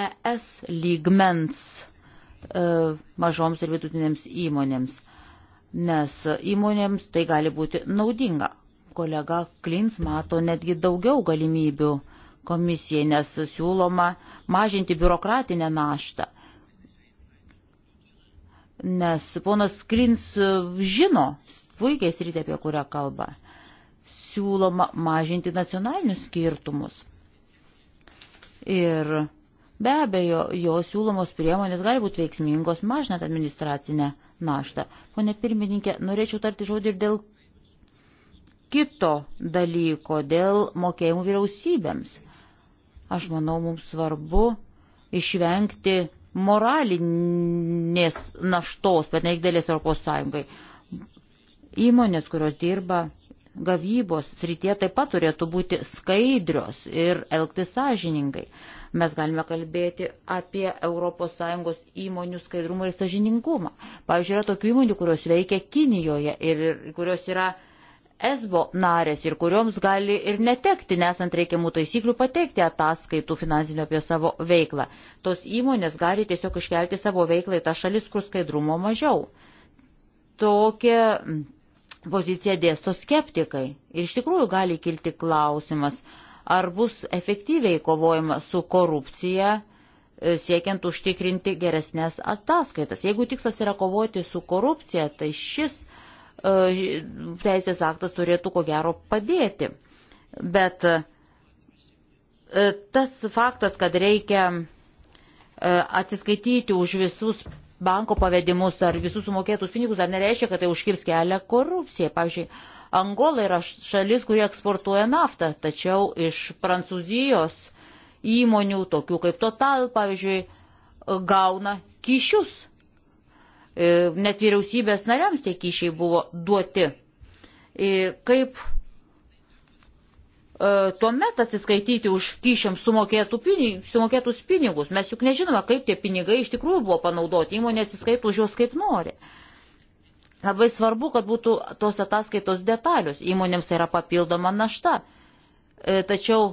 ES lygmens e, mažoms ir vidutinėms įmonėms, nes įmonėms tai gali būti naudinga. Kolega Klins mato netgi daugiau galimybių komisijai, nes siūloma mažinti biurokratinę naštą. Nes ponas Klins žino puikiai sritį, apie kurią kalba. Siūloma mažinti nacionalinius skirtumus. Ir be abejo, jo siūlomos priemonės gali būti veiksmingos, mažinant administracinę naštą. Pone pirmininkė, norėčiau tarti žodį ir dėl kito dalyko, dėl mokėjimų vyriausybėms. Aš manau, mums svarbu išvengti moralinės naštos, bet neįgdėlės Europos Sąjungai. Įmonės, kurios dirba gavybos srityje, taip pat turėtų būti skaidrios ir elgtis sąžiningai. Mes galime kalbėti apie ES įmonių skaidrumą ir sąžiningumą. Pavyzdžiui, yra tokių įmonių, kurios veikia Kinijoje ir kurios yra ESBO narės ir kurioms gali ir netekti, nesant reikiamų taisyklių, pateikti ataskaitų finansinio apie savo veiklą. Tos įmonės gali tiesiog iškelti savo veiklą į tą šalis, kur skaidrumo mažiau. Tokia mm, poziciją dėsto skeptikai. Ir iš tikrųjų gali kilti klausimas, ar bus efektyviai kovojama su korupcija, e, siekiant užtikrinti geresnės ataskaitas. Jeigu tikslas yra kovoti su korupcija, tai šis E, teisės aktas turėtų ko gero padėti. Bet e, tas faktas, kad reikia e, atsiskaityti už visus banko pavedimus ar visus sumokėtus pinigus, ar nereiškia, kad tai užkirs kelią korupcijai. Pavyzdžiui, Angola yra šalis, kurie eksportuoja naftą, tačiau iš Prancūzijos įmonių, tokių kaip Total, pavyzdžiui, gauna kišius E, net vyriausybės nariams tie kyšiai buvo duoti. Ir e, kaip e, tuomet atsiskaityti už kyšiams sumokėtų pinig, sumokėtus pinigus. Mes juk nežinome, kaip tie pinigai iš tikrųjų buvo panaudoti, įmonė atsiskaito už juos kaip nori. Labai svarbu, kad būtų tos ataskaitos detalius, įmonėms yra papildoma našta. Tačiau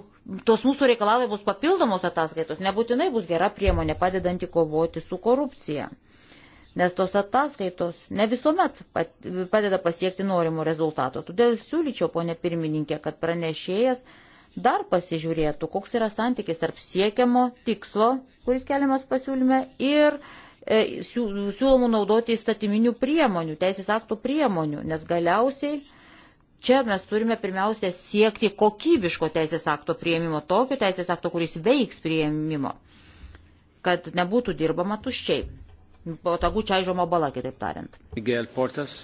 tos mūsų reikalavimai bus papildomos ataskaitos, nebūtinai bus gera priemonė padedanti kovoti su korupcija nes tos ataskaitos ne visuomet padeda pasiekti norimo rezultato. Todėl siūlyčiau, ponė pirmininkė, kad pranešėjas dar pasižiūrėtų, koks yra santykis tarp siekiamo tikslo, kuris keliamas pasiūlyme, ir e, siūlomų naudoti įstatyminių priemonių, teisės aktų priemonių, nes galiausiai čia mes turime pirmiausia siekti kokybiško teisės akto prieimimo, tokio teisės akto, kuris veiks prieimimo, kad nebūtų dirbama tuščiai patagų čiaižoma bala, kitaip tariant. Miguel Portas.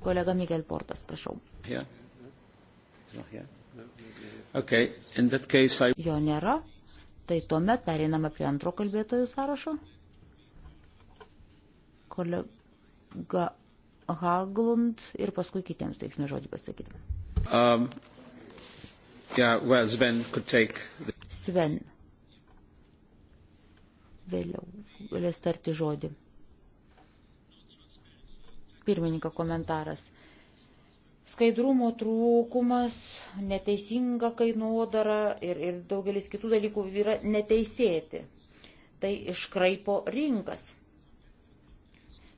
Kolega Miguel Portas, prašau. Yeah. No, yeah. Okay. Case, I... Jo nėra. Tai tuomet pereiname prie antro kalbėtojų sąrašo. Kolega Haglund ir paskui kitiems teiksime žodį pasakyti. Um, yeah, well, Sven, the... Sven vėliau galės tarti žodį. Pirmininko komentaras. Skaidrumo trūkumas, neteisinga kainodara ir, ir daugelis kitų dalykų yra neteisėti. Tai iškraipo rinkas.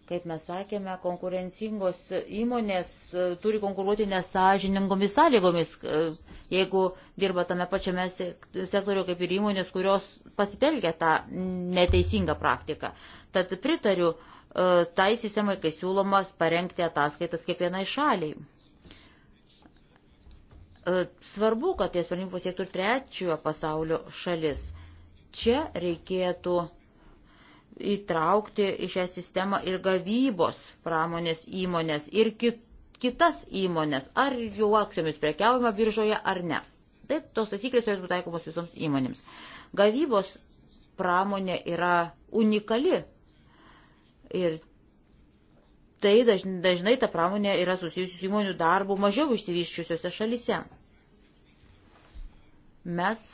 Kaip mes sakėme, konkurencingos įmonės e, turi konkuruoti nesažiningomis sąlygomis, e, jeigu dirba tame pačiame sektoriu kaip ir įmonės, kurios pasitelkia tą neteisingą praktiką. Tad pritariu e, tai sistemai, kai siūlomas parengti ataskaitas kiekvienai šaliai. Svarbu, kad tie sprendimai pasiektų trečiojo pasaulio šalis. Čia reikėtų įtraukti į šią sistemą ir gavybos pramonės įmonės ir kitas įmonės, ar jų akcijomis prekiaujama biržoje ar ne. Taip, tos taisyklės turėtų būti taikomos visoms įmonėms. Gavybos pramonė yra unikali ir tai dažnai, dažnai ta pramonė yra susijusi su įmonių darbu mažiau išsivyščiusiuose šalise. Mes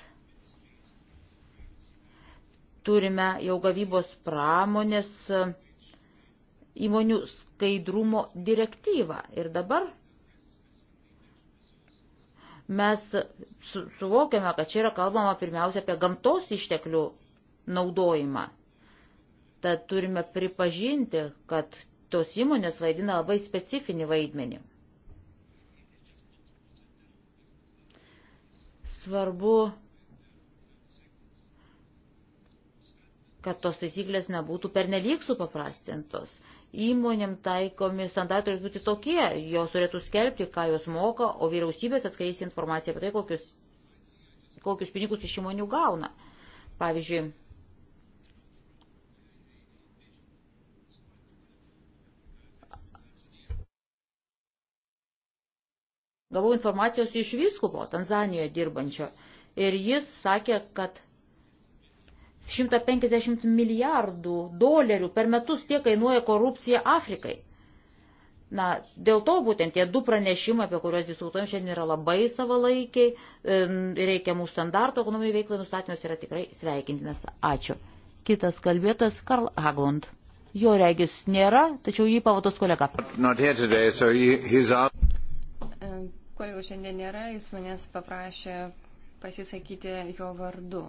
Turime jau gavybos pramonės e, įmonių skaidrumo direktyvą. Ir dabar mes su, suvokiame, kad čia yra kalbama pirmiausia apie gamtos išteklių naudojimą. Tad turime pripažinti, kad tos įmonės vaidina labai specifinį vaidmenį. Svarbu kad tos taisyklės nebūtų pernelyg supaprastintos. Įmonėm taikomi standartai turi būti tokie, jos turėtų skelbti, ką jos moka, o vyriausybės atskleis informaciją apie tai, kokius, kokius pinigus iš įmonių gauna. Pavyzdžiui, gavau informacijos iš vyskupo Tanzanijoje dirbančio ir jis sakė, kad 150 milijardų dolerių per metus tiek kainuoja korupcija Afrikai. Na, dėl to būtent tie du pranešimai, apie kuriuos diskutuojam šiandien, yra labai savalaikiai, reikiamų standartų ekonomijai veiklai nustatymas yra tikrai sveikintinas. Ačiū. Kitas kalbėtojas Karl Aglund. Jo regis nėra, tačiau jį pavados kolega. Today, so he, e, Kolegų šiandien nėra, jis manęs paprašė pasisakyti jo vardu.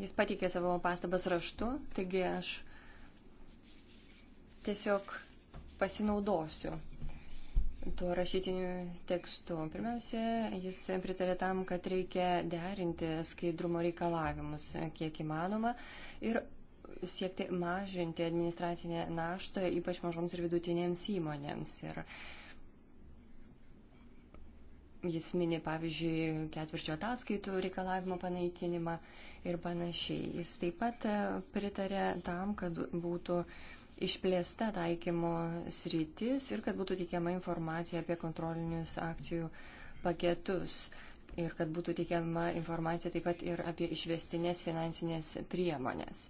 Jis pateikė savo pastabas raštu, taigi aš tiesiog pasinaudosiu tuo rašytiniu tekstu. Pirmiausia, jis pritarė tam, kad reikia derinti skaidrumo reikalavimus kiek įmanoma ir siekti mažinti administracinę naštą, ypač mažoms ir vidutinėms įmonėms. Ir uh, Jis mini, pavyzdžiui, ketvirčio ataskaitų reikalavimo panaikinimą ir panašiai. Jis taip pat e, pritarė tam, kad būtų išplėsta taikymo sritis ir kad būtų teikiama informacija apie kontrolinius akcijų paketus ir kad būtų teikiama informacija taip pat ir apie išvestinės finansinės priemonės.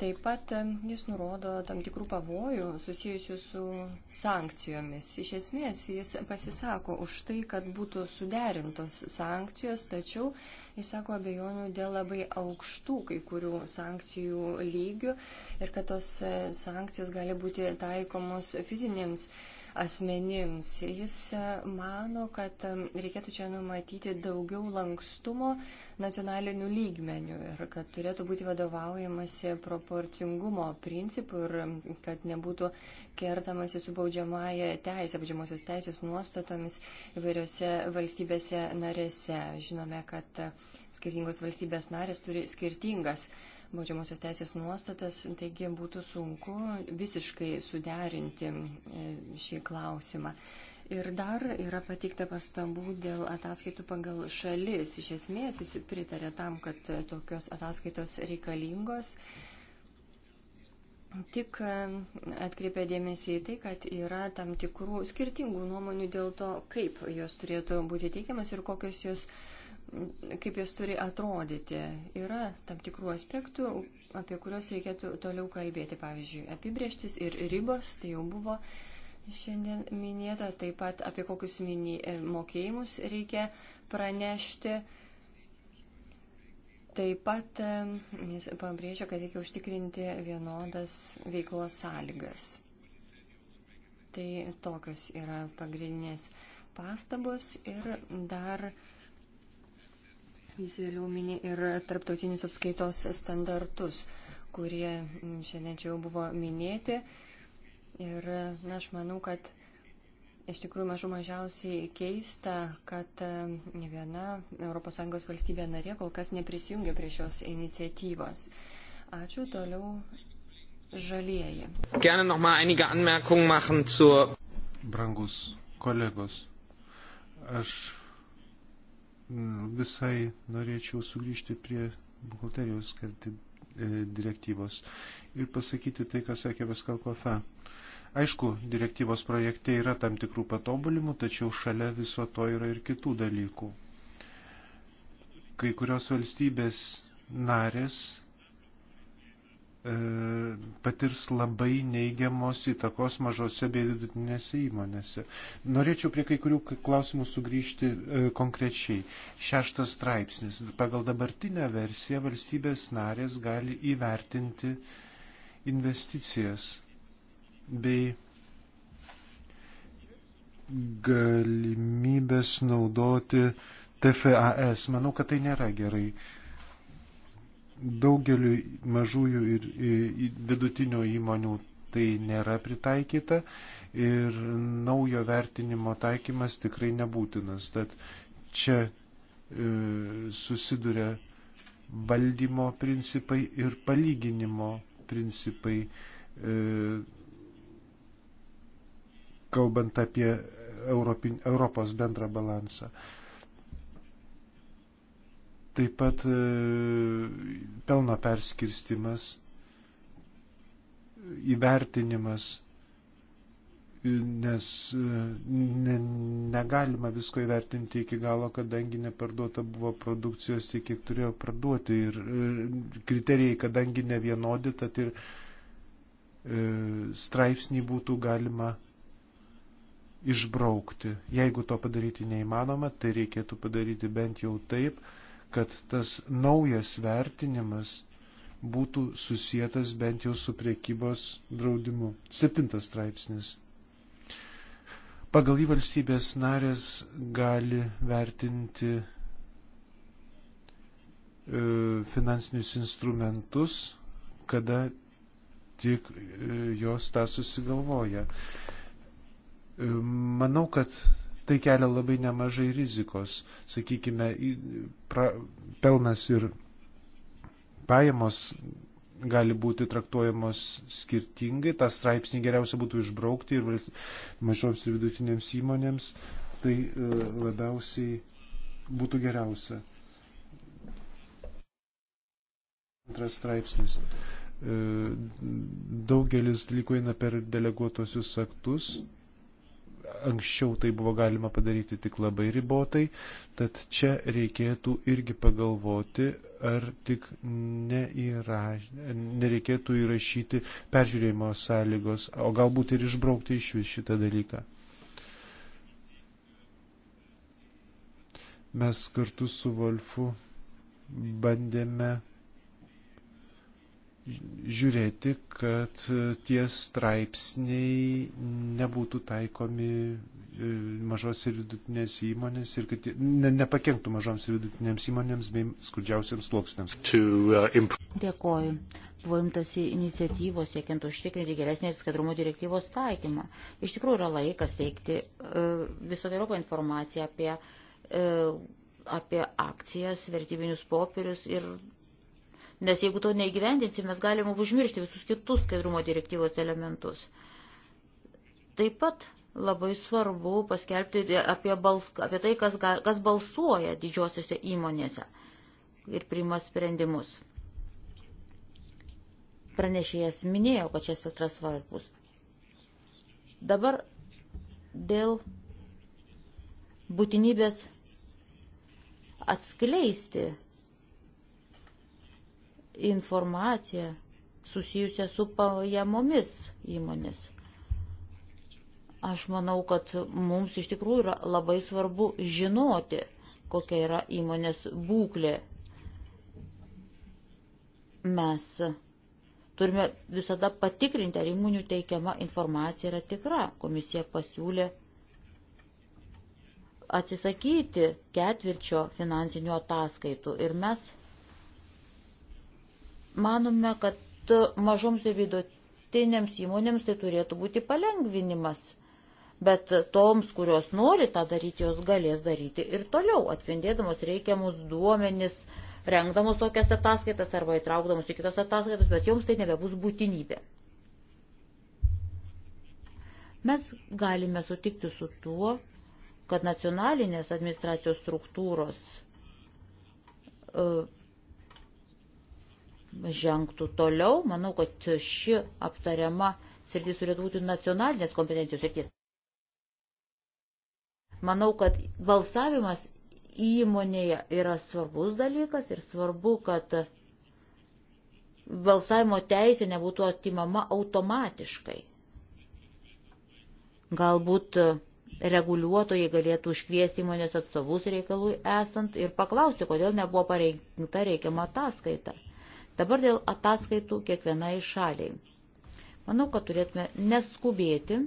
Taip pat jis nurodo tam tikrų pavojų susijusių su sankcijomis. Iš esmės jis pasisako už tai, kad būtų suderintos sankcijos, tačiau išsako abejonių dėl labai aukštų kai kurių sankcijų lygių ir kad tos e, sankcijos gali būti taikomos fizinėms asmenims. Jis e, mano, kad e, reikėtų čia numatyti daugiau lankstumo nacionalinių lygmenių ir kad turėtų būti vadovaujamasi proporcingumo principų ir kad nebūtų kertamasi su baudžiamąją teisę, baudžiamosios teisės nuostatomis įvairiose valstybėse narėse. Žinome, kad Skirtingos valstybės narės turi skirtingas baudžiamosios teisės nuostatas, taigi būtų sunku visiškai suderinti e, šį klausimą. Ir dar yra pateikta pastabų dėl ataskaitų pagal šalis. Iš esmės jis pritarė tam, kad tokios ataskaitos reikalingos. Tik e, atkreipia dėmesį į tai, kad yra tam tikrų skirtingų nuomonių dėl to, kaip jos turėtų būti teikiamas ir kokios jos. Jos kaip jos turi atrodyti. Yra tam tikrų aspektų, apie kuriuos reikėtų toliau kalbėti. Pavyzdžiui, apibrieštis ir ribos, tai jau buvo šiandien minėta. Taip pat apie kokius mini, e, mokėjimus reikia pranešti. Taip pat e, jis pabrėžia, kad reikia užtikrinti vienodas veiklos sąlygas. Tai tokios yra pagrindinės pastabos ir dar Jis vėliau mini ir tarptautinius apskaitos standartus, kurie mm, šiandien čia jau buvo minėti. Ir na, aš manau, kad iš tikrųjų mažų mažiausiai keista, kad ne mm, viena ES valstybė narė kol kas neprisijungia prie šios iniciatyvos. Ačiū toliau žalieji. Gerne nochmal einige Anmerkungen machen zur. Brangus kolegos, aš visai norėčiau sugrįžti prie buhalterijos e, direktyvos ir pasakyti tai, ką sakė Veskalkofe. Aišku, direktyvos projekte yra tam tikrų patobulimų, tačiau šalia viso to yra ir kitų dalykų. Kai kurios valstybės narės E, patirs labai neigiamos įtakos mažose bei vidutinėse įmonėse. Norėčiau prie kai kurių klausimų sugrįžti e, konkrečiai. Šeštas straipsnis. Pagal dabartinę versiją valstybės narės gali įvertinti investicijas bei galimybės naudoti TFAS. Manau, kad tai nėra gerai daugeliu mažųjų ir vidutinių įmonių tai nėra pritaikyta ir naujo vertinimo taikymas tikrai nebūtinas. Tad čia e, susiduria valdymo principai ir palyginimo principai, e, kalbant apie Europos bendrą balansą. Taip pat e, pelno perskirstimas, įvertinimas, nes e, ne, negalima visko įvertinti iki galo, kadangi neparduota buvo produkcijos tiek, kiek turėjo parduoti. Ir e, kriterijai, kadangi ne vienodi, tad ir straipsnį būtų galima išbraukti. Jeigu to padaryti neįmanoma, tai reikėtų padaryti bent jau taip, kad tas naujas vertinimas būtų susijęs bent jau su priekybos draudimu. Septintas straipsnis. Pagal jį valstybės narės gali vertinti e, finansinius instrumentus, kada tik e, jos tą susigalvoja. E, manau, kad tai kelia labai nemažai rizikos. Sakykime, pra, pelnas ir pajamos gali būti traktuojamos skirtingai. Ta straipsnį geriausia būtų išbraukti ir mažoms ir vidutinėms įmonėms tai e, labiausiai būtų geriausia. Antras straipsnis. E, daugelis dalykų eina per deleguotosius aktus, anksčiau tai buvo galima padaryti tik labai ribotai, tad čia reikėtų irgi pagalvoti, ar tik neįraž... nereikėtų įrašyti peržiūrėjimo sąlygos, o galbūt ir išbraukti iš vis šitą dalyką. Mes kartu su Volfu bandėme žiūrėti, kad e, tie straipsniai nebūtų taikomi e, mažos ir vidutinės įmonės ir kad ne, nepakenktų mažoms ir vidutinėms įmonėms bei skurdžiausiams sluoksniams. Uh, Dėkoju. Buvo imtasi iniciatyvos siekiant užtikrinti geresnės skaidrumo direktyvos taikymą. Iš tikrųjų yra laikas teikti e, visokio Europą informaciją apie apie akcijas, vertybinius popierius ir nes jeigu to neįgyvendinsim, mes galime užmiršti visus kitus skaidrumo direktyvos elementus. Taip pat labai svarbu paskelbti apie, bals, apie tai, kas, kas balsuoja didžiosiuose įmonėse ir priima sprendimus. Pranešėjas minėjo, kad čia spektras svarbus. Dabar dėl būtinybės atskleisti informaciją susijusią su pajamomis įmonės. Aš manau, kad mums iš tikrųjų yra labai svarbu žinoti, kokia yra įmonės būklė. Mes turime visada patikrinti, ar įmonių teikiama informacija yra tikra. Komisija pasiūlė atsisakyti ketvirčio finansinių ataskaitų ir mes Manome, kad mažoms ir vidutinėms įmonėms tai turėtų būti palengvinimas, bet toms, kurios nori tą daryti, jos galės daryti ir toliau, atspindėdamos reikiamus duomenis, rengdamos tokias ataskaitas arba įtraukdamos į kitas ataskaitas, bet joms tai nebebus būtinybė. Mes galime sutikti su tuo, kad nacionalinės administracijos struktūros uh, žengtų toliau. Manau, kad ši aptariama sritis turėtų būti nacionalinės kompetencijos sritis. Manau, kad balsavimas įmonėje yra svarbus dalykas ir svarbu, kad balsavimo teisė nebūtų atimama automatiškai. Galbūt reguliuotojai galėtų užkviesti įmonės atstovus reikalui esant ir paklausti, kodėl nebuvo parengta reikiama ataskaita. Dabar dėl ataskaitų kiekvienai šaliai. Manau, kad turėtume neskubėti.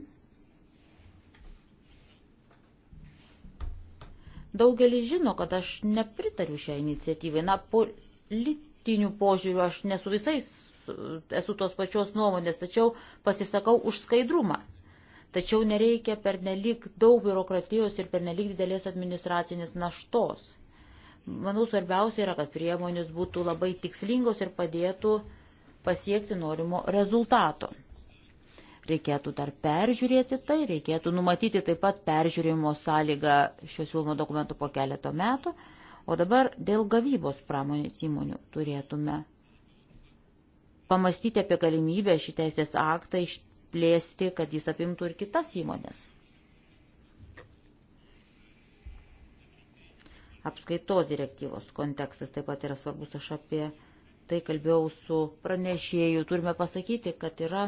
Daugelis žino, kad aš nepritariu šią iniciatyvą. Na, politinių požiūrių aš nesu visais, esu tos pačios nuomonės, tačiau pasisakau už skaidrumą. Tačiau nereikia per nelik daug biurokratijos ir per nelik didelės administracinės naštos. Manau, svarbiausia yra, kad priemonės būtų labai tikslingos ir padėtų pasiekti norimo rezultato. Reikėtų dar peržiūrėti tai, reikėtų numatyti taip pat peržiūrėjimo sąlygą šio siūlymo dokumentų po keleto metų, o dabar dėl gavybos pramonės įmonių turėtume pamastyti apie galimybę šį teisės aktą išplėsti, kad jis apimtų ir kitas įmonės. apskaitos direktyvos kontekstas taip pat yra svarbus. Aš apie tai kalbėjau su pranešėju. Turime pasakyti, kad yra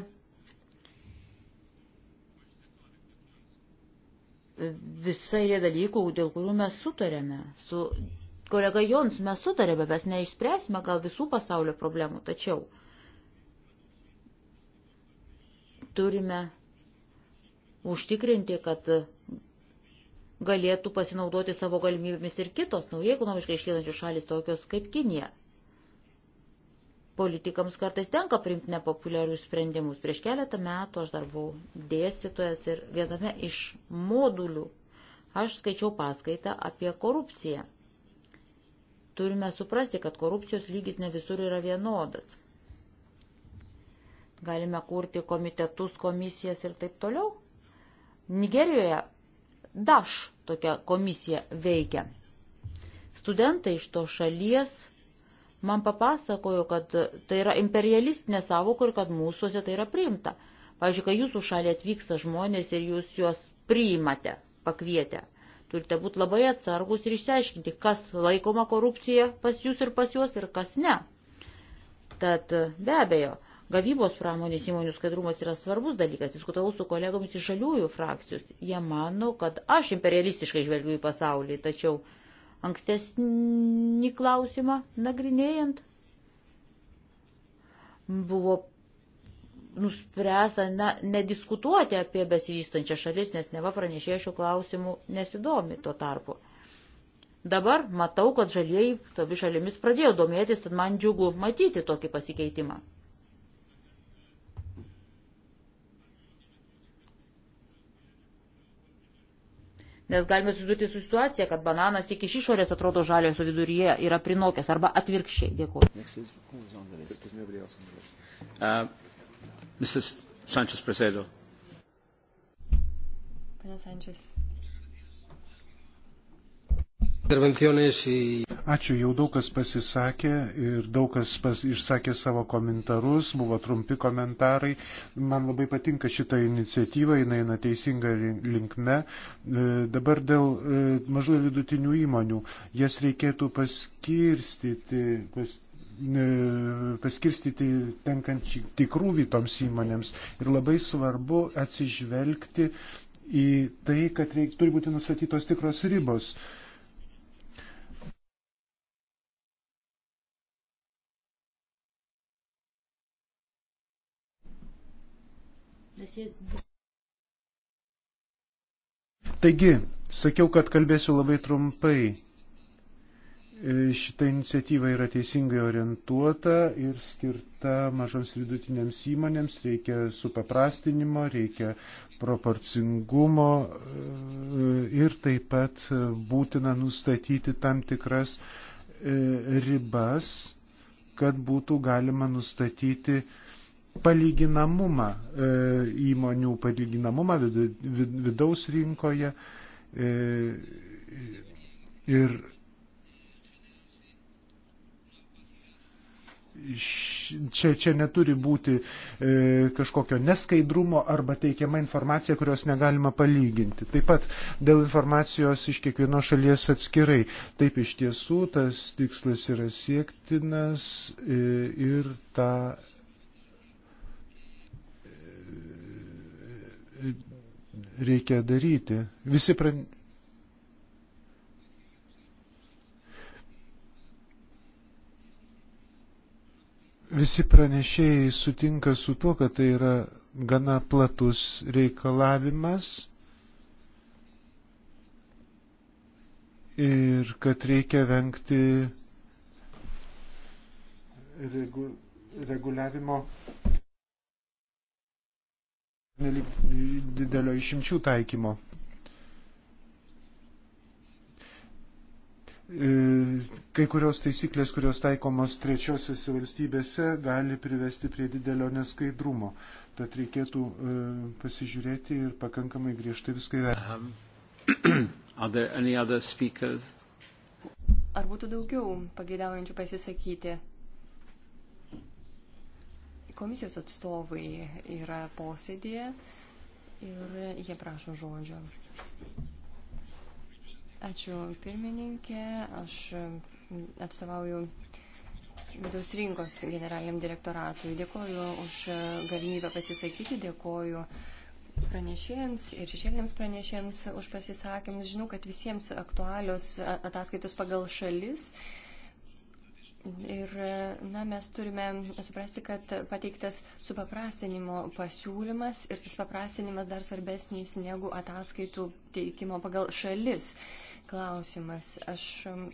visai yra dalykų, dėl kurių mes sutarėme. Su kolega Jons mes sutarėme, mes neišspręsime gal visų pasaulio problemų, tačiau turime užtikrinti, kad galėtų pasinaudoti savo galimybėmis ir kitos naujai ekonomiškai iškylančios šalis, tokios kaip Kinija. Politikams kartais tenka priimti nepopuliarius sprendimus. Prieš keletą metų aš dar buvau dėstytojas ir viename iš modulių aš skaičiau paskaitą apie korupciją. Turime suprasti, kad korupcijos lygis ne visur yra vienodas. Galime kurti komitetus, komisijas ir taip toliau. Nigerijoje DAŠ tokia komisija veikia. Studentai iš to šalies man papasakojo, kad tai yra imperialistinė savoka ir kad mūsųse tai yra priimta. Pavyzdžiui, kai jūsų šalį atvyksta žmonės ir jūs juos priimate, pakvietę, turite būti labai atsargus ir išsiaiškinti, kas laikoma korupcija pas jūs ir pas juos ir kas ne. Tad be abejo, Gavybos pramonės įmonių skaidrumas yra svarbus dalykas. Diskutavau su kolegomis iš žaliųjų frakcijos. Jie mano, kad aš imperialistiškai žvelgiu į pasaulį, tačiau ankstesnį klausimą nagrinėjant buvo nuspręsta na, nediskutuoti apie besivystančią šalis, nes neva pranešėjai šių klausimų nesidomi tuo tarpu. Dabar matau, kad žalieji tobi šalimis pradėjo domėtis, tad man džiugu matyti tokį pasikeitimą. Nes galime susidurti su situacija, kad bananas tik iš išorės atrodo žalias, o viduryje yra prinokęs arba atvirkščiai. Dėkuoju. Uh, Mrs. Sanchez Presedo. Pane Sanchez. Intervenciones y... Ačiū, jau daug kas pasisakė ir daug kas pas, išsakė savo komentarus, buvo trumpi komentarai. Man labai patinka šita iniciatyva, jinai eina teisinga linkme. E, dabar dėl e, mažų ir vidutinių įmonių. Jas reikėtų paskirstyti, pas, e, paskirstyti tenkančių tikrųjų toms įmonėms. Ir labai svarbu atsižvelgti į tai, kad reik, turi būti nustatytos tikros ribos. Uh, Taigi, sakiau, kad kalbėsiu labai trumpai. E, šita iniciatyva yra teisingai orientuota ir skirta mažoms vidutinėms įmonėms, reikia supaprastinimo, reikia proporcingumo e, ir taip pat būtina nustatyti tam tikras e, ribas, kad būtų galima nustatyti uh, palyginamumą e, įmonių, palyginamumą vidaus rinkoje e, ir čia, čia neturi būti e, kažkokio neskaidrumo arba teikiama informacija, kurios negalima palyginti. Taip pat dėl informacijos iš kiekvienos šalies atskirai. Taip iš tiesų tas tikslas yra siektinas e, ir tą reikia daryti. Visi pran... Visi pranešėjai sutinka su tuo, kad tai yra gana platus reikalavimas ir kad reikia vengti regu, reguliavimo nelik didelio išimčių taikymo. E, kai kurios taisyklės, kurios taikomos trečiosios valstybėse, gali privesti prie didelio neskaidrumo. Tad reikėtų e, pasižiūrėti ir pakankamai griežtai viską įvertinti. Um, Ar būtų daugiau pageidaujančių pasisakyti? komisijos atstovai yra posėdėje ir jie prašo žodžio. Ačiū pirmininkė, aš atstovauju vidaus rinkos generaliniam direktoratui. Dėkoju už galimybę pasisakyti, dėkoju pranešėjams ir šešėliniams pranešėjams už pasisakymus. Žinau, kad visiems aktualios ataskaitos pagal šalis Ir na, mes turime suprasti, kad pateiktas supaprastinimo pasiūlymas ir tas paprastinimas dar svarbesnis negu ataskaitų teikimo pagal šalis klausimas. Aš um,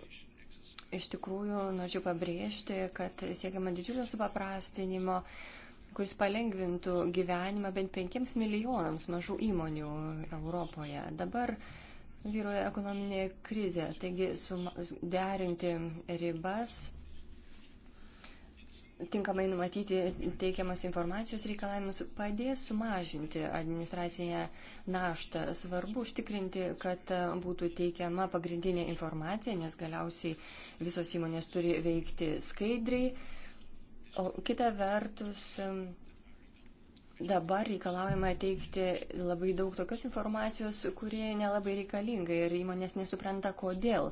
iš tikrųjų norėčiau pabrėžti, kad siekiama didžiulio supaprastinimo kuris palengvintų gyvenimą bent penkiems milijonams mažų įmonių Europoje. Dabar vyroja ekonominė krizė, taigi derinti ribas tinkamai numatyti teikiamas informacijos reikalavimus padės sumažinti administracinę naštą. Svarbu užtikrinti, kad būtų teikiama pagrindinė informacija, nes galiausiai visos įmonės turi veikti skaidriai. O kita vertus, Dabar reikalaujama teikti labai daug tokios informacijos, kurie nelabai reikalinga ir įmonės nesupranta, kodėl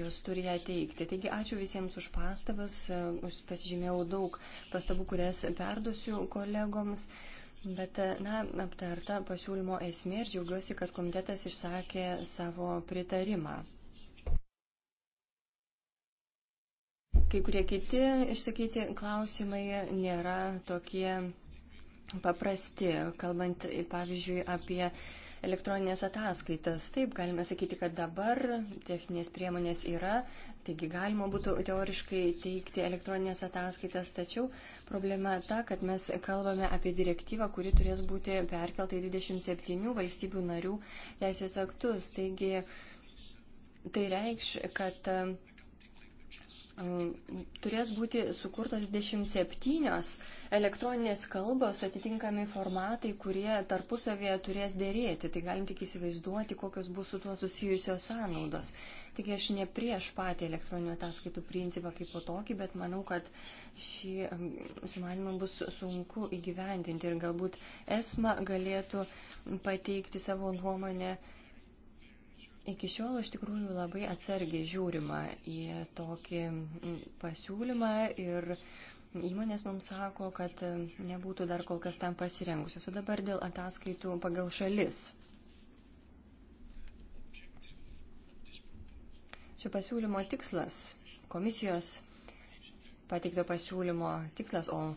jūs turi ją teikti. Taigi ačiū visiems už pastabas, už pasižymėjau daug pastabų, kurias perdusiu kolegoms. Bet, na, aptarta pasiūlymo esmė ir džiaugiuosi, kad komitetas išsakė savo pritarimą. Kai kurie kiti išsakyti klausimai nėra tokie paprasti, kalbant, pavyzdžiui, apie elektroninės ataskaitas. Taip, galime sakyti, kad dabar techninės priemonės yra, taigi galima būtų teoriškai teikti elektroninės ataskaitas, tačiau problema ta, kad mes kalbame apie direktyvą, kuri turės būti perkelta į 27 valstybių narių teisės aktus. Taigi tai reikš, kad turės būti sukurtos 27 elektroninės kalbos atitinkami formatai, kurie tarpusavėje turės dėrėti. Tai galim tik įsivaizduoti, kokios bus su tuo susijusios sąnaudos. Tik aš ne prieš patį elektroninių ataskaitų principą kaip po tokį, bet manau, kad šį sumanimą bus sunku įgyvendinti ir galbūt esma galėtų pateikti savo nuomonę Iki šiol iš tikrųjų labai atsargiai žiūrima į tokį pasiūlymą ir Įmonės mums sako, kad nebūtų dar kol kas tam pasirengusios. O dabar dėl ataskaitų pagal šalis. Šio pasiūlymo tikslas, komisijos pateikto pasiūlymo tikslas, o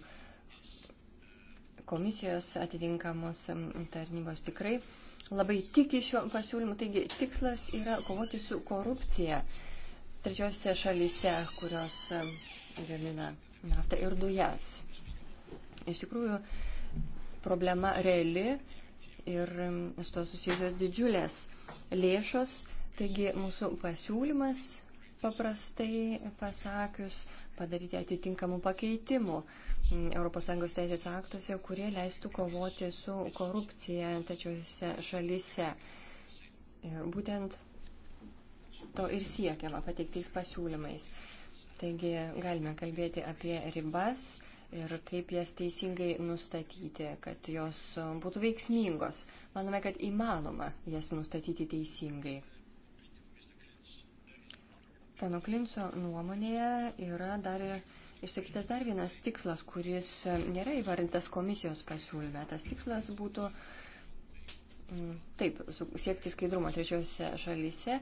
komisijos atitinkamos tarnybos tikrai labai tiki šiuo pasiūlymu. Taigi tikslas yra kovoti su korupcija trečiosiose šalyse, kurios gamina naftą ir dujas. Iš tikrųjų, problema reali ir su to susijusios didžiulės lėšos. Taigi mūsų pasiūlymas paprastai pasakius padaryti atitinkamų pakeitimų. ES teisės aktuose, kurie leistų kovoti su korupcija tačiuose šalise. Ir būtent to ir siekiama pateiktais pasiūlymais. Taigi galime kalbėti apie ribas ir kaip jas teisingai nustatyti, kad jos būtų veiksmingos. Manome, kad įmanoma jas nustatyti teisingai. Pono Klinso nuomonėje yra dar ir išsakytas dar vienas tikslas, kuris e, nėra įvardintas komisijos pasiūlyme. Tas tikslas būtų mm, taip, siekti skaidrumo trečiose šalyse,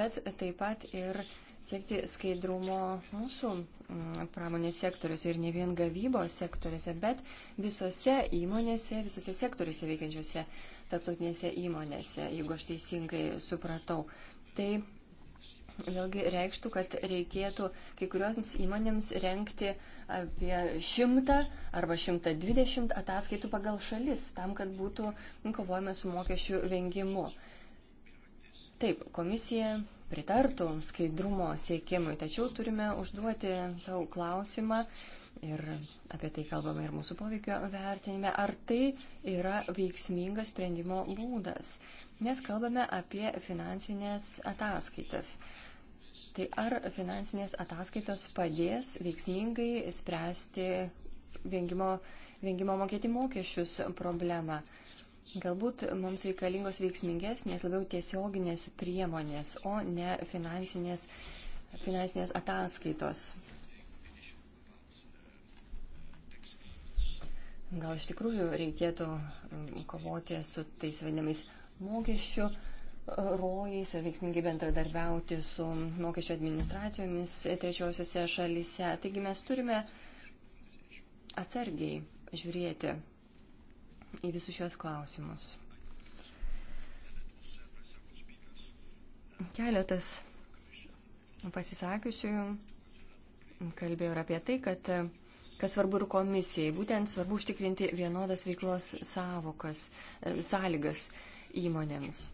bet taip pat ir siekti skaidrumo mūsų mm, pramonės sektoriuose ir ne vien gavybos sektoriuose, bet visose įmonėse, visose sektoriuose veikiančiose tarptautinėse įmonėse, jeigu aš teisingai supratau. Tai vėlgi reikštų, kad reikėtų kai kurioms įmonėms renkti apie 100 arba 120 ataskaitų pagal šalis, tam, kad būtų kovojama su mokesčių vengimu. Taip, komisija pritartų skaidrumo siekimui, tačiau turime užduoti savo klausimą ir apie tai kalbame ir mūsų poveikio vertinime, ar tai yra veiksmingas sprendimo būdas. Mes kalbame apie finansinės ataskaitas. Tai ar finansinės ataskaitos padės veiksmingai spręsti vengimo, vengimo mokėti mokesčius problemą? Galbūt mums reikalingos veiksmingesnės, labiau tiesioginės priemonės, o ne finansinės, finansinės ataskaitos. Gal iš tikrųjų reikėtų mm, kovoti su tais vadinamais mokesčių rojais ir veiksmingai bendradarbiauti su mokesčio administracijomis trečiosiuose šalise. Taigi mes turime atsargiai žiūrėti į visus šios klausimus. Keletas pasisakiusiųjų kalbėjo ir apie tai, kad kas svarbu ir komisijai, būtent svarbu užtikrinti vienodas veiklos savokas, sąlygas įmonėms.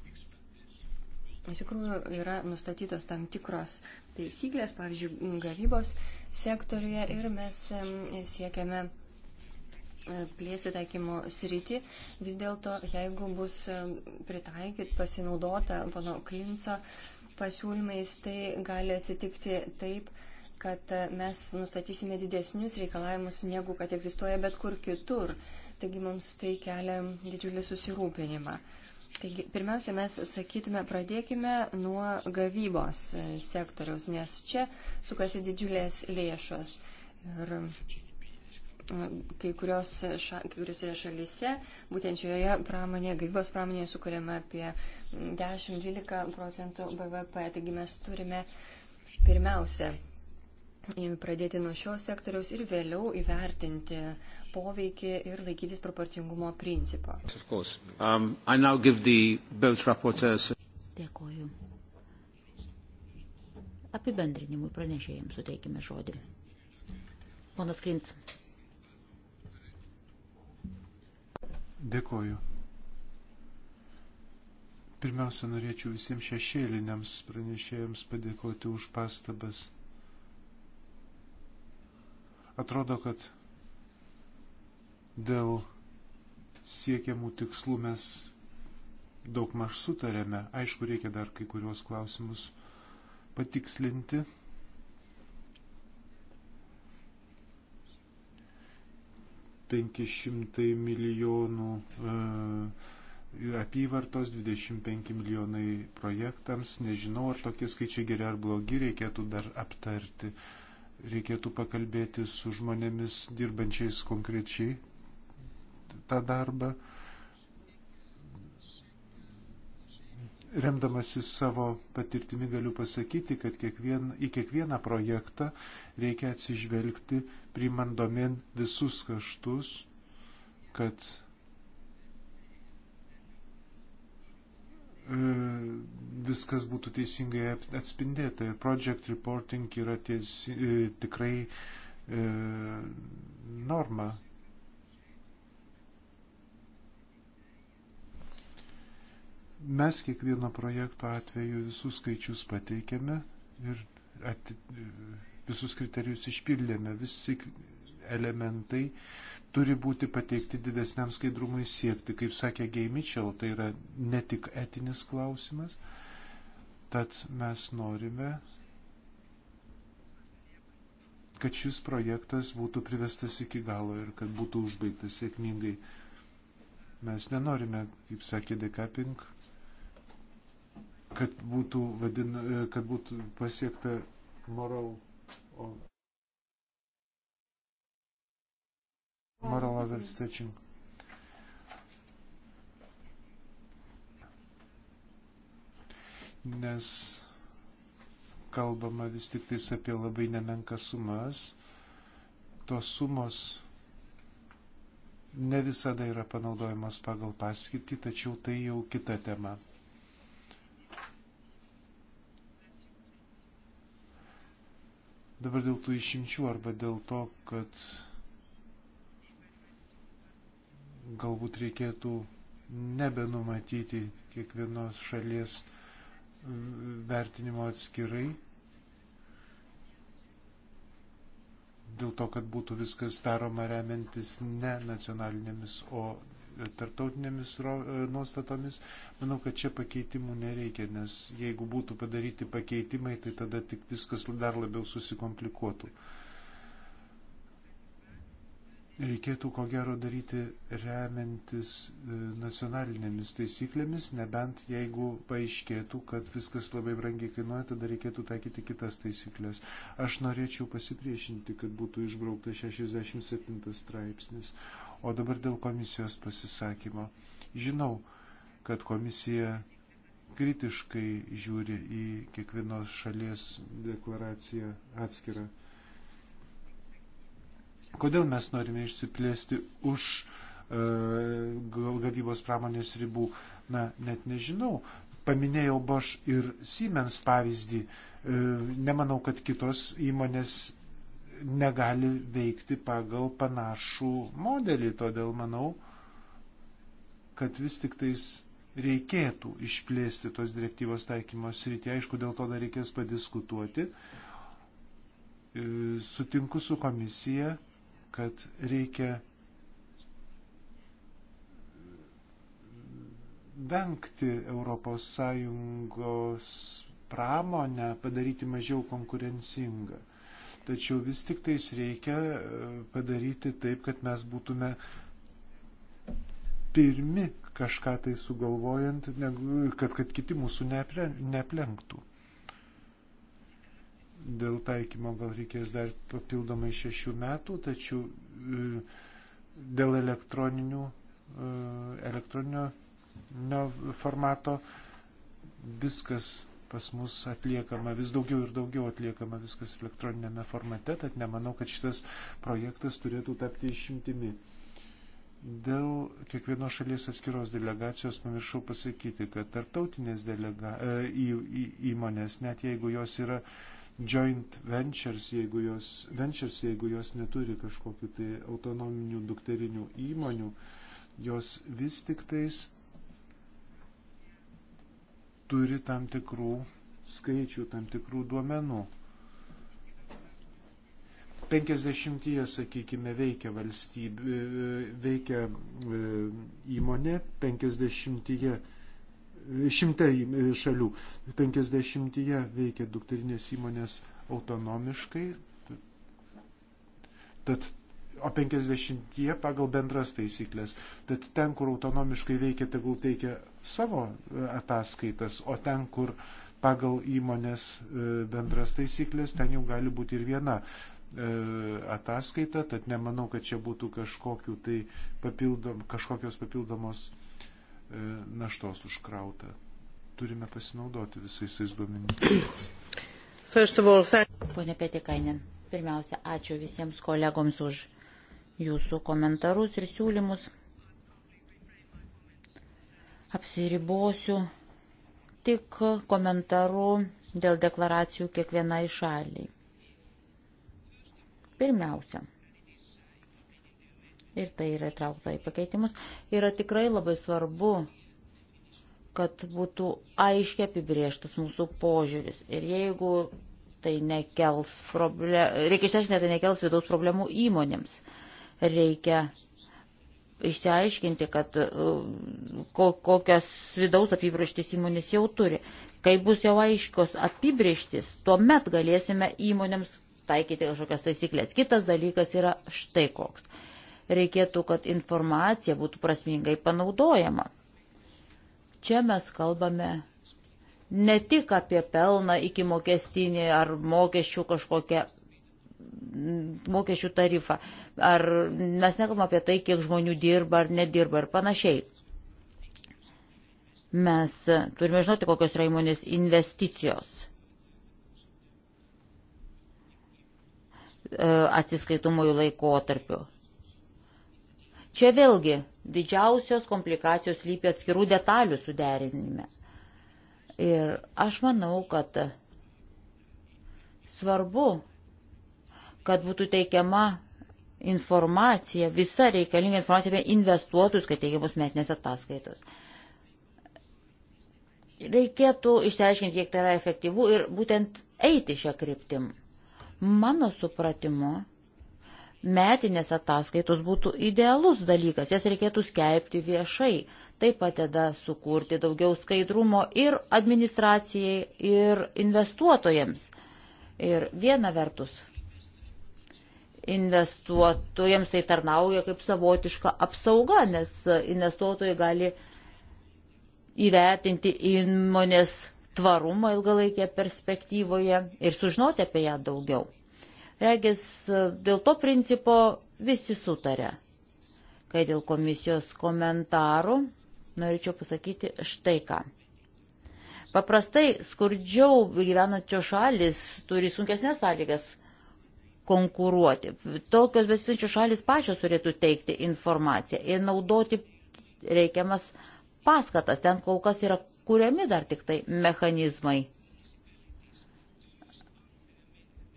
Iš tikrųjų yra nustatytos tam tikros taisyklės, pavyzdžiui, gavybos sektoriuje ir mes siekiame e, plėsti taikymo sritį. Vis dėlto, jeigu bus pritaikyt, pasinaudota pono Klinco pasiūlymais, tai gali atsitikti taip, kad e, mes nustatysime didesnius reikalavimus, negu kad egzistuoja bet kur kitur. Taigi mums tai kelia didžiulį susirūpinimą. Taigi, pirmiausia, mes sakytume, pradėkime nuo gavybos e, sektoriaus, nes čia sukasi didžiulės lėšos. Ir e, kai, kurios, ša, kai kuriuose šalyse, būtent šioje pramonėje, gavybos pramonėje sukūrėme apie 10-12 procentų BVP. Taigi mes turime pirmiausia pradėti nuo šio sektoriaus ir vėliau įvertinti poveikį ir laikytis proporcingumo principo. Um, Dėkoju. Apibendrinimui pranešėjams suteikime žodį. Ponas Klints. Dėkoju. Pirmiausia, norėčiau visiems šešėliniams pranešėjams padėkoti už pastabas Atrodo, kad dėl siekiamų tikslų mes daug maž sutarėme. Aišku, reikia dar kai kuriuos klausimus patikslinti. Penki šimtai milijonų e, apyvartos, 25 milijonai projektams. Nežinau, ar tokie skaičiai geri ar blogi, reikėtų dar aptarti. E, reikėtų pakalbėti su žmonėmis dirbančiais konkrečiai tą darbą, remdamasis savo patirtimi galiu pasakyti, kad kiekvien, į kiekvieną projektą reikia atsižvelgti, priimant domen visus kaštus, kad E, viskas būtų teisingai atspindėta. Ir project reporting yra tiesi, e, tikrai e, norma. Mes kiekvieno projekto atveju visus skaičius pateikėme ir ati, visus kriterijus išpildėme. Visi elementai e, turi būti pateikti didesniam skaidrumui siekti. Kaip sakė Gay Mitchell, tai yra ne tik etinis klausimas, tad mes norime, kad šis projektas būtų privestas iki galo ir kad būtų užbaigtas sėkmingai. Mes nenorime, kaip sakė Dekaping, kad būtų, vadin, kad būtų pasiekta moral moral level stretching. Nes kalbama vis tik tais apie labai nemenkas sumas. Tos sumos ne visada yra panaudojamas pagal paskirtį, tačiau tai jau kita tema. Dabar dėl tų išimčių arba dėl to, kad galbūt reikėtų nebenumatyti kiekvienos šalies vertinimo atskirai, dėl to, kad būtų viskas daroma remiantis ne nacionalinėmis, o tartautinėmis e, nuostatomis. Manau, kad čia pakeitimų nereikia, nes jeigu būtų padaryti pakeitimai, tai tada tik viskas dar labiau susikomplikuotų reikėtų ko gero daryti remiantis e, nacionalinėmis taisyklėmis, nebent jeigu paaiškėtų, kad viskas labai brangiai kainuoja, tada reikėtų taikyti kitas taisyklės. Aš norėčiau pasipriešinti, kad būtų išbraukta 67 straipsnis. O dabar dėl komisijos pasisakymo. Žinau, kad komisija kritiškai žiūri į kiekvienos šalies deklaraciją atskirą Kodėl mes norime išsiplėsti už e, gavybos pramonės ribų, na, net nežinau. Paminėjau Bosch ir Siemens pavyzdį. E, nemanau, kad kitos įmonės negali veikti pagal panašų modelį, todėl manau, kad vis tik tais reikėtų išplėsti tos direktyvos taikymos sritį. Aišku, dėl to dar reikės padiskutuoti. E, sutinku su komisija, kad reikia vengti ES pramonę padaryti mažiau konkurencingą. Tačiau vis tik tais reikia e, padaryti taip, kad mes būtume pirmi kažką tai sugalvojant, kad, kad kiti mūsų neplenktų. Dėl taikymo gal reikės dar papildomai šešių metų, tačiau e, dėl elektroninių, e, elektroninio formato viskas pas mus atliekama, vis daugiau ir daugiau atliekama viskas elektroninėme formate, tad nemanau, kad šitas projektas turėtų tapti išimtimi. Dėl kiekvienos šalies atskiros delegacijos pamiršau pasakyti, kad tarptautinės delega, e, į, į, įmonės, net jeigu jos yra uh, joint ventures, jeigu jos, ventures, jeigu jos neturi kažkokiu tai autonominių dukterinių įmonių, jos vis tik tais turi tam tikrų skaičių, tam tikrų duomenų. 50, sakykime, veikia valstybė, veikia e, įmonė, 50 šimtai e, šalių. 50 veikia dukterinės įmonės autonomiškai, tad, o 50 pagal bendras taisyklės. Tad ten, kur autonomiškai veikia, tegul teikia savo e, ataskaitas, o ten, kur pagal įmonės e, bendras taisyklės, ten jau gali būti ir viena ataskaita, tad nemanau, kad čia būtų tai papildom, kažkokios papildomos E, naštos užkrautą. Turime pasinaudoti visais tais duomenimis. Pone Petikainen, pirmiausia, ačiū visiems kolegoms už jūsų komentarus ir siūlymus. Apsiribosiu tik komentaru dėl deklaracijų kiekvienai šaliai. Pirmiausia, ir tai yra įtraukta į pakeitimus, yra tikrai labai svarbu, kad būtų aiškiai apibrieštas mūsų požiūris. Ir jeigu tai nekels problemų, reikia išsiaiškinti, tai nekels vidaus problemų įmonėms. Reikia išsiaiškinti, kad uh, ko, kokias vidaus apibrieštis įmonės jau turi. Kai bus jau aiškios apibrieštis, tuomet galėsime įmonėms taikyti kažkokias taisyklės. Kitas dalykas yra štai koks reikėtų, kad informacija būtų prasmingai panaudojama. Čia mes kalbame ne tik apie pelną iki mokestinį ar mokesčių kažkokią mokesčių tarifą, ar mes nekalbame apie tai, kiek žmonių dirba ar nedirba ir panašiai. Mes turime žinoti, kokios yra įmonės investicijos. E, atsiskaitumųjų laikotarpiu. Čia vėlgi didžiausios komplikacijos lypi atskirų detalių suderinime. Ir aš manau, kad svarbu, kad būtų teikiama informacija, visa reikalinga informacija apie investuotus, kad teikiamus metinės ataskaitos. Reikėtų išsiaiškinti, kiek tai yra efektyvu ir būtent eiti šią kryptim. Mano supratimu, metinės ataskaitos būtų idealus dalykas, jas reikėtų skelbti viešai. Tai padeda sukurti daugiau skaidrumo ir administracijai, ir investuotojams. Ir viena vertus, investuotojams tai tarnauja kaip savotiška apsauga, nes investuotojai gali įvertinti įmonės tvarumą ilgalaikėje perspektyvoje ir sužinoti apie ją daugiau. Regis dėl to principo visi sutarė. Kai dėl komisijos komentarų norėčiau pasakyti štai ką. Paprastai skurdžiau gyvenančio šalis turi sunkesnės sąlygas konkuruoti. Tokios besisinčių šalis pačios turėtų teikti informaciją ir naudoti reikiamas paskatas. Ten kol kas yra kuriami dar tik tai mechanizmai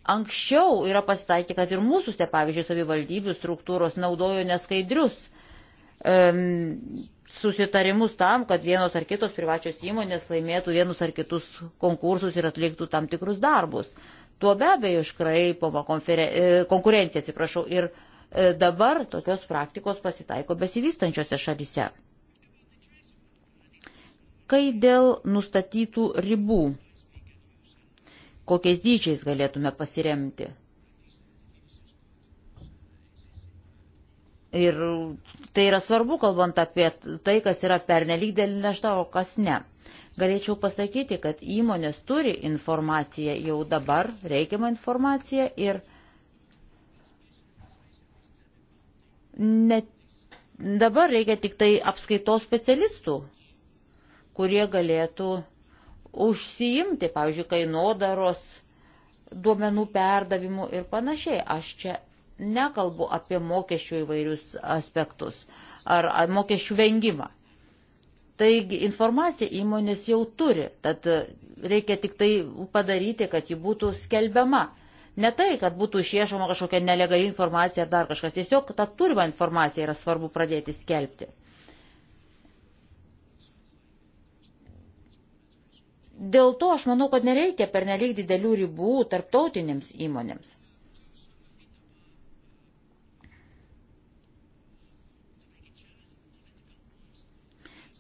Anksčiau yra pasitaikę, kad ir mūsųse, pavyzdžiui, savivaldybių struktūros naudojo neskaidrius um, susitarimus tam, kad vienos ar kitos privačios įmonės laimėtų vienus ar kitus konkursus ir atliktų tam tikrus darbus. Tuo be abejo iškraipoma e, konkurencija, atsiprašau, ir e, dabar tokios praktikos pasitaiko besivystančiose šalyse. Kai dėl nustatytų ribų kokiais dydžiais galėtume pasiremti. Ir tai yra svarbu, kalbant apie tai, kas yra pernelyg dėl našta, o kas ne. Galėčiau pasakyti, kad įmonės turi informaciją jau dabar, reikiamą informaciją ir net dabar reikia tik tai apskaitos specialistų, kurie galėtų užsiimti, pavyzdžiui, kainodaros duomenų perdavimu ir panašiai. Aš čia nekalbu apie mokesčių įvairius aspektus ar mokesčių vengimą. Taigi informacija įmonės jau turi, tad reikia tik tai padaryti, kad ji būtų skelbiama. Ne tai, kad būtų išiešoma kažkokia nelegali informacija ar dar kažkas, tiesiog tą turimą informaciją yra svarbu pradėti skelbti. Dėl to aš manau, kad nereikia pernelyg didelių ribų tarptautinėms įmonėms.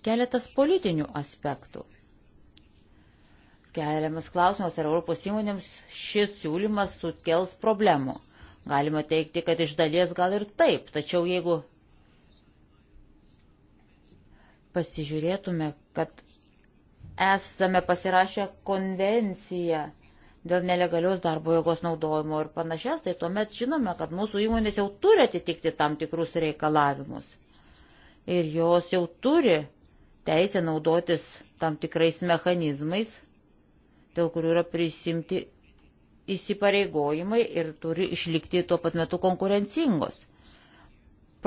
Keletas politinių aspektų. Keliamas klausimas, ar Europos įmonėms šis siūlymas sukels problemų. Galima teikti, kad iš dalies gal ir taip, tačiau jeigu pasižiūrėtume, kad esame pasirašę konvenciją dėl nelegalios darbo jėgos naudojimo ir panašias, tai tuomet žinome, kad mūsų įmonės jau turi atitikti tam tikrus reikalavimus. Ir jos jau turi teisę naudotis tam tikrais mechanizmais, dėl kurių yra prisimti įsipareigojimai ir turi išlikti tuo pat metu konkurencingos.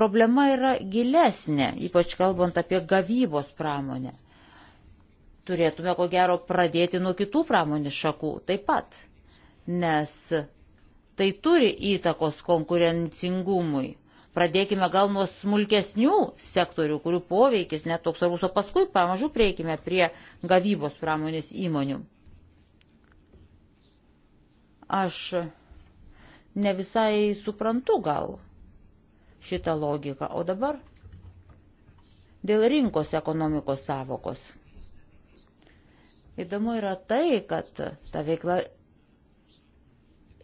Problema yra gilesnė, ypač kalbant apie gavybos pramonę turėtume ko gero pradėti nuo kitų pramonės šakų taip pat, nes tai turi įtakos konkurencingumui. Pradėkime gal nuo smulkesnių sektorių, kurių poveikis netoks svarbus, o paskui pamažu prieikime prie gavybos pramonės įmonių. Aš ne visai suprantu gal šitą logiką, o dabar dėl rinkos ekonomikos savokos. Įdomu yra tai, kad ta veikla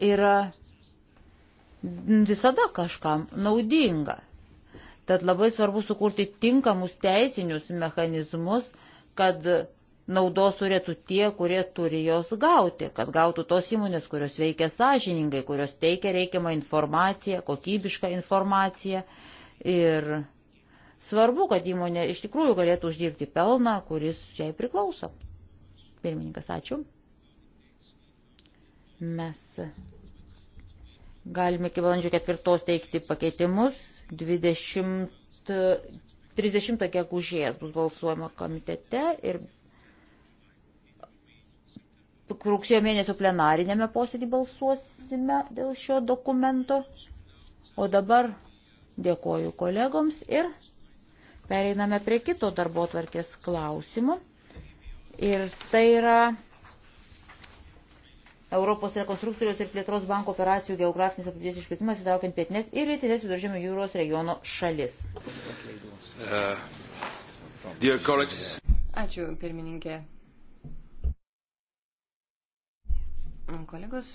yra visada kažkam naudinga. Tad labai svarbu sukurti tinkamus teisinius mechanizmus, kad naudos turėtų tie, kurie turi jos gauti, kad gautų tos įmonės, kurios veikia sąžiningai, kurios teikia reikiamą informaciją, kokybišką informaciją. Ir svarbu, kad įmonė iš tikrųjų galėtų uždirbti pelną, kuris jai priklauso. Pirmininkas, ačiū. Mes galime iki valandžio ketvirtos teikti pakeitimus. 20, 30 gegužės bus balsuojama komitete ir rugsėjo mėnesio plenarinėme posėdį balsuosime dėl šio dokumento. O dabar dėkoju kolegoms ir pereiname prie kito darbo tvarkės klausimų. Ir tai yra Europos rekonstrukcijos ir plėtros banko operacijų geografinis apibrėžties išplėtimas įtraukiant pietinės ir rytinės viduržėmio jūros regiono šalis. Uh, Ačiū, pirmininkė. Kolegos,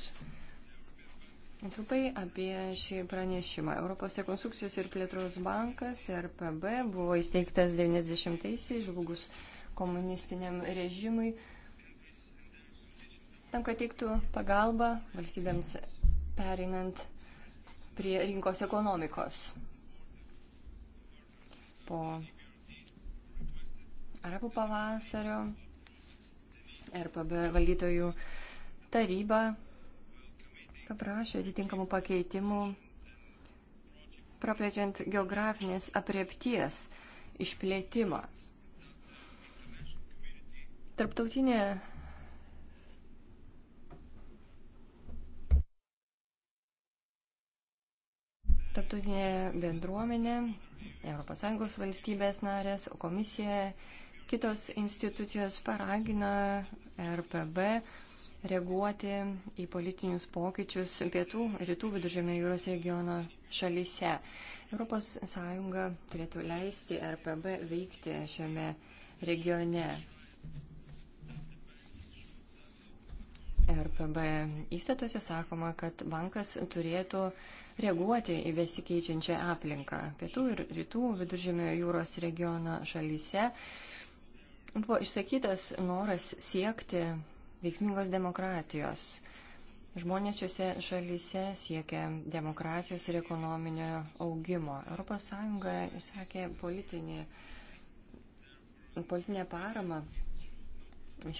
Trumpai apie šį pranešimą. Europos rekonstrukcijos ir plėtros bankas, RPB, buvo įsteigtas 90-aisiais žlugus. Uh, komunistiniam režimui, tam, kad teiktų pagalbą valstybėms perinant prie rinkos ekonomikos. Po arabų pavasario RPB valdytojų taryba paprašė atitinkamų pakeitimų, praplečiant geografinės apriepties išplėtimą Tarptautinė Tarptautinė bendruomenė, ES valstybės narės, komisija, kitos institucijos paragina RPB reaguoti į politinius pokyčius pietų ir rytų viduržėmė jūros regiono šalyse. ES turėtų leisti RPB veikti šiame regione. RPB įstatuose sakoma, kad bankas turėtų reaguoti į besikeičiančią aplinką. Pietų ir rytų viduržėmio jūros regiono šalyse buvo išsakytas noras siekti veiksmingos demokratijos. Žmonės šiuose šalyse siekia demokratijos ir ekonominio augimo. ES išsakė politinį, politinę paramą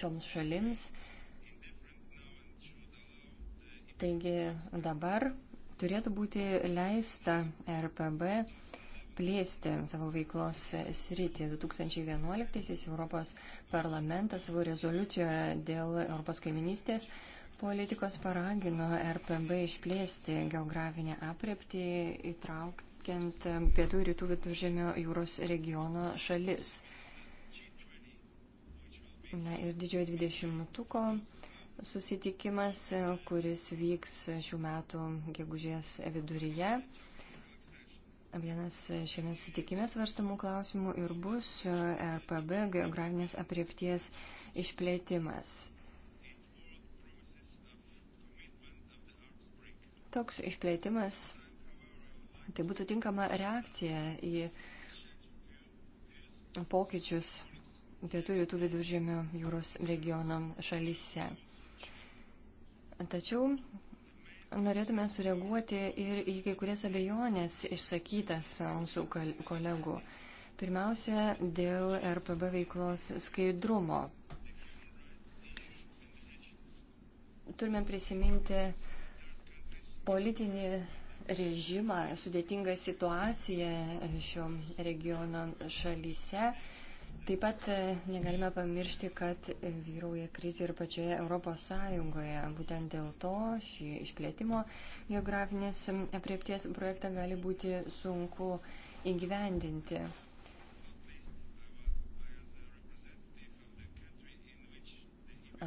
šioms šalims. Taigi dabar turėtų būti leista RPB plėsti savo veiklos sritį. 2011-aisiais Europos parlamentas savo rezoliucijoje dėl Europos kaiminystės politikos paragino RPB išplėsti geografinę apriepti įtraukiant pietų ir rytų viduržėmio jūros regiono šalis. Na ir didžiojo dvidešimtuko 20 susitikimas, kuris vyks šių metų gegužės viduryje. Vienas šiame sutikime svarstamų klausimų ir bus RPB e geografinės apriepties išplėtimas. Toks išplėtimas tai būtų tinkama reakcija į pokyčius pietų rytų viduržėmio jūros regiono šalyse. Tačiau norėtume sureaguoti ir į kai kurias abejonės išsakytas mūsų kolegų. Pirmiausia, dėl RPB veiklos skaidrumo. Turime prisiminti politinį režimą, sudėtingą situaciją šio regiono šalyse Taip pat e, negalime pamiršti, kad vyrauja krizė ir pačioje Europos Sąjungoje. Būtent dėl to šį išplėtimo geografinės apriepties projektą gali būti sunku įgyvendinti.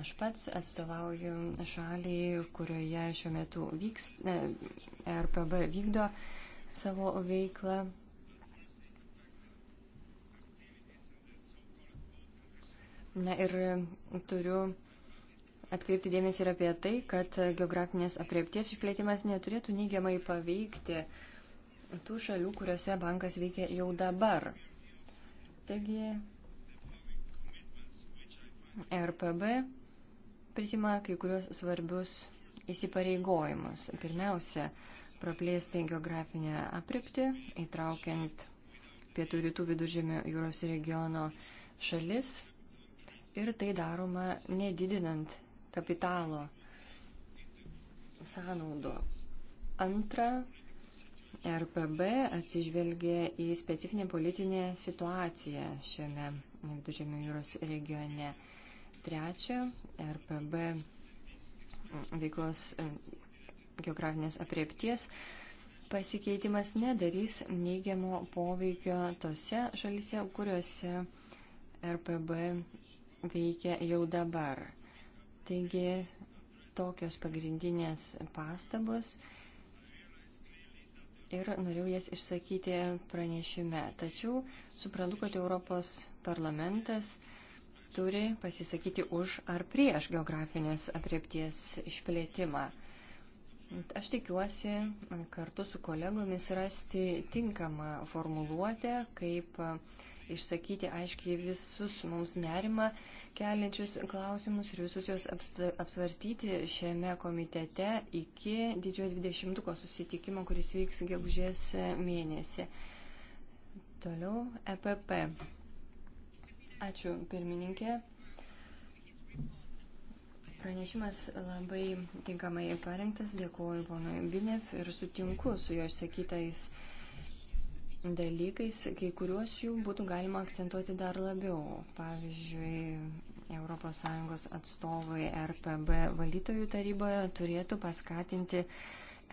Aš pats atstovauju šaliai, kurioje šiuo metu vyks, e, RPB vykdo savo veiklą Na ir e, turiu atkreipti dėmesį ir apie tai, kad geografinės apriepties išplėtimas neturėtų neigiamai paveikti tų šalių, kuriuose bankas veikia jau dabar. Taigi, RPB prisima kai kurios svarbius įsipareigojimus. Pirmiausia, praplėsti geografinę apripti, įtraukiant pietų rytų viduržėmio jūros regiono šalis Ir tai daroma nedidinant kapitalo sąnaudų. Antra, RPB atsižvelgia į specifinę politinę situaciją šiame Vidužėmio jūros regione. Trečia, RPB veiklos e, geografinės apriepties pasikeitimas nedarys neigiamo poveikio tose šalise, kuriuose RPB veikia jau dabar. Taigi tokios pagrindinės pastabos ir norėjau jas išsakyti pranešime. Tačiau suprantu, kad Europos parlamentas turi pasisakyti už ar prieš geografinės apriepties išplėtimą. Aš tikiuosi kartu su kolegomis rasti tinkamą formuluotę, kaip išsakyti aiškiai visus mums nerimą keliančius klausimus ir visus juos apsvarstyti šiame komitete iki didžiojo dvidešimtuko susitikimo, kuris vyks gegužės mėnesį. Toliau EPP. Ačiū, pirmininkė pranešimas labai tinkamai parengtas, dėkuoju ponui Binev ir sutinku su jo išsakytais dalykais, kai kuriuos jų būtų galima akcentuoti dar labiau. Pavyzdžiui, ES atstovai RPB valytojų taryboje turėtų paskatinti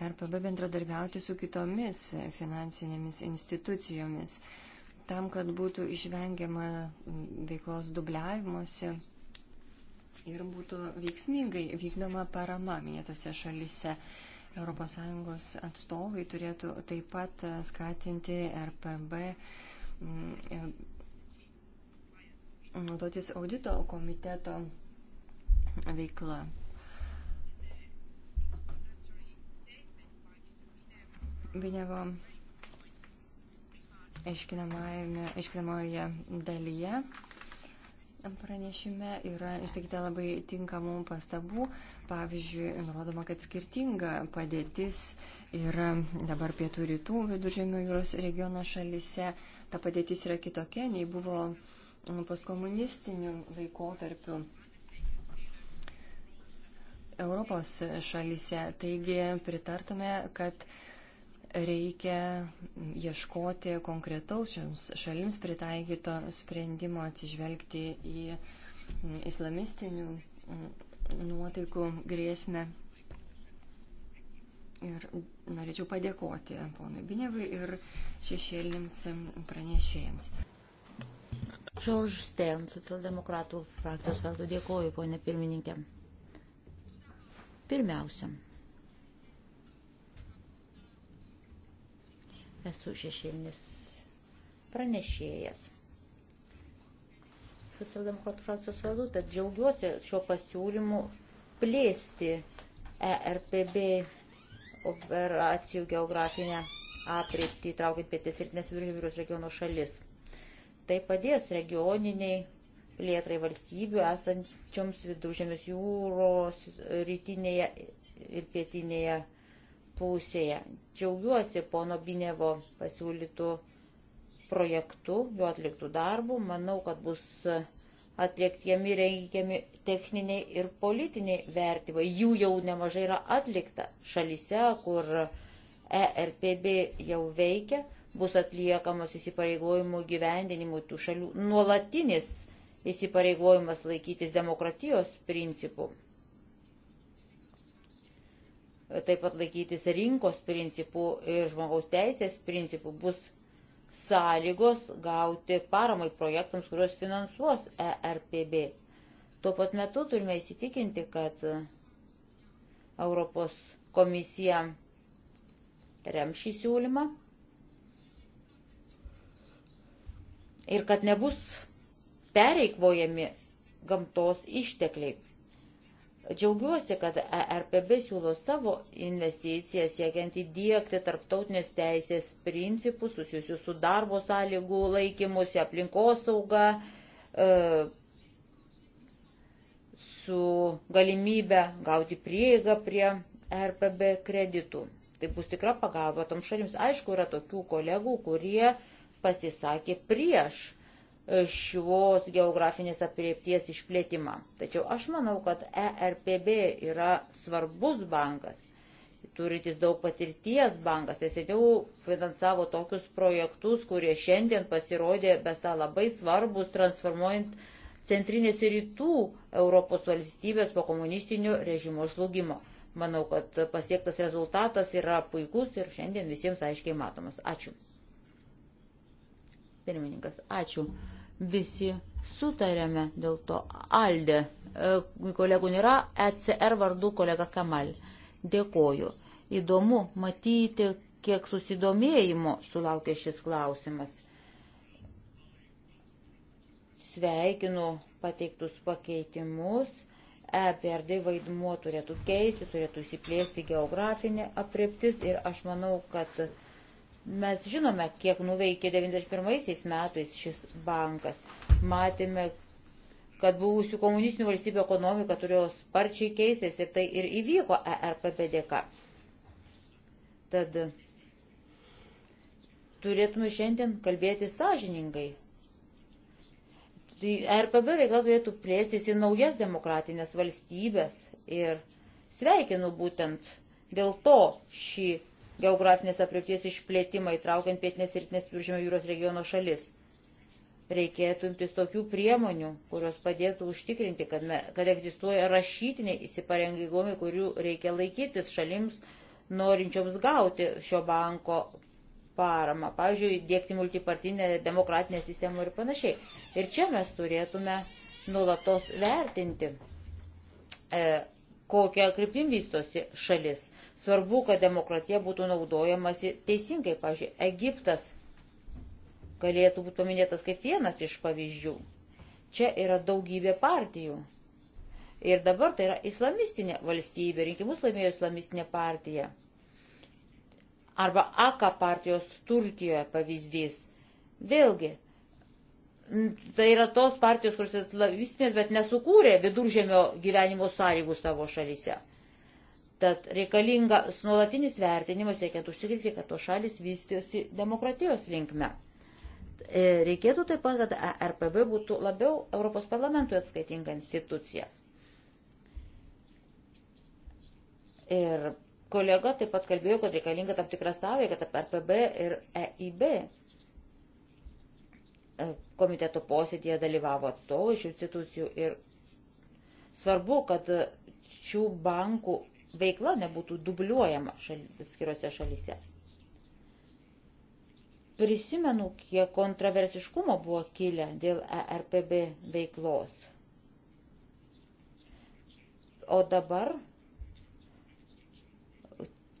RPB bendradarbiauti su kitomis finansinėmis institucijomis, tam, kad būtų išvengiama veiklos dubliavimuose ir būtų veiksmingai vykdoma parama minėtose šalise. ES atstovai turėtų taip pat e, skatinti RPB e, naudotis audito komiteto veikla. Binevo aiškinamoje dalyje pranešime yra išsakyta labai tinkamų pastabų, pavyzdžiui, nurodoma, kad skirtinga padėtis yra dabar pietų rytų viduržėmio jūros regiono šalise. Ta padėtis yra kitokia, nei buvo postkomunistiniu laikotarpiu. Europos šalyse. Taigi pritartume, kad reikia ieškoti konkretaus šioms šalims pritaikyto sprendimo atsižvelgti į islamistinių nuotaikų grėsmę. Ir norėčiau padėkoti ponui Binevui ir šešėlėms pranešėjams. Žorž Stern, socialdemokratų frakcijos vardu dėkoju, ponė pirmininkė. Pirmiausia, esu šešėlinis pranešėjas socialdemokratų frakcijos vardu, tad džiaugiuosi šio pasiūlymu plėsti ERPB operacijų geografinę apreiptį, traukiant pietis ir nesviržiūrius regiono šalis. Tai padės regioniniai plėtrai valstybių esančioms viduržėmės jūros rytinėje ir pietinėje pusėje. Džiaugiuosi pono Binevo pasiūlytų projektu, jo atliktų darbų. Manau, kad bus atliektami reikiami techniniai ir politiniai vertimai. Jų jau nemažai yra atlikta šalyse, kur ERPB jau veikia, bus atliekamas įsipareigojimų gyvendinimų tų šalių nuolatinis įsipareigojimas laikytis demokratijos principų. Taip pat laikytis rinkos principų ir žmogaus teisės principų bus sąlygos gauti paramai projektams, kuriuos finansuos ERPB. Tuo pat metu turime įsitikinti, kad Europos komisija rem šį siūlymą ir kad nebus pereikvojami gamtos ištekliai. Džiaugiuosi, kad ERPB siūlo savo investiciją siekiant įdėkti tarptautinės teisės principus susijusius su darbo sąlygų laikymusi, aplinkosauga, e, su galimybė gauti prieigą prie ERPB kreditų. Tai bus tikra pagalba tom šalims. Aišku, yra tokių kolegų, kurie pasisakė prieš šios geografinės apriepties išplėtimą. Tačiau aš manau, kad ERPB yra svarbus bankas, turintis daug patirties bankas. Tai seniau finansavo tokius projektus, kurie šiandien pasirodė besą labai svarbus, transformuojant centrinės ir rytų Europos valstybės po komunistinio režimo žlugimo. Manau, kad pasiektas rezultatas yra puikus ir šiandien visiems aiškiai matomas. Ačiū. Pirmininkas, ačiū visi sutarėme dėl to. Aldė, e, kolegų nėra, ECR vardu kolega Kamal. Dėkoju. Įdomu matyti, kiek susidomėjimo sulaukė šis klausimas. Sveikinu pateiktus pakeitimus. EPRD vaidmuo turėtų keisti, turėtų įsiplėsti geografinė apriptis ir aš manau, kad Mes žinome, kiek nuveikė 91 metais šis bankas. Matėme, kad buvusių komunistinių valstybių ekonomika turėjo sparčiai keistis ir tai ir įvyko ERPP dėka. Tad turėtume šiandien kalbėti sąžiningai. Tai ERPB veikla turėtų plėstis į naujas demokratinės valstybės ir sveikinu būtent dėl to šį geografinės apriepties išplėtimą įtraukiant pietinės ir rytinės viržymio jūros regiono šalis. Reikėtų imtis tokių priemonių, kurios padėtų užtikrinti, kad, me, kad egzistuoja rašytiniai įsipareigojimai, kurių reikia laikytis šalims norinčioms gauti šio banko paramą. Pavyzdžiui, dėkti multipartinę demokratinę sistemą ir panašiai. Ir čia mes turėtume nulatos vertinti, e, kokią kryptim vystosi šalis Svarbu, kad demokratija būtų naudojamasi teisingai. Pavyzdžiui, Egiptas galėtų būti paminėtas kaip vienas iš pavyzdžių. Čia yra daugybė partijų. Ir dabar tai yra islamistinė valstybė, rinkimus laimėjo islamistinė partija. Arba AK partijos Turkijoje pavyzdys. Vėlgi, tai yra tos partijos, kurios islamistinės, bet nesukūrė viduržėmio gyvenimo sąlygų savo šalyse. Tad reikalingas nuolatinis vertinimas, siekiant užtikrinti, kad tos šalis vystijosi demokratijos linkme. E, reikėtų taip pat, kad e RPB būtų labiau Europos parlamentui atskaitinga institucija. Ir kolega taip pat kalbėjo, kad reikalinga tam tikra sąveika tarp e RPB ir EIB. Komiteto posėdėje dalyvavo atstovai iš institucijų ir svarbu, kad šių bankų veikla nebūtų dubliuojama šal, atskirose šalise. Prisimenu, kiek kontroversiškumo buvo kilę dėl ERPB veiklos. O dabar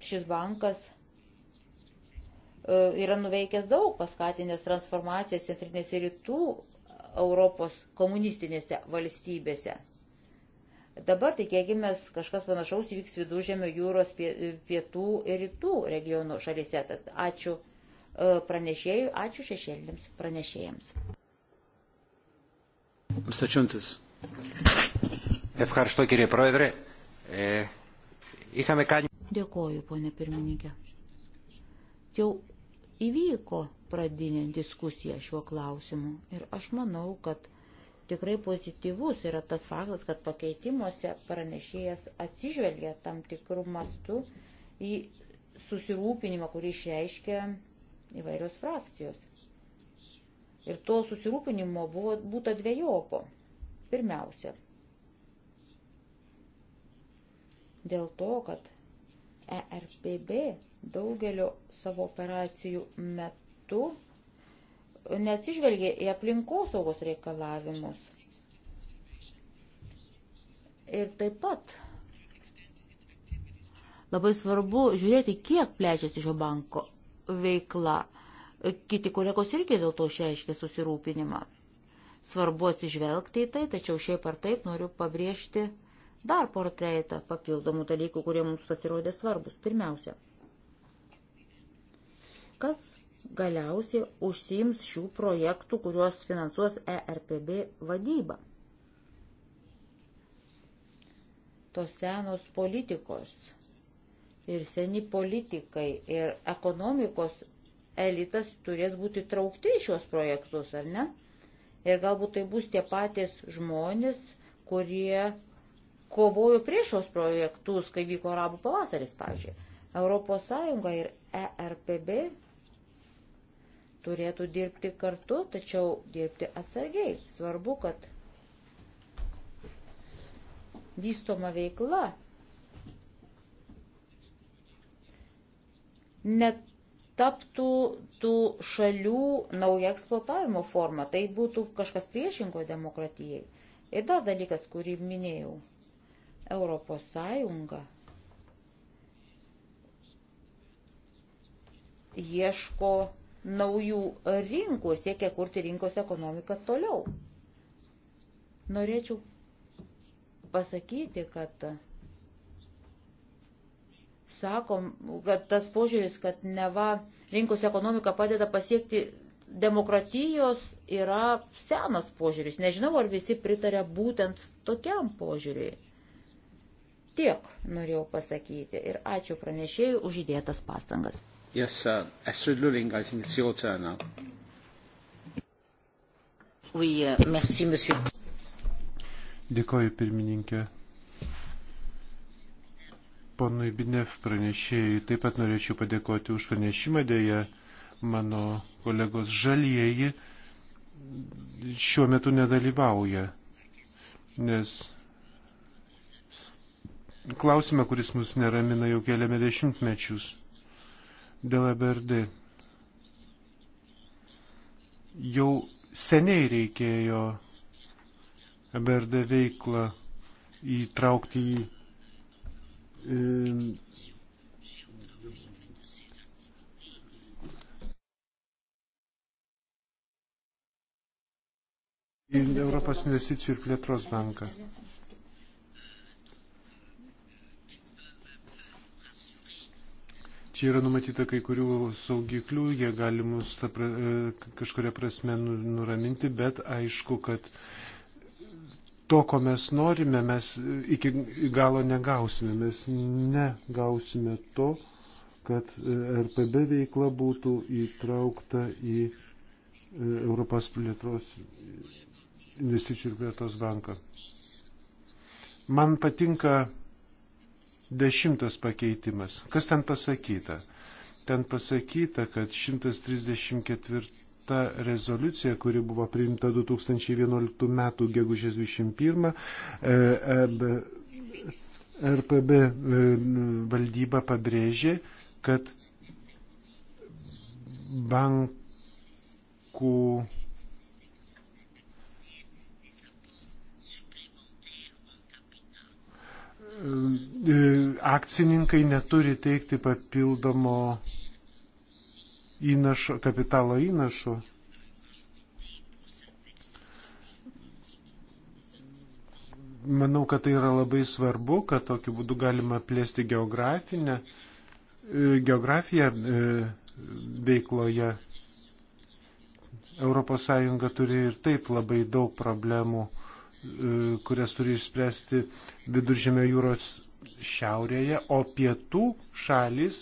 šis bankas e, yra nuveikęs daug, paskatinęs transformacijas centrinėse rytų Europos komunistinėse valstybėse. Dabar tikėkime, kažkas panašaus vyks viduržėmio jūros pietų ir rytų regionų šalyse. Tad ačiū e, pranešėjui, ačiū šešėlėms pranešėjams. Stačiuntis. Ευχαριστώ κύριε Πρόεδρε. Ε, είχαμε κάνει... Dėkoju, ponė pirmininkė. Jau įvyko pradinė diskusija šiuo klausimu ir aš manau, kad Tikrai pozityvus yra tas faktas, kad pakeitimuose pranešėjas atsižvelgia tam tikrų mastų į susirūpinimą, kurį išreiškia įvairios frakcijos. Ir to susirūpinimo buvo būta dviejopo. Pirmiausia, dėl to, kad ERPB daugelio savo operacijų metu neatsižvelgia į aplinkosaugos reikalavimus. Ir taip pat labai svarbu žiūrėti, kiek plečiasi šio banko veikla. Kiti kolegos irgi dėl to išreiškė susirūpinimą. Svarbu atsižvelgti į tai, tačiau šiaip ar taip noriu pabrėžti dar portretą papildomų dalykų, kurie mums pasirodė svarbus. Pirmiausia, kas galiausiai užsiims šių projektų, kuriuos finansuos ERPB vadybą. Tos senos politikos ir seni politikai ir ekonomikos elitas turės būti traukti į šios projektus, ar ne? Ir galbūt tai bus tie patys žmonės, kurie kovojo prieš šios projektus, kai vyko arabų pavasaris, pavyzdžiui. Europos Sąjunga ir ERPB turėtų dirbti kartu, tačiau dirbti atsargiai. Svarbu, kad vystoma veikla netaptų tų šalių nauja eksploatavimo forma. Tai būtų kažkas priešingo demokratijai. Ir dar dalykas, kurį minėjau. Europos Sąjunga ieško naujų rinkų ir siekia kurti rinkos ekonomiką toliau. Norėčiau pasakyti, kad sakom, kad tas požiūris, kad neva rinkos ekonomika padeda pasiekti demokratijos yra senas požiūris. Nežinau, ar visi pritarė būtent tokiam požiūriui. Tiek norėjau pasakyti ir ačiū pranešėjui už įdėtas pastangas. Yes, uh, Astrid Lulling, I think it's your turn now. Oui, uh, merci, monsieur. Dėkoju, pirmininkė. Ponui Binev pranešėjai taip pat norėčiau padėkoti už pranešimą dėje mano kolegos žalieji šiuo metu nedalyvauja, nes klausimą, kuris mus neramina jau keliame dešimtmečius dėl EBRD. Jau seniai reikėjo EBRD veiklą įtraukti į Europos investicijų ir plėtros banką. Čia yra numatyta kai kurių saugiklių, jie gali mus pra, e, kažkuria prasme nu, nuraminti, bet aišku, kad to, ko mes norime, mes iki galo negausime. Mes negausime to, kad e, RPB veikla būtų įtraukta į e, Europos plėtros investicijų ir plėtros banką. Man patinka Dešimtas pakeitimas. Kas ten pasakyta? Ten pasakyta, kad 134 rezoliucija, kuri buvo priimta 2011 m. gegužės 21 e, e, RPB e, valdyba pabrėžė, kad bankų E, akcininkai neturi teikti papildomo įnašo, kapitalo įnašo. Manau, kad tai yra labai svarbu, kad tokiu būdu galima plėsti geografinę, e, geografiją e, veikloje. ES turi ir taip labai daug problemų kurias turi išspręsti viduržėmio jūros šiaurėje, o pietų šalis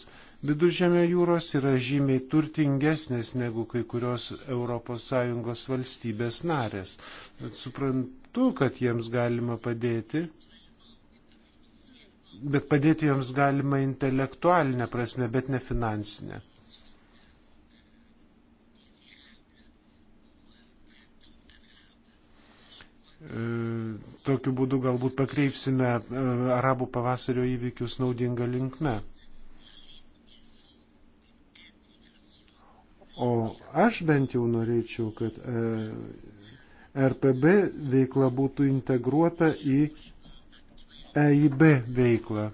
viduržėmio jūros yra žymiai turtingesnės negu kai kurios ES valstybės narės. Bet suprantu, kad jiems galima padėti, bet padėti joms galima intelektualinę prasme, bet ne finansinę. E, tokiu būdu galbūt pakreipsime e, arabų pavasario įvykius naudinga linkme. O aš bent jau norėčiau, kad e, RPB veikla būtų integruota į EIB veiklą.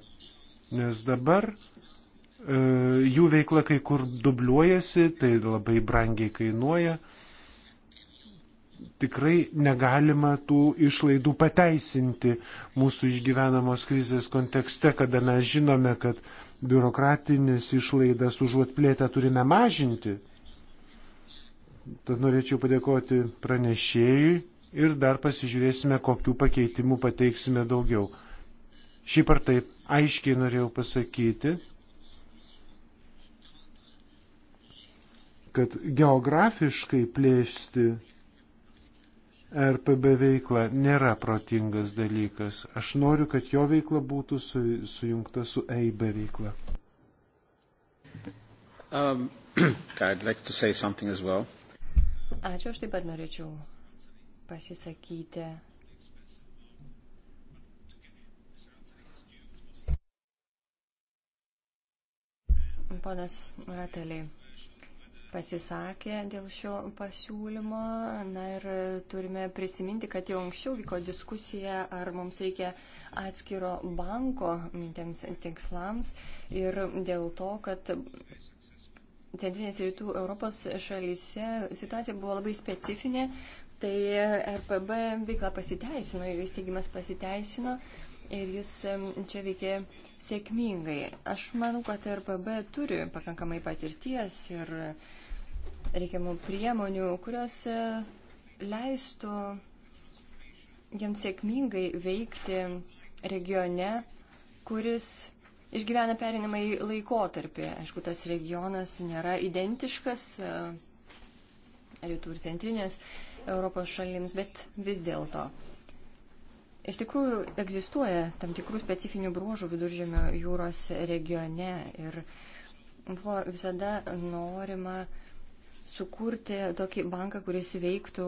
Nes dabar jų veikla kai kur dubliuojasi, tai labai brangiai kainuoja tikrai negalima tų išlaidų pateisinti mūsų išgyvenamos krizės kontekste, kada mes žinome, kad biurokratinis išlaidas užuot plėtę turime mažinti. Tad norėčiau padėkoti pranešėjui ir dar pasižiūrėsime, kokių pakeitimų pateiksime daugiau. Šiaip ar taip, aiškiai norėjau pasakyti, kad geografiškai plėsti RPB veikla nėra protingas dalykas. Aš noriu, kad jo veikla būtų su, sujungta su EIB veikla. Um, like well. Ačiū, aš taip pat norėčiau pasisakyti. Ponas Rateliai, pasisakė dėl šio pasiūlymo. Na ir turime prisiminti, kad jau anksčiau vyko diskusija, ar mums reikia atskiro banko mintiems tikslams ir dėl to, kad Centrinės rytų Europos šalyse situacija buvo labai specifinė, tai RPB veikla pasiteisino, jų įsteigimas pasiteisino. pasiteisino ir jis čia veikė sėkmingai. Aš manau, kad RPB turi pakankamai patirties ir reikiamų priemonių, kurios e, leistų jiems sėkmingai veikti regione, kuris išgyvena perinamai laikotarpį. Aišku, tas regionas nėra identiškas e, rytų ir centrinės Europos šalims, bet vis dėlto. Iš tikrųjų, egzistuoja tam tikrų specifinių bruožų viduržėmio jūros regione ir buvo visada norima sukurti tokį banką, kuris veiktų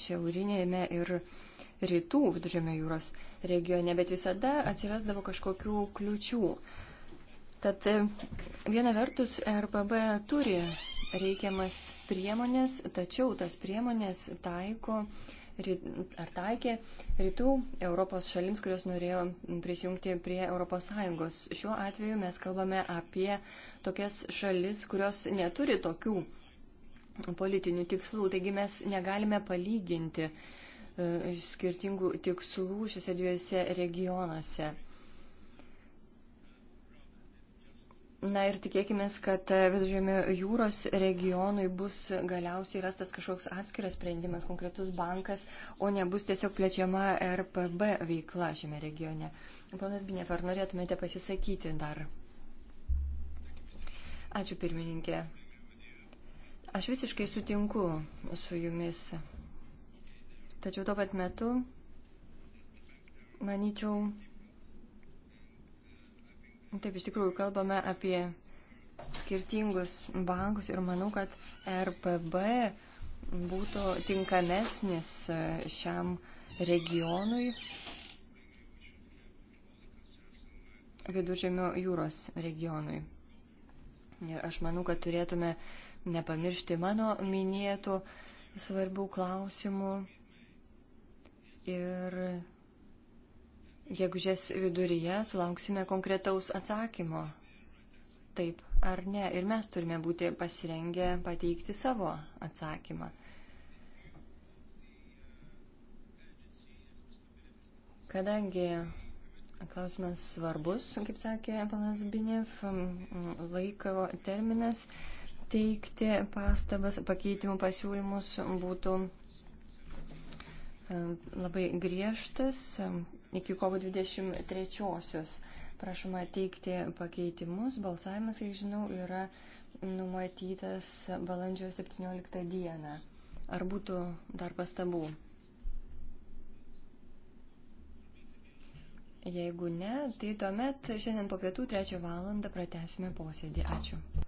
šiaurinėme ir rytų viduržėmio jūros regione, bet visada atsirasdavo kažkokių kliučių. Tad viena vertus RPB turi reikiamas priemonės, tačiau tas priemonės taiko uh, ar taikė rytų Europos šalims, kurios norėjo prisijungti prie ES. Šiuo atveju mes kalbame apie tokias šalis, kurios neturi tokių politinių tikslų, taigi mes negalime palyginti e, skirtingų tikslų šiuose dviejose regionuose. Na ir tikėkime, kad Vidužėmio jūros regionui bus galiausiai rastas kažkoks atskiras sprendimas, konkretus bankas, o nebus tiesiog plečiama RPB veikla šiame regione. Ponas Binef, ar norėtumėte pasisakyti dar? Ačiū pirmininkė. Aš visiškai sutinku su jumis. Tačiau tuo pat metu, manyčiau, Taip, iš tikrųjų, kalbame apie skirtingus bankus ir manau, kad RPB būtų tinkamesnis e, šiam regionui viduržėmio jūros regionui. Ir aš manau, kad turėtume nepamiršti mano minėtų svarbių klausimų ir gegužės viduryje sulauksime konkretaus atsakymo. Taip ar ne. Ir mes turime būti pasirengę pateikti savo atsakymą. Kadangi klausimas svarbus, kaip sakė panas Binev, laiko terminas teikti pastabas, pakeitimų pasiūlymus būtų e, labai griežtas, iki kovo 23-osios. Prašoma teikti pakeitimus. Balsavimas, kiek žinau, yra numatytas balandžio 17 dieną. Ar būtų dar pastabų? Jeigu ne, tai tuomet šiandien po pietų trečią valandą pratesime posėdį. Ačiū.